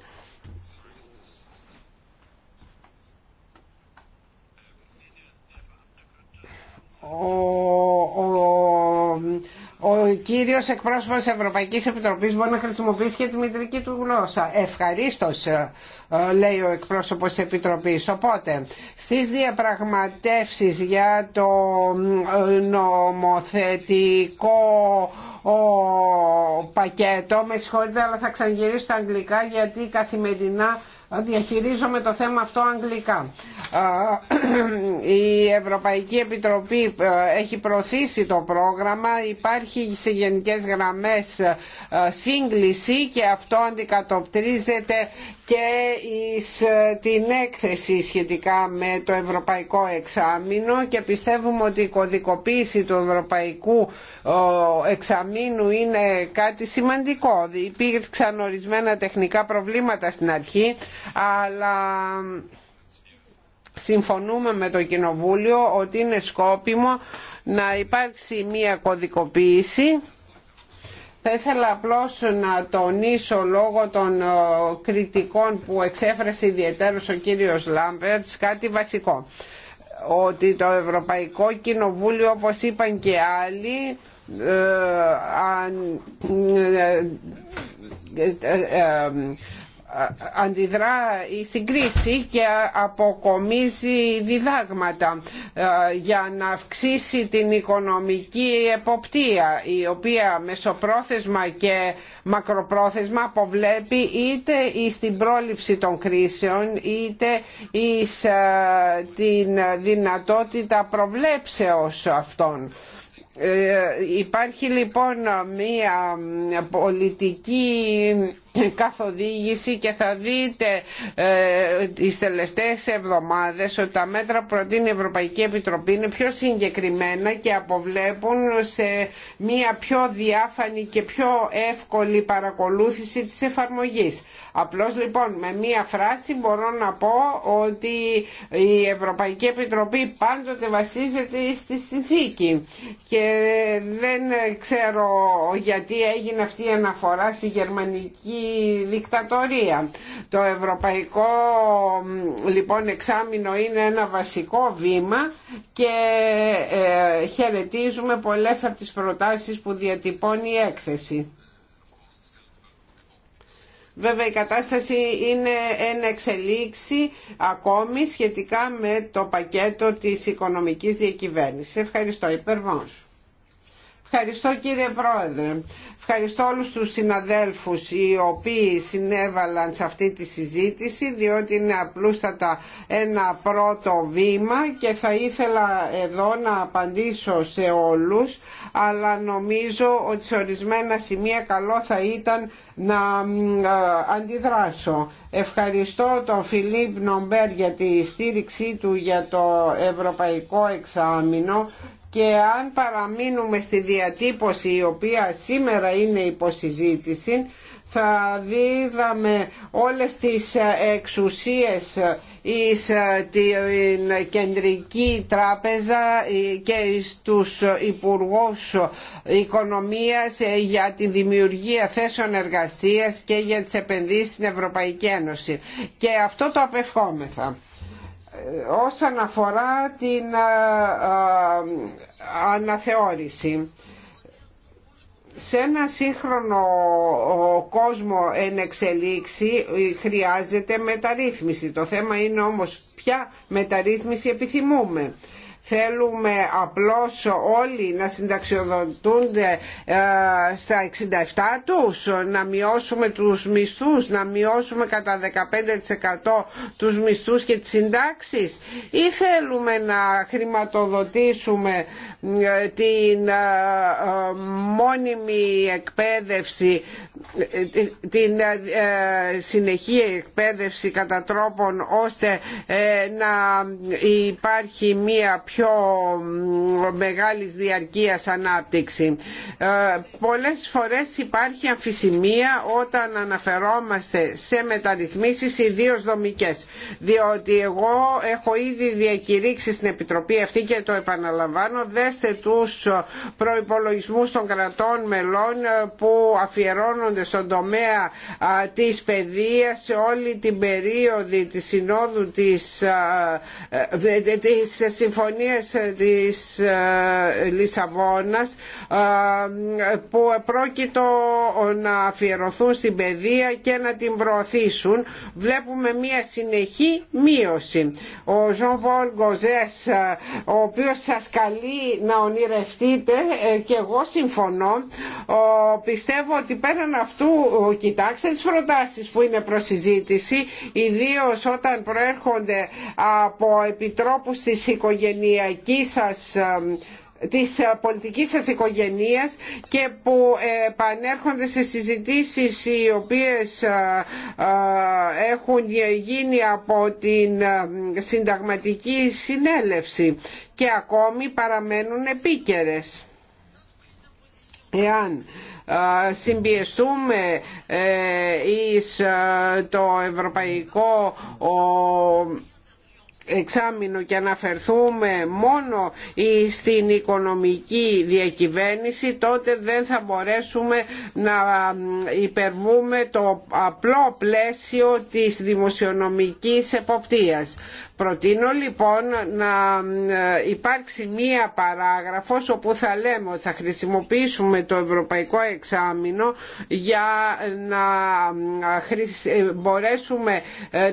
ο, ο κύριος εκπρόσωπος Ευρωπαϊκής Επιτροπής μπορεί να χρησιμοποιήσει και τη μητρική του γλώσσα. Ευχαρίστως ε, λέει ο εκπρόσωπος της Επιτροπής. Οπότε, στις διαπραγματεύσεις για το ε, νομοθετικό πακέτο, με συγχωρείτε αλλά θα ξαναγυρίσω στα αγγλικά γιατί καθημερινά διαχειρίζομαι το θέμα αυτό αγγλικά. Η Ευρωπαϊκή Επιτροπή ε, έχει προωθήσει το πρόγραμμα, υπάρχει σε γενικές γραμμές ε, σύγκληση και αυτό αντικατοπτρίζεται και εις ε, την έκθεση σχετικά με το ευρωπαϊκό εξάμεινο και πιστεύουμε ότι η κωδικοποίηση του ευρωπαϊκού εξαμήνου είναι κάτι σημαντικό. Υπήρξαν ορισμένα τεχνικά προβλήματα στην αρχή, αλλά συμφωνούμε με το Κοινοβούλιο ότι είναι σκόπιμο να υπάρξει μία κωδικοποίηση θα ήθελα απλώς να τονίσω λόγω των ε, κριτικών που εξέφρασε ιδιαίτερος ο κύριος Λάμπερτς κάτι βασικό. Ότι το Ευρωπαϊκό Κοινοβούλιο όπως είπαν και άλλοι ε, ε, αντιδρά στην κρίση και αποκομίζει διδάγματα ε, για να αυξήσει την οικονομική εποπτεία η οποία μεσοπρόθεσμα και μακροπρόθεσμα αποβλέπει είτε στην πρόληψη των κρίσεων είτε εις ε, την δυνατότητα προβλέψεως αυτών. Ε, υπάρχει λοιπόν μία πολιτική καθοδήγηση και θα δείτε ε, τις τελευταίες εβδομάδες ότι τα μέτρα που προτείνει Ευρωπαϊκή Επιτροπή είναι πιο συγκεκριμένα και αποβλέπουν σε μια πιο διάφανη και πιο εύκολη παρακολούθηση της εφαρμογής. Απλώς λοιπόν με μια φράση μπορώ να πω ότι η Ευρωπαϊκή Επιτροπή πάντοτε βασίζεται στη συνθήκη και δεν ξέρω γιατί έγινε αυτή η αναφορά στη γερμανική δικτατορία. Το ευρωπαϊκό λοιπόν εξάμεινο είναι ένα βασικό βήμα και ε, χαιρετίζουμε πολλές από τις προτάσεις που διατυπώνει η έκθεση. Βέβαια η κατάσταση είναι ένα εξελίξη ακόμη σχετικά με το πακέτο της οικονομικής διακυβέρνησης. Ευχαριστώ Υπερβάσου. Ευχαριστώ κύριε Πρόεδρε. Ευχαριστώ όλους τους συναδέλφους οι οποίοι συνέβαλαν σε αυτή τη συζήτηση διότι είναι απλούστατα ένα πρώτο βήμα και θα ήθελα εδώ να απαντήσω σε όλους αλλά νομίζω ότι σε ορισμένα σημεία καλό θα ήταν να αντιδράσω. Ευχαριστώ τον Φιλίπ Νομπέρ για τη στήριξή του για το Ευρωπαϊκό Εξάμεινο και αν παραμείνουμε στη διατύπωση η οποία σήμερα είναι υποσυζήτηση θα δίδαμε όλες τις εξουσίες εις ε, την κεντρική τράπεζα ε, και στους υπουργούς οικονομίας ε, για τη δημιουργία θέσεων εργασίας και για τις επενδύσεις στην Ευρωπαϊκή Ένωση. Και αυτό το απευχόμεθα όσον αφορά την ε, ε, αναθεώρηση σε ένα σύγχρονο κόσμο εν εξελίξη ε, χρειάζεται μεταρρύθμιση. Το θέμα είναι όμως ποια μεταρρύθμιση επιθυμούμε. Θέλουμε απλώς όλοι να συνταξιοδοτούνται ε, στα 67 τους, να μειώσουμε τους μισθούς, να μειώσουμε κατά 15% τους μισθούς και τις συντάξεις ή θέλουμε να χρηματοδοτήσουμε την μόνιμη εκπαίδευση, την συνεχή εκπαίδευση κατά τρόπον ώστε ε, να υπάρχει μία πιο μεγάλη διαρκείας ανάπτυξη. Ε, πολλές φορές υπάρχει αμφισημία όταν αναφερόμαστε σε μεταρρυθμίσεις ιδίως δομικές διότι εγώ έχω ήδη διακηρύξει στην Επιτροπή αυτή και το επαναλαμβάνω δεν σε τους προϋπολογισμούς των κρατών μελών που αφιερώνονται στον τομέα της παιδείας σε όλη την περίοδη της συνόδου της, ε, ε, της συμφωνίας της ε, Λισαβόνας που πρόκειτο να αφιερωθούν στην παιδεία και να την προωθήσουν βλέπουμε μια συνεχή μείωση ο Ζων Βολ ο οποίος σας καλεί να ονειρευτείτε ε, και εγώ συμφωνώ πιστεύω ότι πέραν αυτού κοιτάξτε τις προτάσεις που είναι προς συζήτηση ιδίως όταν προέρχονται από επιτρόπους της οικογενειακής σας ε, της ε, πολιτικής σας οικογενείας και που ε, επανέρχονται σε συζητήσεις οι οποίες ε, έχουν γίνει από την συνταγματική συνέλευση και ακόμη παραμένουν επίκαιρες. Εάν συμπιεστούμε εις το ευρωπαϊκό εξάμεινο και αναφερθούμε μόνο στην οικονομική διακυβέρνηση τότε δεν θα μπορέσουμε να υπερβούμε το απλό πλαίσιο της δημοσιονομικής εποπτείας. Προτείνω λοιπόν να ε, υπάρξει μία παράγραφος όπου θα λέμε ότι θα χρησιμοποιήσουμε το ευρωπαϊκό εξάμεινο για να ε, ε, μπορέσουμε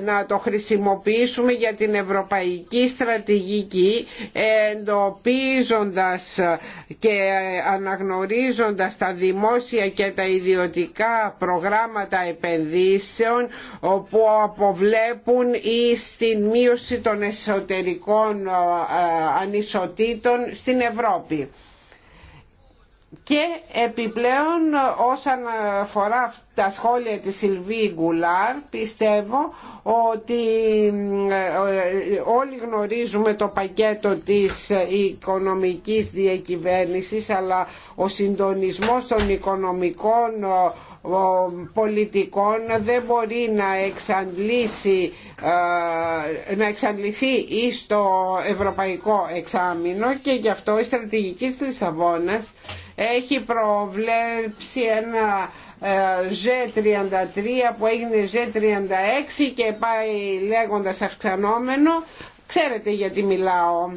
να το χρησιμοποιήσουμε για την ευρωπαϊκή στρατηγική εντοπίζοντας και αναγνωρίζοντας τα δημόσια και τα ιδιωτικά προγράμματα επενδύσεων που αποβλέπουν ή στην μείωση των εσωτερικών ε, ανισοτήτων στην Ευρώπη. Και επιπλέον όσον αφορά τα σχόλια της Σιλβί Γκουλάρ πιστεύω ότι ε, ε, όλοι γνωρίζουμε το πακέτο της οικονομικής διακυβέρνησης αλλά ο συντονισμός των οικονομικών πολιτικών δεν μπορεί να εξαντλήσει να εξαντληθεί ή στο ευρωπαϊκό εξάμεινο και γι' αυτό η στρατηγική της Λισαβόνας έχει προβλέψει ένα G33 ε, που έγινε G36 και πάει λέγοντας αυξανόμενο ξέρετε γιατί μιλάω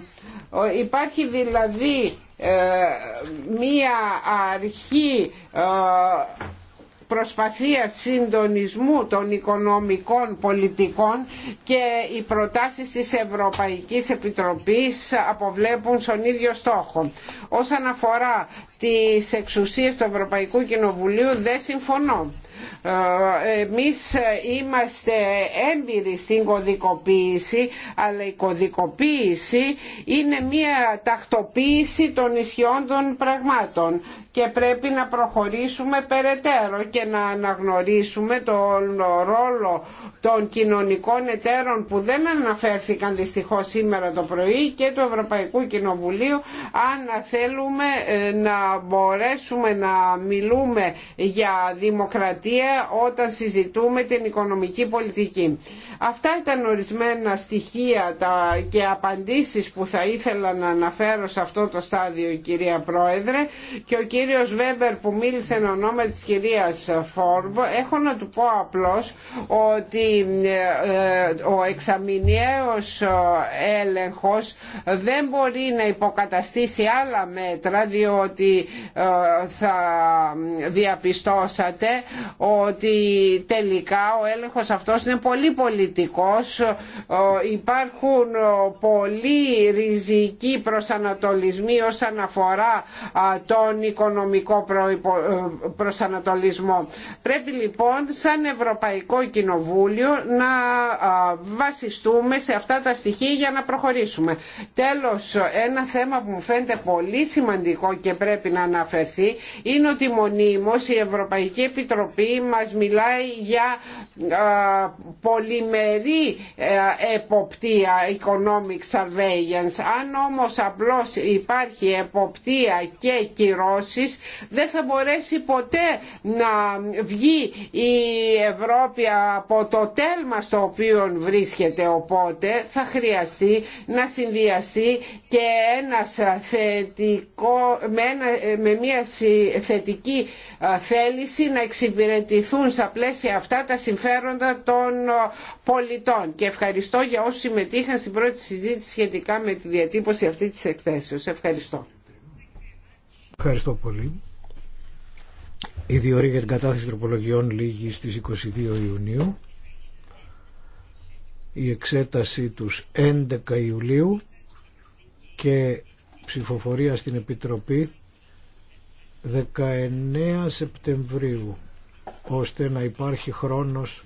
υπάρχει δηλαδή ε, μία αρχή ε, προσπαθία συντονισμού των οικονομικών πολιτικών και οι προτάσεις της Ευρωπαϊκής Επιτροπής αποβλέπουν στον ίδιο στόχο. Όσον αφορά τις εξουσίες του Ευρωπαϊκού Κοινοβουλίου δεν συμφωνώ. Ε, εμείς είμαστε έμπειροι στην κωδικοποίηση, αλλά η κωδικοποίηση είναι μια τακτοποίηση των ισχυών των πραγμάτων και πρέπει να προχωρήσουμε περαιτέρω και να αναγνωρίσουμε τον ρόλο των κοινωνικών εταίρων που δεν αναφέρθηκαν δυστυχώς σήμερα το πρωί και του Ευρωπαϊκού Κοινοβουλίου αν θέλουμε ε, να μπορέσουμε να μιλούμε για δημοκρατία όταν συζητούμε την οικονομική πολιτική. Αυτά ήταν ορισμένα στοιχεία και απαντήσεις που θα ήθελα να αναφέρω σε αυτό το στάδιο κυρία Πρόεδρε και ο κύριος Βέμπερ που μίλησε εν ονόμα της κυρίας Φόρμπ έχω να του πω απλώς ότι ε, ο εξαμηνιαίος ε, έλεγχος δεν μπορεί να υποκαταστήσει άλλα μέτρα διότι ε, θα διαπιστώσατε ότι τελικά ο έλεγχος αυτός είναι πολύ πολιτικός υπάρχουν πολλοί ριζικοί προσανατολισμοί όσον αφορά τον οικονομικό οικονομικό ε, προσανατολισμό. Πρέπει λοιπόν σαν Ευρωπαϊκό Κοινοβούλιο να βασιστούμε σε αυτά τα στοιχεία για να προχωρήσουμε. Τέλος, ένα θέμα που μου φαίνεται πολύ σημαντικό και πρέπει να αναφερθεί είναι ότι μονίμως η Ευρωπαϊκή Επιτροπή μας μιλάει για πολυμερή ε, εποπτεία economic surveillance. Αν όμως απλώς υπάρχει εποπτεία και κυρώσει δεν θα μπορέσει ποτέ να βγει η Ευρώπη από το τέλμα στο οποίο βρίσκεται οπότε θα χρειαστεί να συνδυαστεί και ένας θετικό, με, με μια θετική θέληση να εξυπηρετηθούν στα πλαίσια αυτά τα συμφέροντα των πολιτών και ευχαριστώ για όσοι συμμετείχαν στην πρώτη συζήτηση σχετικά με τη διατύπωση αυτή της εκθέσεως. Ευχαριστώ. Ευχαριστώ πολύ. Η διορή για την κατάθεση τροπολογιών λήγει στις 22 Ιουνίου. Η εξέταση τους 11 Ιουλίου και ψηφοφορία στην Επιτροπή 19 Σεπτεμβρίου ώστε να υπάρχει χρόνος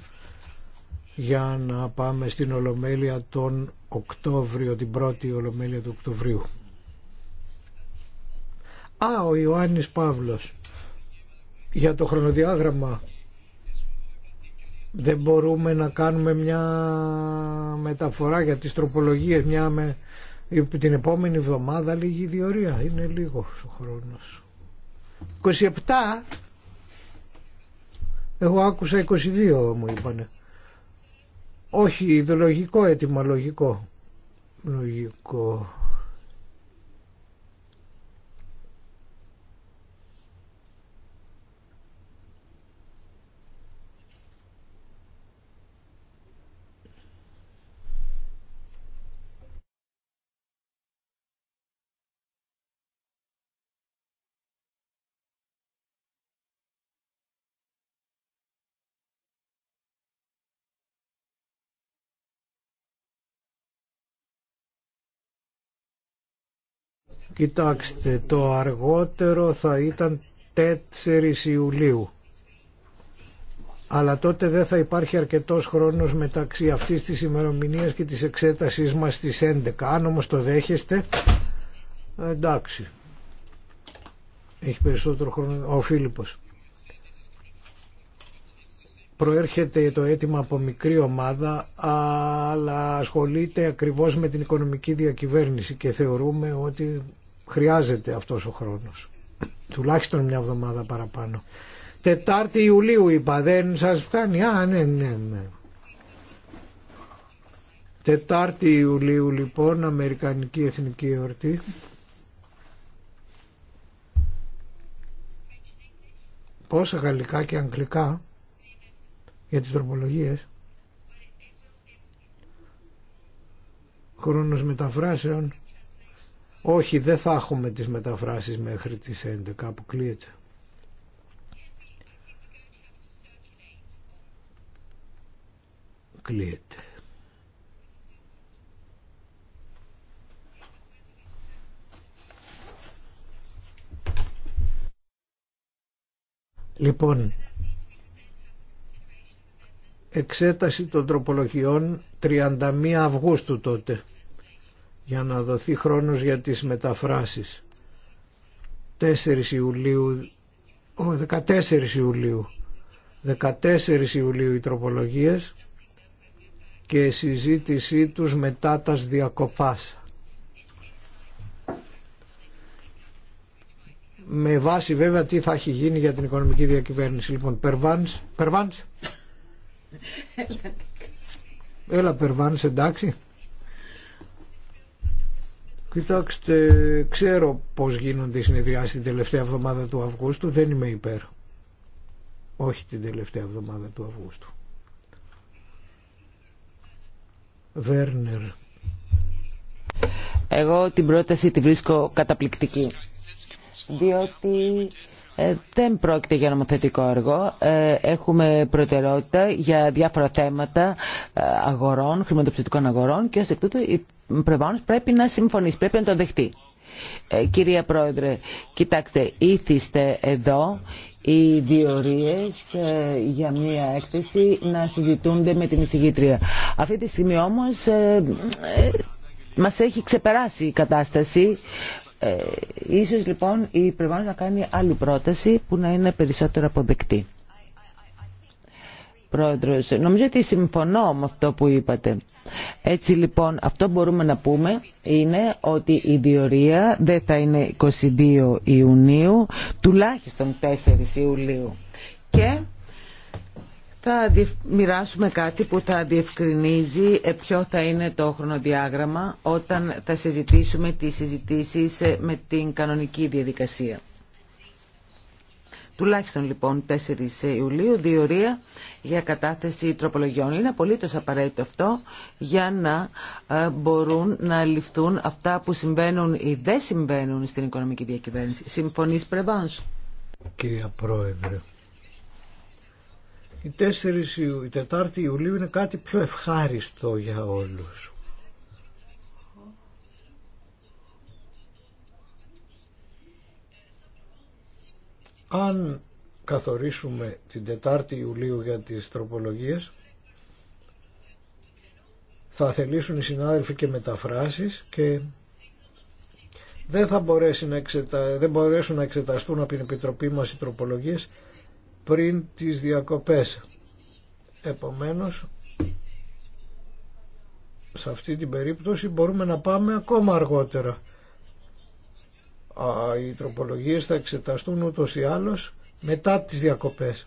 για να πάμε στην Ολομέλεια τον Οκτώβριο, την πρώτη Ολομέλεια του Οκτωβρίου. Α, ο Ιωάννης Παύλος. Για το χρονοδιάγραμμα δεν μπορούμε να κάνουμε μια μεταφορά για τις τροπολογίες, μια με... την επόμενη εβδομάδα λίγη διορία. Είναι λίγο ο χρόνος. 27, εγώ άκουσα 22 μου είπανε. Όχι, ιδεολογικό έτοιμο λογικό. Λογικό. Κοιτάξτε, το αργότερο θα ήταν 4 Ιουλίου. Αλλά τότε δεν θα υπάρχει αρκετός χρόνος μεταξύ αυτής της ημερομηνίας και της εξέτασής μας στις 11. Αν όμως το δέχεστε, εντάξει. Έχει περισσότερο χρόνο ο Φίλιππος προέρχεται το αίτημα από μικρή ομάδα αλλά ασχολείται ακριβώς με την οικονομική διακυβέρνηση και θεωρούμε ότι χρειάζεται αυτός ο χρόνος. Τουλάχιστον μια εβδομάδα παραπάνω. Τετάρτη Ιουλίου είπα, δεν σας φτάνει. Α, ναι, ναι, ναι. Τετάρτη Ιουλίου λοιπόν, Αμερικανική Εθνική Εορτή. Πόσα γαλλικά και αγγλικά για τις τροπολογίες χρόνος μεταφράσεων όχι δεν θα έχουμε τις μεταφράσεις μέχρι τις 11 που κλείεται κλείεται Λοιπόν, εξέταση των τροπολογιών 31 Αυγούστου τότε για να δοθεί χρόνος για τις μεταφράσεις. 4 Ιουλίου, 14 Ιουλίου, 14 Ιουλίου οι τροπολογίες και συζήτησή τους μετά τας διακοπάς. Με βάση βέβαια τι θα έχει γίνει για την οικονομική διακυβέρνηση. Λοιπόν, Περβάνς, Περβάνς. Έλα περβάνεις, εντάξει. Κοιτάξτε, ξέρω πώς γίνονται οι συνεδριάσεις την τελευταία εβδομάδα του Αυγούστου, δεν είμαι υπέρ. Όχι την τελευταία εβδομάδα του Αυγούστου. Βέρνερ. Εγώ την πρόταση τη βρίσκω καταπληκτική. Διότι ε, δεν πρόκειται για νομοθετικό έργο. Ε, έχουμε προτεραιότητα για διάφορα θέματα ε, αγορών, χρηματοπιστωτικών αγορών και ως εκ τούτου η πρέπει να συμφωνήσει, πρέπει να το δεχτεί. Κυρία Πρόεδρε, κοιτάξτε, ήθιστε εδώ οι διορίες για μία έκθεση να συζητούνται με την εισηγήτρια. Αυτή τη στιγμή όμως μας έχει ξεπεράσει η κατάσταση ε, ίσως λοιπόν η Πρεβάνος να κάνει άλλη πρόταση που να είναι περισσότερο αποδεκτή. Πρόεδρος, νομίζω ότι συμφωνώ με αυτό που είπατε. Έτσι λοιπόν, αυτό μπορούμε να πούμε είναι ότι η διορία δεν θα είναι 22 Ιουνίου, τουλάχιστον 4 Ιουλίου. Και θα μοιράσουμε κάτι που θα διευκρινίζει ε, ποιο θα είναι το χρονοδιάγραμμα όταν θα συζητήσουμε τις συζητήσεις ε, με την κανονική διαδικασία. Τουλάχιστον λοιπόν 4 ε, Ιουλίου, διορία για κατάθεση τροπολογιών. Είναι απολύτως απαραίτητο αυτό για να μπορούν να ληφθούν αυτά που συμβαίνουν ή δεν συμβαίνουν στην οικονομική διακυβέρνηση. Συμφωνείς Πρεβάνς. Κύριε Πρόεδρε, η 4 η η Ιουλίου είναι κάτι πιο ευχάριστο για όλους. Αν καθορίσουμε την 4η Ιουλίου για τις τροπολογίες, θα θελήσουν οι συνάδελφοι και μεταφράσεις και δεν θα να εξετα... δεν μπορέσουν να εξεταστούν από την Επιτροπή μας οι τροπολογίες πριν τις διακοπές. Επομένως, σε αυτή την περίπτωση μπορούμε να πάμε ακόμα αργότερα. οι τροπολογίες θα εξεταστούν ούτως ή άλλως μετά τις διακοπές.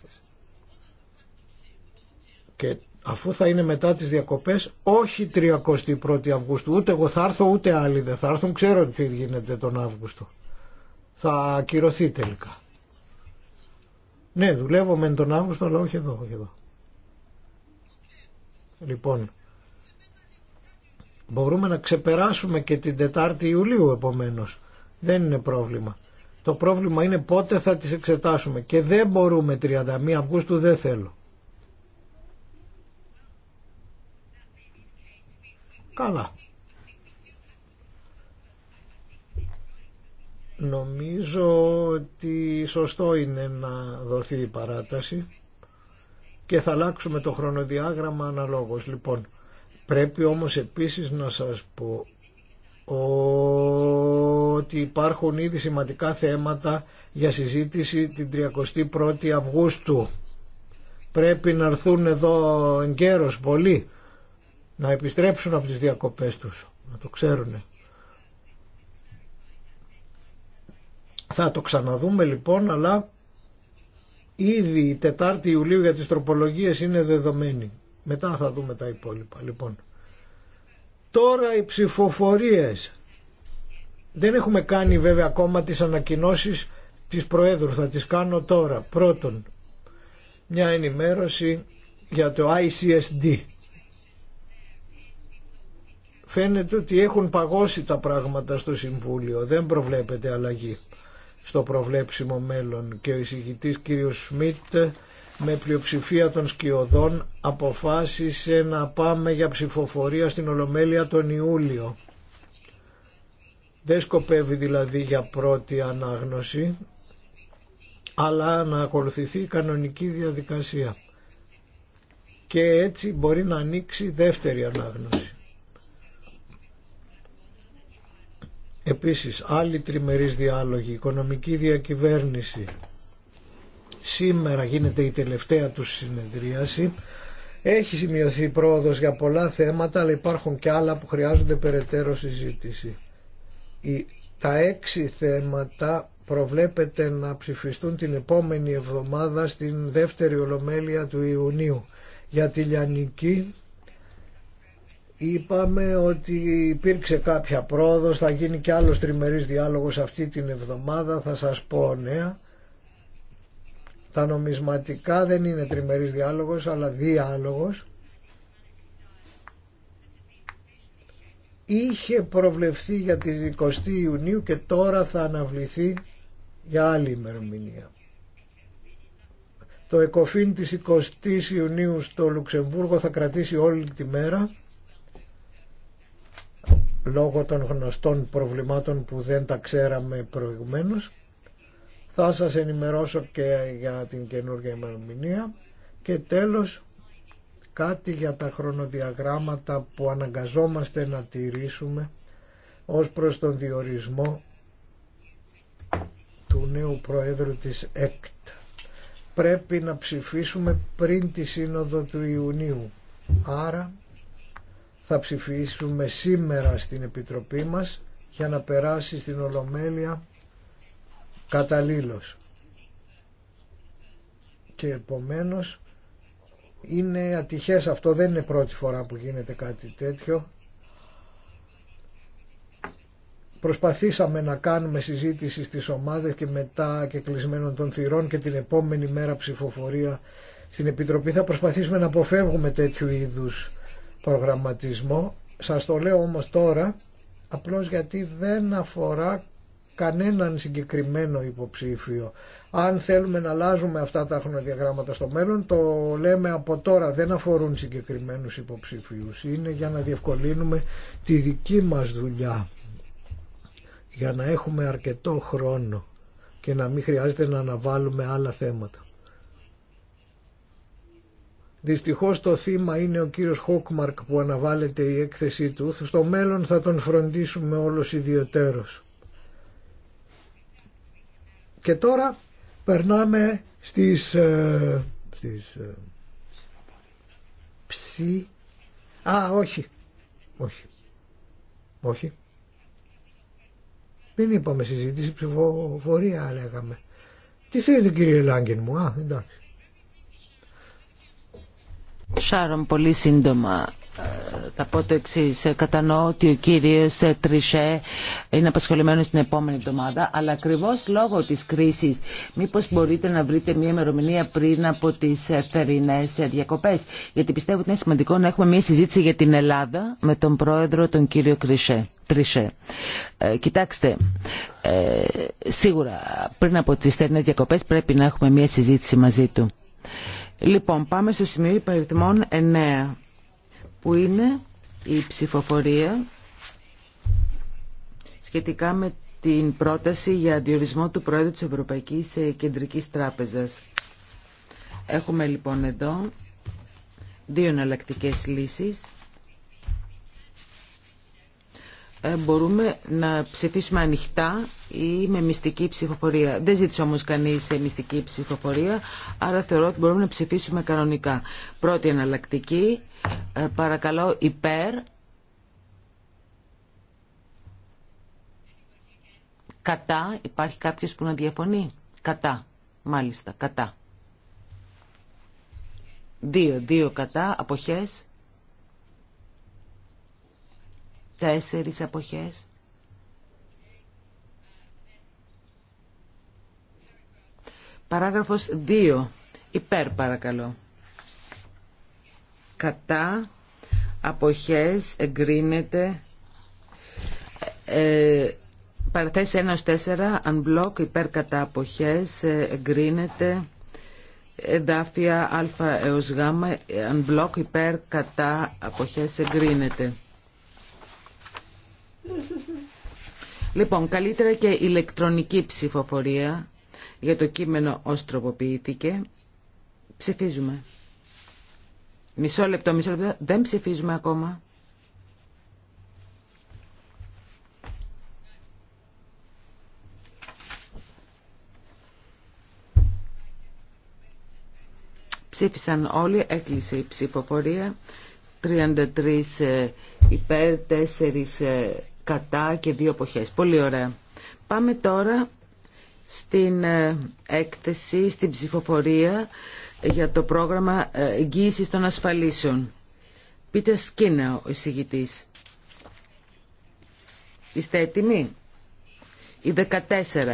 Και αφού θα είναι μετά τις διακοπές, όχι 31η Αυγούστου. Ούτε εγώ θα έρθω, ούτε άλλοι δεν θα έρθουν. Ξέρω τι γίνεται τον Αύγουστο. Θα ακυρωθεί τελικά. Ναι, δουλεύω με τον Αύγουστο, αλλά όχι εδώ, όχι εδώ. Λοιπόν, μπορούμε να ξεπεράσουμε και την Τετάρτη Ιουλίου επομένως. Δεν είναι πρόβλημα. Το πρόβλημα είναι πότε θα τις εξετάσουμε και δεν μπορούμε 31 Αυγούστου δεν θέλω. Καλά. Νομίζω ότι σωστό είναι να δοθεί η παράταση και θα αλλάξουμε το χρονοδιάγραμμα αναλόγως. Λοιπόν, πρέπει όμως επίσης να σας πω ότι υπάρχουν ήδη σημαντικά θέματα για συζήτηση την 31η Αυγούστου. Πρέπει να έρθουν εδώ εγκαίρως πολλοί να επιστρέψουν από τις διακοπές τους, να το ξέρουν. Θα το ξαναδούμε λοιπόν, αλλά ήδη η Τετάρτη Ιουλίου για τις τροπολογίες είναι δεδομένη. Μετά θα δούμε τα υπόλοιπα λοιπόν. Τώρα οι ψηφοφορίες. Δεν έχουμε κάνει βέβαια ακόμα τις ανακοινώσεις της Προέδρου. Θα τις κάνω τώρα. Πρώτον, μια ενημέρωση για το ICSD. Φαίνεται ότι έχουν παγώσει τα πράγματα στο Συμβούλιο. Δεν προβλέπεται αλλαγή στο προβλέψιμο μέλλον και ο εισηγητής κύριος Σμιτ με πλειοψηφία των σκιωδών αποφάσισε να πάμε για ψηφοφορία στην Ολομέλεια τον Ιούλιο. Δεν σκοπεύει δηλαδή για πρώτη ανάγνωση, αλλά να ακολουθηθεί η κανονική διαδικασία. Και έτσι μπορεί να ανοίξει δεύτερη ανάγνωση. Επίσης, άλλοι τριμερείς διάλογοι, οικονομική διακυβέρνηση. Σήμερα γίνεται η τελευταία του συνεδρίαση. Έχει σημειωθεί πρόοδος για πολλά θέματα, αλλά υπάρχουν και άλλα που χρειάζονται περαιτέρω συζήτηση. Η, τα έξι θέματα προβλέπεται να ψηφιστούν την επόμενη εβδομάδα στην δεύτερη ολομέλεια του Ιουνίου. Για τη Λιανική Είπαμε ότι υπήρξε κάποια πρόοδος, θα γίνει και άλλος τριμερής διάλογος αυτή την εβδομάδα, θα σας πω νέα. Τα νομισματικά δεν είναι τριμερής διάλογος, αλλά διάλογος. Είχε προβλεφθεί για τη 20 Ιουνίου και τώρα θα αναβληθεί για άλλη ημερομηνία. Το εκοφήν της 20 Ιουνίου στο Λουξεμβούργο θα κρατήσει όλη τη μέρα λόγω των γνωστών προβλημάτων που δεν τα ξέραμε προηγουμένως. Θα σας ενημερώσω και για την καινούργια ημερομηνία και τέλος κάτι για τα χρονοδιαγράμματα που αναγκαζόμαστε να τηρήσουμε ως προς τον διορισμό του νέου Προέδρου της ΕΚΤ. Πρέπει να ψηφίσουμε πριν τη Σύνοδο του Ιουνίου. Άρα θα ψηφίσουμε σήμερα στην Επιτροπή μας για να περάσει στην Ολομέλεια καταλήλως. Και επομένως είναι ατυχές αυτό, δεν είναι πρώτη φορά που γίνεται κάτι τέτοιο. Προσπαθήσαμε να κάνουμε συζήτηση στις ομάδες και μετά και κλεισμένων των θυρών και την επόμενη μέρα ψηφοφορία στην Επιτροπή. Θα προσπαθήσουμε να αποφεύγουμε τέτοιου είδους προγραμματισμό. Σας το λέω όμως τώρα, απλώς γιατί δεν αφορά κανέναν συγκεκριμένο υποψήφιο. Αν θέλουμε να αλλάζουμε αυτά τα χρονοδιαγράμματα στο μέλλον, το λέμε από τώρα, δεν αφορούν συγκεκριμένους υποψηφίους. Είναι για να διευκολύνουμε τη δική μας δουλειά, για να έχουμε αρκετό χρόνο και να μην χρειάζεται να αναβάλουμε άλλα θέματα. Δυστυχώς το θύμα είναι ο κύριος Χόκμαρκ που αναβάλλεται η έκθεσή του. Στο μέλλον θα τον φροντίσουμε όλος ιδιωτέρως. Και τώρα περνάμε στις... Ε, στις ε, ψι... Α, όχι. Όχι. Όχι. Μην είπαμε συζήτηση, ψηφοφορία λέγαμε. Τι θέλετε κύριε Λάγκεν μου, α, εντάξει. Σάρων, πολύ σύντομα ε, θα πω το εξή. Ε, κατανοώ ότι ο κύριο ε, Τρισέ είναι απασχολημένο την επόμενη εβδομάδα, αλλά ακριβώ λόγω τη κρίση, μήπω μπορείτε να βρείτε μια ημερομηνία πριν από τι θερινέ διακοπέ. Γιατί πιστεύω ότι είναι σημαντικό να έχουμε μια συζήτηση για την Ελλάδα με τον πρόεδρο, τον κύριο Κρισέ. Τρισέ. κοιτάξτε, ε, σίγουρα πριν από τι θερινέ διακοπέ πρέπει να έχουμε μια συζήτηση μαζί του. Λοιπόν, πάμε στο σημείο υπαριθμών 9, που είναι η ψηφοφορία σχετικά με την πρόταση για διορισμό του Πρόεδρου της Ευρωπαϊκής ε, Κεντρικής Τράπεζας. Έχουμε λοιπόν εδώ δύο εναλλακτικέ λύσεις. Ε, μπορούμε να ψηφίσουμε ανοιχτά ή με μυστική ψηφοφορία. Δεν ζήτησε όμως κανείς ε, μυστική ψηφοφορία, άρα θεωρώ ότι μπορούμε να ψηφίσουμε κανονικά. Πρώτη εναλλακτική, ε, παρακαλώ υπέρ, κατά, υπάρχει κάποιος που να διαφωνεί, κατά, μάλιστα, κατά. Δύο, δύο κατά, αποχές, Τέσσερις αποχές. Παράγραφος 2. Υπέρ παρακαλώ. Κατά αποχές εγκρίνεται ε, παραθέσει 1 4 unblock υπέρ κατά αποχές ε, εγκρίνεται εδάφια α έως γ unblock υπέρ κατά αποχές εγκρίνεται Λοιπόν, καλύτερα και ηλεκτρονική ψηφοφορία για το κείμενο ως τροποποιήθηκε. Ψηφίζουμε. Μισό λεπτό, μισό λεπτό. Δεν ψηφίζουμε ακόμα. Ψήφισαν όλοι, έκλεισε η ψηφοφορία. 33 ε, υπέρ, 4 κατά και δύο εποχές. Πολύ ωραία. Πάμε τώρα στην ε, έκθεση, στην ψηφοφορία για το πρόγραμμα ε, εγγύησης των ασφαλίσεων. Πείτε σκίνα ο εισηγητής. Είστε έτοιμοι. Η 14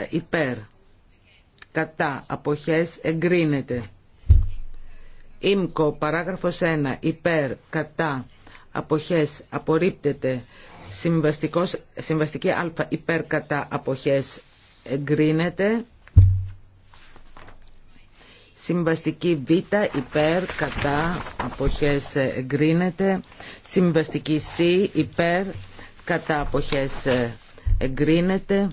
υπέρ κατά αποχές εγκρίνεται. Ήμκο παράγραφος 1 υπέρ κατά αποχές απορρίπτεται συμβαστική α υπέρ κατά αποχές εγκρίνεται. Συμβαστική Β υπέρ κατά αποχές εγκρίνεται. Συμβαστική Σ υπέρ κατά αποχές εγκρίνεται.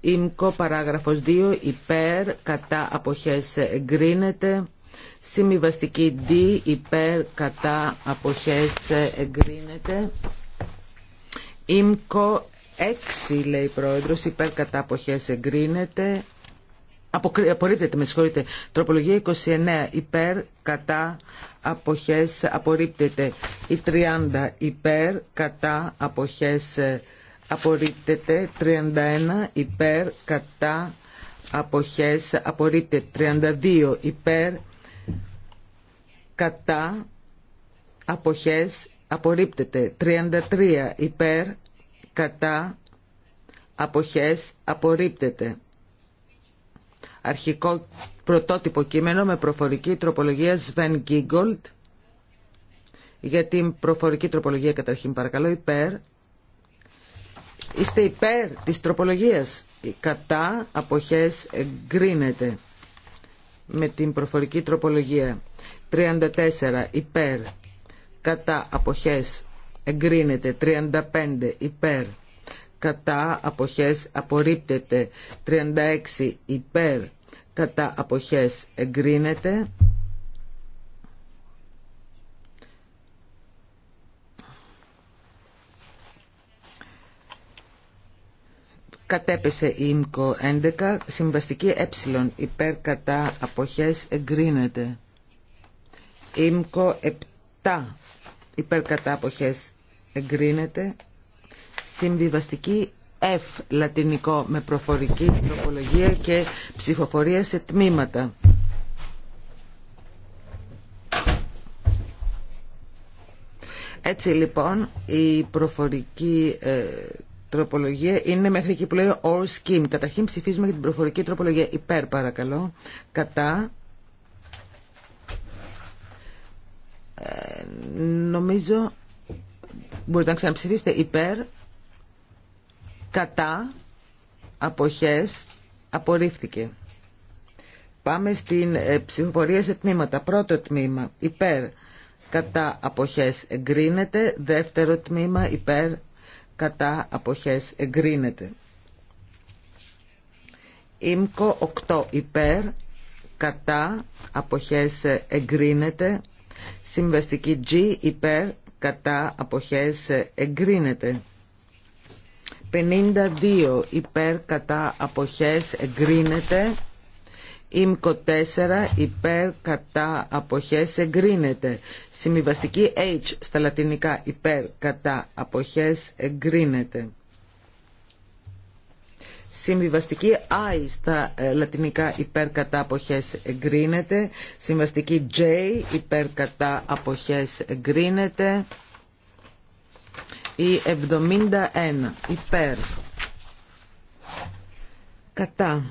ήμικο παράγραφος 2 υπέρ κατά αποχές εγκρίνεται. Συμβαστική D υπέρ κατά αποχές εγκρίνεται. Ήμκο 6 λέει πρόεδρος, υπέρ κατά αποχές εγκρίνεται. Απορρίπτεται, με συγχωρείτε. Τροπολογία 29 υπέρ κατά αποχές απορρίπτεται. Η 30 υπέρ κατά αποχές απορρίπτεται. 31 υπέρ κατά αποχές απορρίπτεται. 32 υπέρ κατά αποχές απορρίπτεται 33 υπέρ κατά αποχές απορρίπτεται αρχικό πρωτότυπο κείμενο με προφορική τροπολογία Sven Giegold για την προφορική τροπολογία καταρχήν παρακαλώ υπέρ είστε υπέρ της τροπολογίας κατά αποχές εγκρίνεται με την προφορική τροπολογία 34 υπέρ κατά αποχές εγκρίνεται 35 υπέρ κατά αποχές απορρίπτεται 36 υπέρ κατά αποχές εγκρίνεται Κατέπεσε η ΙΜΚΟ 11, συμβαστική ε, υπέρ κατά αποχές εγκρίνεται. ΙΜΚΟ τα υπερκατάποχες εγκρίνεται. Συμβιβαστική F λατινικό με προφορική τροπολογία και ψηφοφορία σε τμήματα. Έτσι λοιπόν η προφορική ε, τροπολογία είναι μέχρι εκεί που λέει all scheme. Καταρχήν ψηφίζουμε για την προφορική τροπολογία υπέρ παρακαλώ. Κατά νομίζω μπορείτε να ξαναψηφίσετε υπέρ, κατά, αποχές, απορρίφθηκε. Πάμε στην ε, ψηφοφορία σε τμήματα. Πρώτο τμήμα, υπέρ, κατά, αποχές, εγκρίνεται. Δεύτερο τμήμα, υπέρ, κατά, αποχές, εγκρίνεται. Ήμκο 8 υπέρ, κατά, αποχές εγκρίνεται. Συμβαστική G υπέρ κατά αποχές εγκρίνεται. 52 υπέρ κατά αποχές εγκρίνεται. Ήμκο 4 υπέρ κατά αποχές εγκρίνεται. συμβαστική H στα λατινικά υπέρ κατά αποχές εγκρίνεται. Συμβιβαστική I στα ε, λατινικά υπέρ κατά αποχές εγκρίνεται. Συμβαστική J υπέρ κατά αποχές εγκρίνεται. Η 71 υπέρ κατά.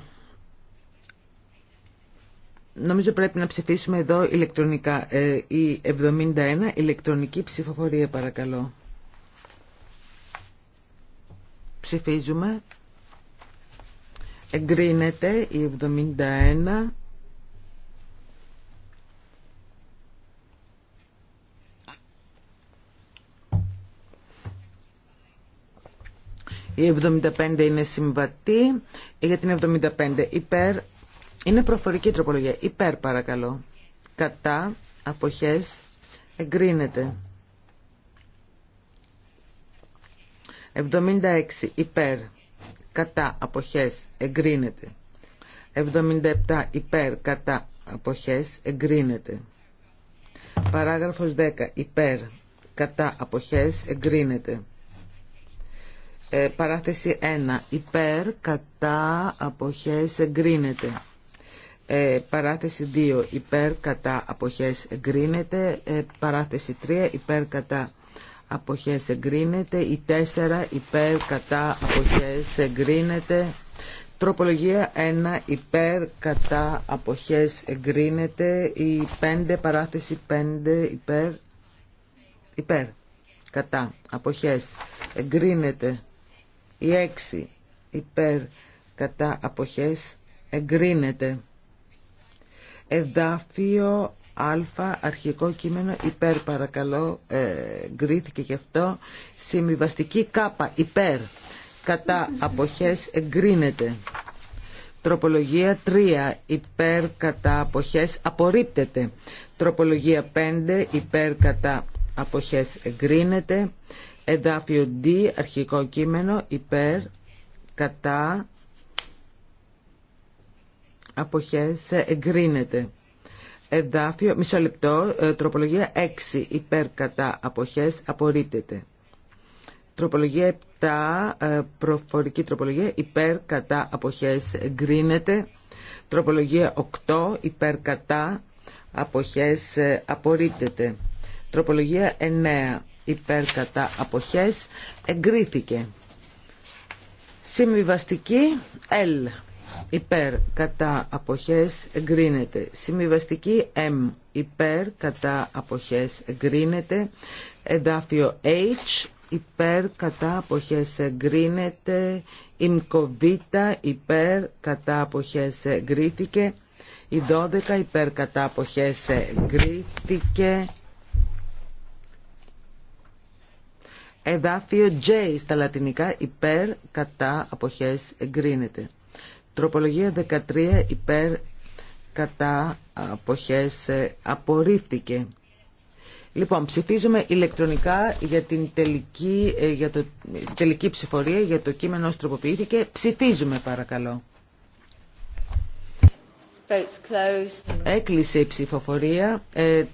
Νομίζω πρέπει να ψηφίσουμε εδώ ηλεκτρονικά. Ε, η 71 ηλεκτρονική ψηφοφορία παρακαλώ. Ψηφίζουμε εγκρίνεται η 71 Η 75 είναι συμβατή. Ε, για την 75 υπέρ είναι προφορική τροπολογία. Υπέρ παρακαλώ. Κατά αποχές εγκρίνεται. 76 υπέρ κατά αποχές εγκρίνεται. 77 υπέρ κατά αποχές εγκρίνεται. Παράγραφος 10 υπέρ κατά αποχές εγκρίνεται. Ε, παράθεση 1 υπέρ κατά αποχές εγκρίνεται. Ε, παράθεση 2 υπέρ κατά αποχές εγκρίνεται. Ε, παράθεση 3 υπέρ κατά αποχές εγκρίνεται, η 4 υπέρ κατά αποχές εγκρίνεται, τροπολογία 1 υπέρ κατά αποχές εγκρίνεται, η 5 παράθεση 5 υπέρ, υπέρ κατά αποχές εγκρίνεται, η 6 υπέρ κατά αποχές εγκρίνεται. Εδάφιο α αρχικό κείμενο υπέρ παρακαλώ ε, γκρίθηκε γι' αυτό συμβιβαστική κάπα υπέρ κατά αποχές εγκρίνεται Τροπολογία 3 υπέρ κατά αποχές απορρίπτεται. Τροπολογία 5 υπέρ κατά αποχές εγκρίνεται. Εδάφιο D αρχικό κείμενο υπέρ κατά αποχές εγκρίνεται εδάφιο, μισό λεπτό, ε, τροπολογία 6 υπέρ κατά αποχές απορρίπτεται. Τροπολογία 7, ε, προφορική τροπολογία υπέρ κατά αποχές εγκρίνεται. Τροπολογία 8 υπέρ κατά αποχές ε, απορρίπτεται. Τροπολογία 9 υπέρ κατά αποχές εγκρίθηκε. Συμβιβαστική L υπέρ κατά αποχές εγκρίνεται. Συμβιβαστική M υπέρ κατά αποχές εγκρίνεται. Εδάφιο H υπέρ κατά αποχές εγκρίνεται. Ιμκοβίτα υπέρ κατά αποχές εγκρίθηκε. Η 12 υπέρ κατά αποχές εγκρίθηκε. Εδάφιο J στα λατινικά υπέρ κατά αποχές εγκρίνεται. Τροπολογία 13 υπέρ κατά αποχές ε, απορρίφθηκε. Λοιπόν, ψηφίζουμε ηλεκτρονικά για την τελική, ε, για το, τελική ψηφορία, για το κείμενο όσο τροποποιήθηκε. Ψηφίζουμε παρακαλώ. Έκλεισε η ψηφοφορία,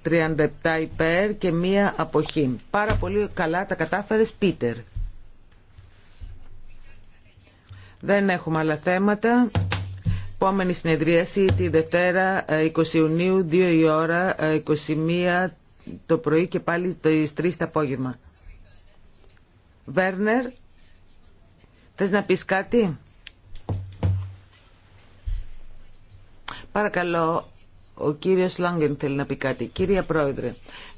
37 ε, υπέρ και μία αποχή. Πάρα πολύ καλά τα κατάφερες, Πίτερ. Δεν έχουμε άλλα θέματα. Επόμενη συνεδρίαση τη Δευτέρα 20 ε, Ιουνίου, 2 η ώρα, 21 ε, το πρωί και πάλι τις 3 το απόγευμα. Βέρνερ, θες να πεις κάτι? Παρακαλώ, ο κύριος Λόγγεν θέλει να πει κάτι. Κυρία Πρόεδρε,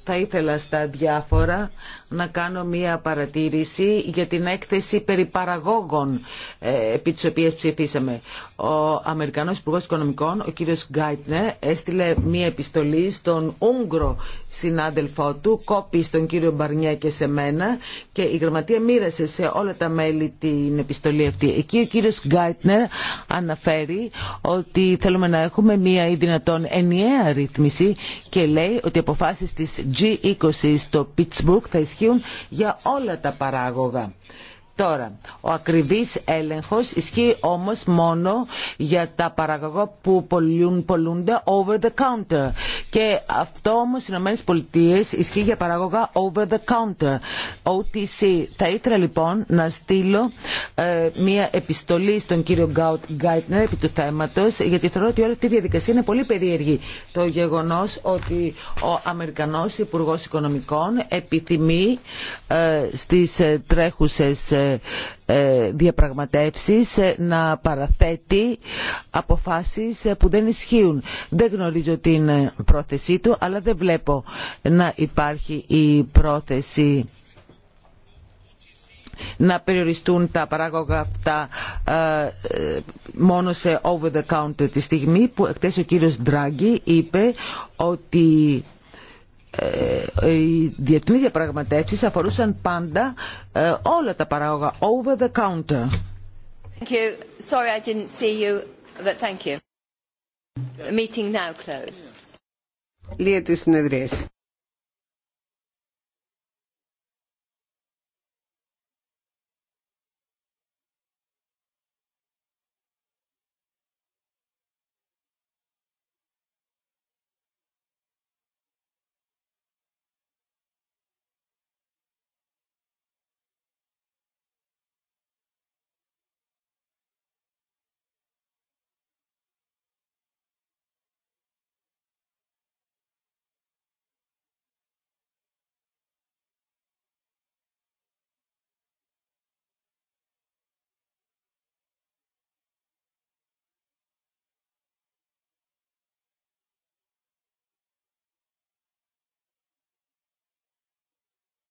θα ήθελα στα διάφορα να κάνω μία παρατήρηση για την έκθεση περί παραγόγων ε, επί της οποίας ψηφίσαμε. Ο Αμερικανός Υπουργό Οικονομικών, ο κύριος Γκάιτνερ, έστειλε μία επιστολή στον Ούγγρο συνάδελφό του, κόπη στον κύριο Μπαρνιά και σε μένα και η γραμματεία μοίρασε σε όλα τα μέλη την επιστολή αυτή. Εκεί ο κύριος Γκάιτνερ αναφέρει ότι θέλουμε να έχουμε μία ή δυνατόν ενιαία ρύθμιση και λέει ότι οι G20 στο Pittsburgh θα ισχύουν για όλα τα παράγωγα. Τώρα, ο ακριβής έλεγχος ισχύει όμως μόνο για τα παραγωγό που πολλούν, πολλούνται over the counter. Και αυτό όμως στις ΗΠΑ ισχύει για παραγωγά over the counter, OTC. Θα ήθελα λοιπόν να στείλω ε, μια επιστολή στον κύριο Γκάιτνερ επί του θέματος, γιατί θεωρώ ότι όλη αυτή η διαδικασία είναι πολύ περίεργη. Το γεγονός ότι ο Αμερικανός Υπουργός Οικονομικών επιθυμεί ε, στις ε, τρέχουσες ε, ε, διαπραγματεύσεις ε, να παραθέτει αποφάσεις ε, που δεν ισχύουν. Δεν γνωρίζω την πρόθεσή του, αλλά δεν βλέπω να υπάρχει η πρόθεση να περιοριστούν τα παράγωγα αυτά μόνο σε over the counter τη στιγμή που εκτές ο κύριος Ντράγκη είπε ότι ε, οι διεθνεί διαπραγματεύσει αφορούσαν πάντα ε, όλα τα παράγωγα over the counter. Thank you. Sorry I didn't see you, but thank you. The meeting now closed. Λύεται η συνεδρίαση.